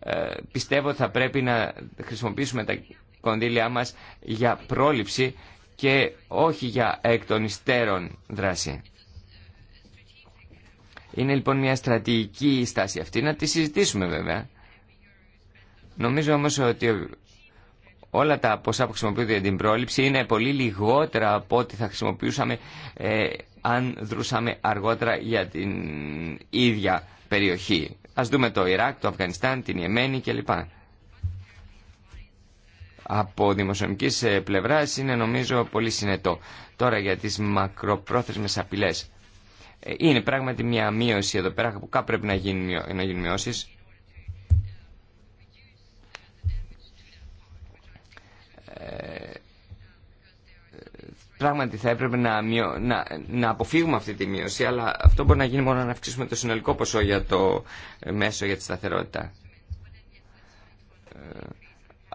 ε, πιστεύω ότι θα πρέπει να χρησιμοποιήσουμε τα κονδύλια μας για πρόληψη και όχι για εκ των υστέρων δράση. Είναι λοιπόν μια στρατηγική στάση αυτή, να τη συζητήσουμε βέβαια. Νομίζω όμως ότι όλα τα ποσά που χρησιμοποιούνται για την πρόληψη είναι πολύ λιγότερα από ό,τι θα χρησιμοποιούσαμε ε, αν δρούσαμε αργότερα για την ίδια περιοχή. Ας δούμε το Ιράκ, το Αφγανιστάν, την Ιεμένη κλπ από δημοσιονομική ε, πλευρά είναι νομίζω πολύ συνετό. Τώρα για τι μακροπρόθεσμες απειλέ. Ε, είναι πράγματι μια μείωση εδώ πέρα που κάπου πρέπει να γίνουν, να ε, πράγματι θα έπρεπε να, να, να αποφύγουμε αυτή τη μείωση, αλλά αυτό μπορεί να γίνει μόνο να αυξήσουμε το συνολικό ποσό για το μέσο για τη σταθερότητα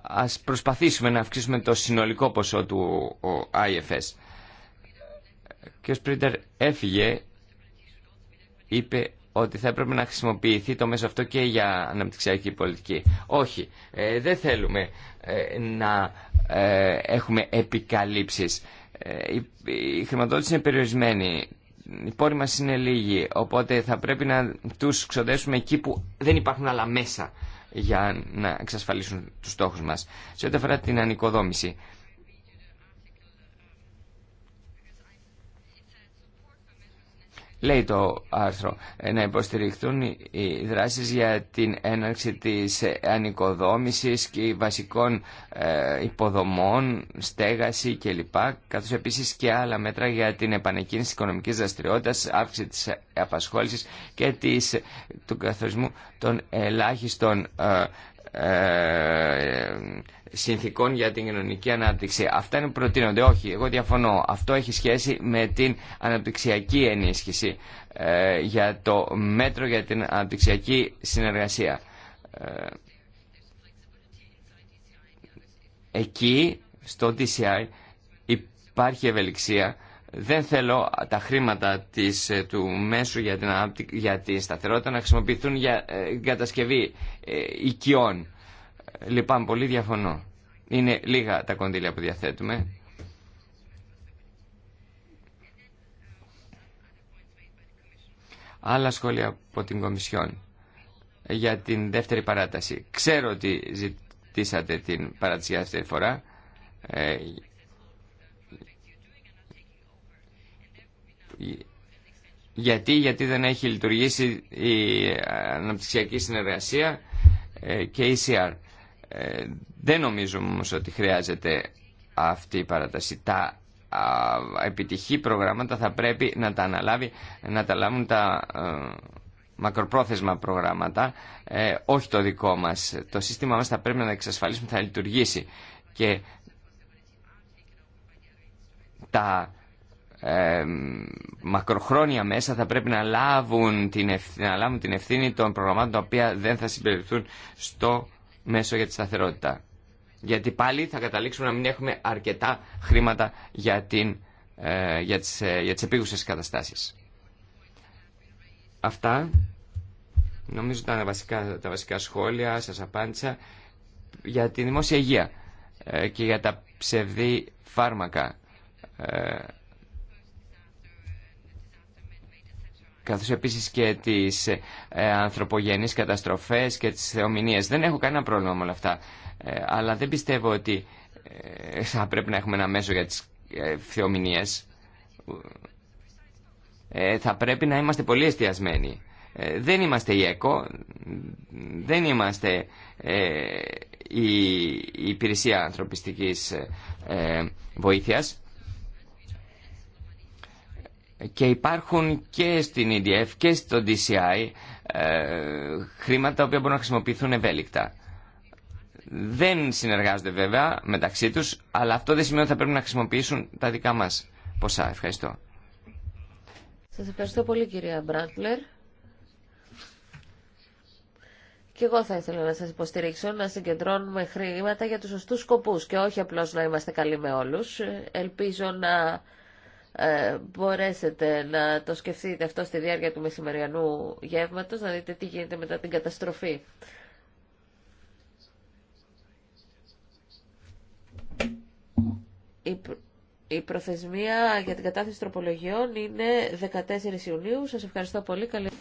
ας προσπαθήσουμε να αυξήσουμε το συνολικό ποσό του IFS. Και ο Σπρίντερ έφυγε, είπε ότι θα έπρεπε να χρησιμοποιηθεί το μέσο αυτό και για αναπτυξιακή πολιτική. Όχι, ε, δεν θέλουμε ε, να ε, έχουμε επικαλύψεις. Η, χρηματοδότηση είναι περιορισμένη, οι πόροι μας είναι λίγοι, οπότε θα πρέπει να τους ξοδέσουμε εκεί που δεν υπάρχουν άλλα μέσα για να εξασφαλίσουν τους στόχους μας. Σε ό,τι αφορά την ανοικοδόμηση, Λέει το άρθρο ε, να υποστηριχθούν οι δράσεις για την έναρξη της ανοικοδόμησης και βασικών ε, υποδομών, στέγαση κλπ. Καθώς επίσης και άλλα μέτρα για την επανεκκίνηση οικονομικής δραστηριότητας, αύξηση της απασχόλησης και της, του καθορισμού των ελάχιστων ε, ε, συνθήκων για την κοινωνική ανάπτυξη. Αυτά είναι που προτείνονται. Όχι, εγώ διαφωνώ. Αυτό έχει σχέση με την αναπτυξιακή ενίσχυση ε, για το μέτρο για την αναπτυξιακή συνεργασία. Ε, εκεί, στο DCI, υπάρχει ευελιξία δεν θέλω τα χρήματα της, ε, του μέσου για την, για τη σταθερότητα να χρησιμοποιηθούν για την ε, κατασκευή ε, οικειών. Λυπάμαι πολύ, διαφωνώ. Είναι λίγα τα κονδύλια που διαθέτουμε. Άλλα σχόλια από την Κομισιόν για την δεύτερη παράταση. Ξέρω ότι ζητήσατε την παράταση για τη φορά. Γιατί, γιατί δεν έχει λειτουργήσει η αναπτυξιακή συνεργασία ε, και η ECR. Ε, δεν νομίζουμε όμως ότι χρειάζεται αυτή η παράταση. Τα επιτυχή προγράμματα θα πρέπει να τα αναλάβει, να τα λάβουν τα ε, μακροπρόθεσμα προγράμματα, όχι το δικό μας. Το σύστημα μας θα πρέπει να εξασφαλίσουμε θα λειτουργήσει. Και τα μακροχρόνια μέσα θα πρέπει να λάβουν, την ευθύνη, την ευθύνη των προγραμμάτων τα οποία δεν θα συμπεριληφθούν στο μέσο για τη σταθερότητα. Γιατί πάλι θα καταλήξουμε να μην έχουμε αρκετά χρήματα για, την, ε, για, τις, ε, για τις επίγουσες καταστάσεις. Αυτά νομίζω ήταν τα βασικά, τα βασικά σχόλια, σας απάντησα, για τη δημόσια υγεία ε, και για τα ψευδή φάρμακα. Ε, καθώς επίσης και τις ε, ανθρωπογενείς καταστροφές και τις θεομηνίες. Δεν έχω κανένα πρόβλημα με όλα αυτά, ε, αλλά δεν πιστεύω ότι ε, θα πρέπει να έχουμε ένα μέσο για τις θεομηνίες. Θα πρέπει να είμαστε πολύ εστιασμένοι. Δεν είμαστε η ΕΚΟ, δεν είμαστε η υπηρεσία ανθρωπιστικής βοήθειας και υπάρχουν και στην EDF και στο DCI ε, χρήματα που οποία μπορούν να χρησιμοποιηθούν ευέλικτα. Δεν συνεργάζονται βέβαια μεταξύ τους, αλλά αυτό δεν σημαίνει ότι θα πρέπει να χρησιμοποιήσουν τα δικά μας ποσά. Ευχαριστώ. Σας ευχαριστώ πολύ κυρία Μπράντλερ. Και εγώ θα ήθελα να σας υποστηρίξω να συγκεντρώνουμε χρήματα για τους σωστούς σκοπούς και όχι απλώς να είμαστε καλοί με όλους. Ελπίζω να ε, μπορέσετε να το σκεφτείτε αυτό στη διάρκεια του μεσημεριανού γεύματος, να δείτε τι γίνεται μετά την καταστροφή. Η, η προθεσμία για την κατάθεση τροπολογιών είναι 14 Ιουνίου. Σας ευχαριστώ πολύ. Καλή...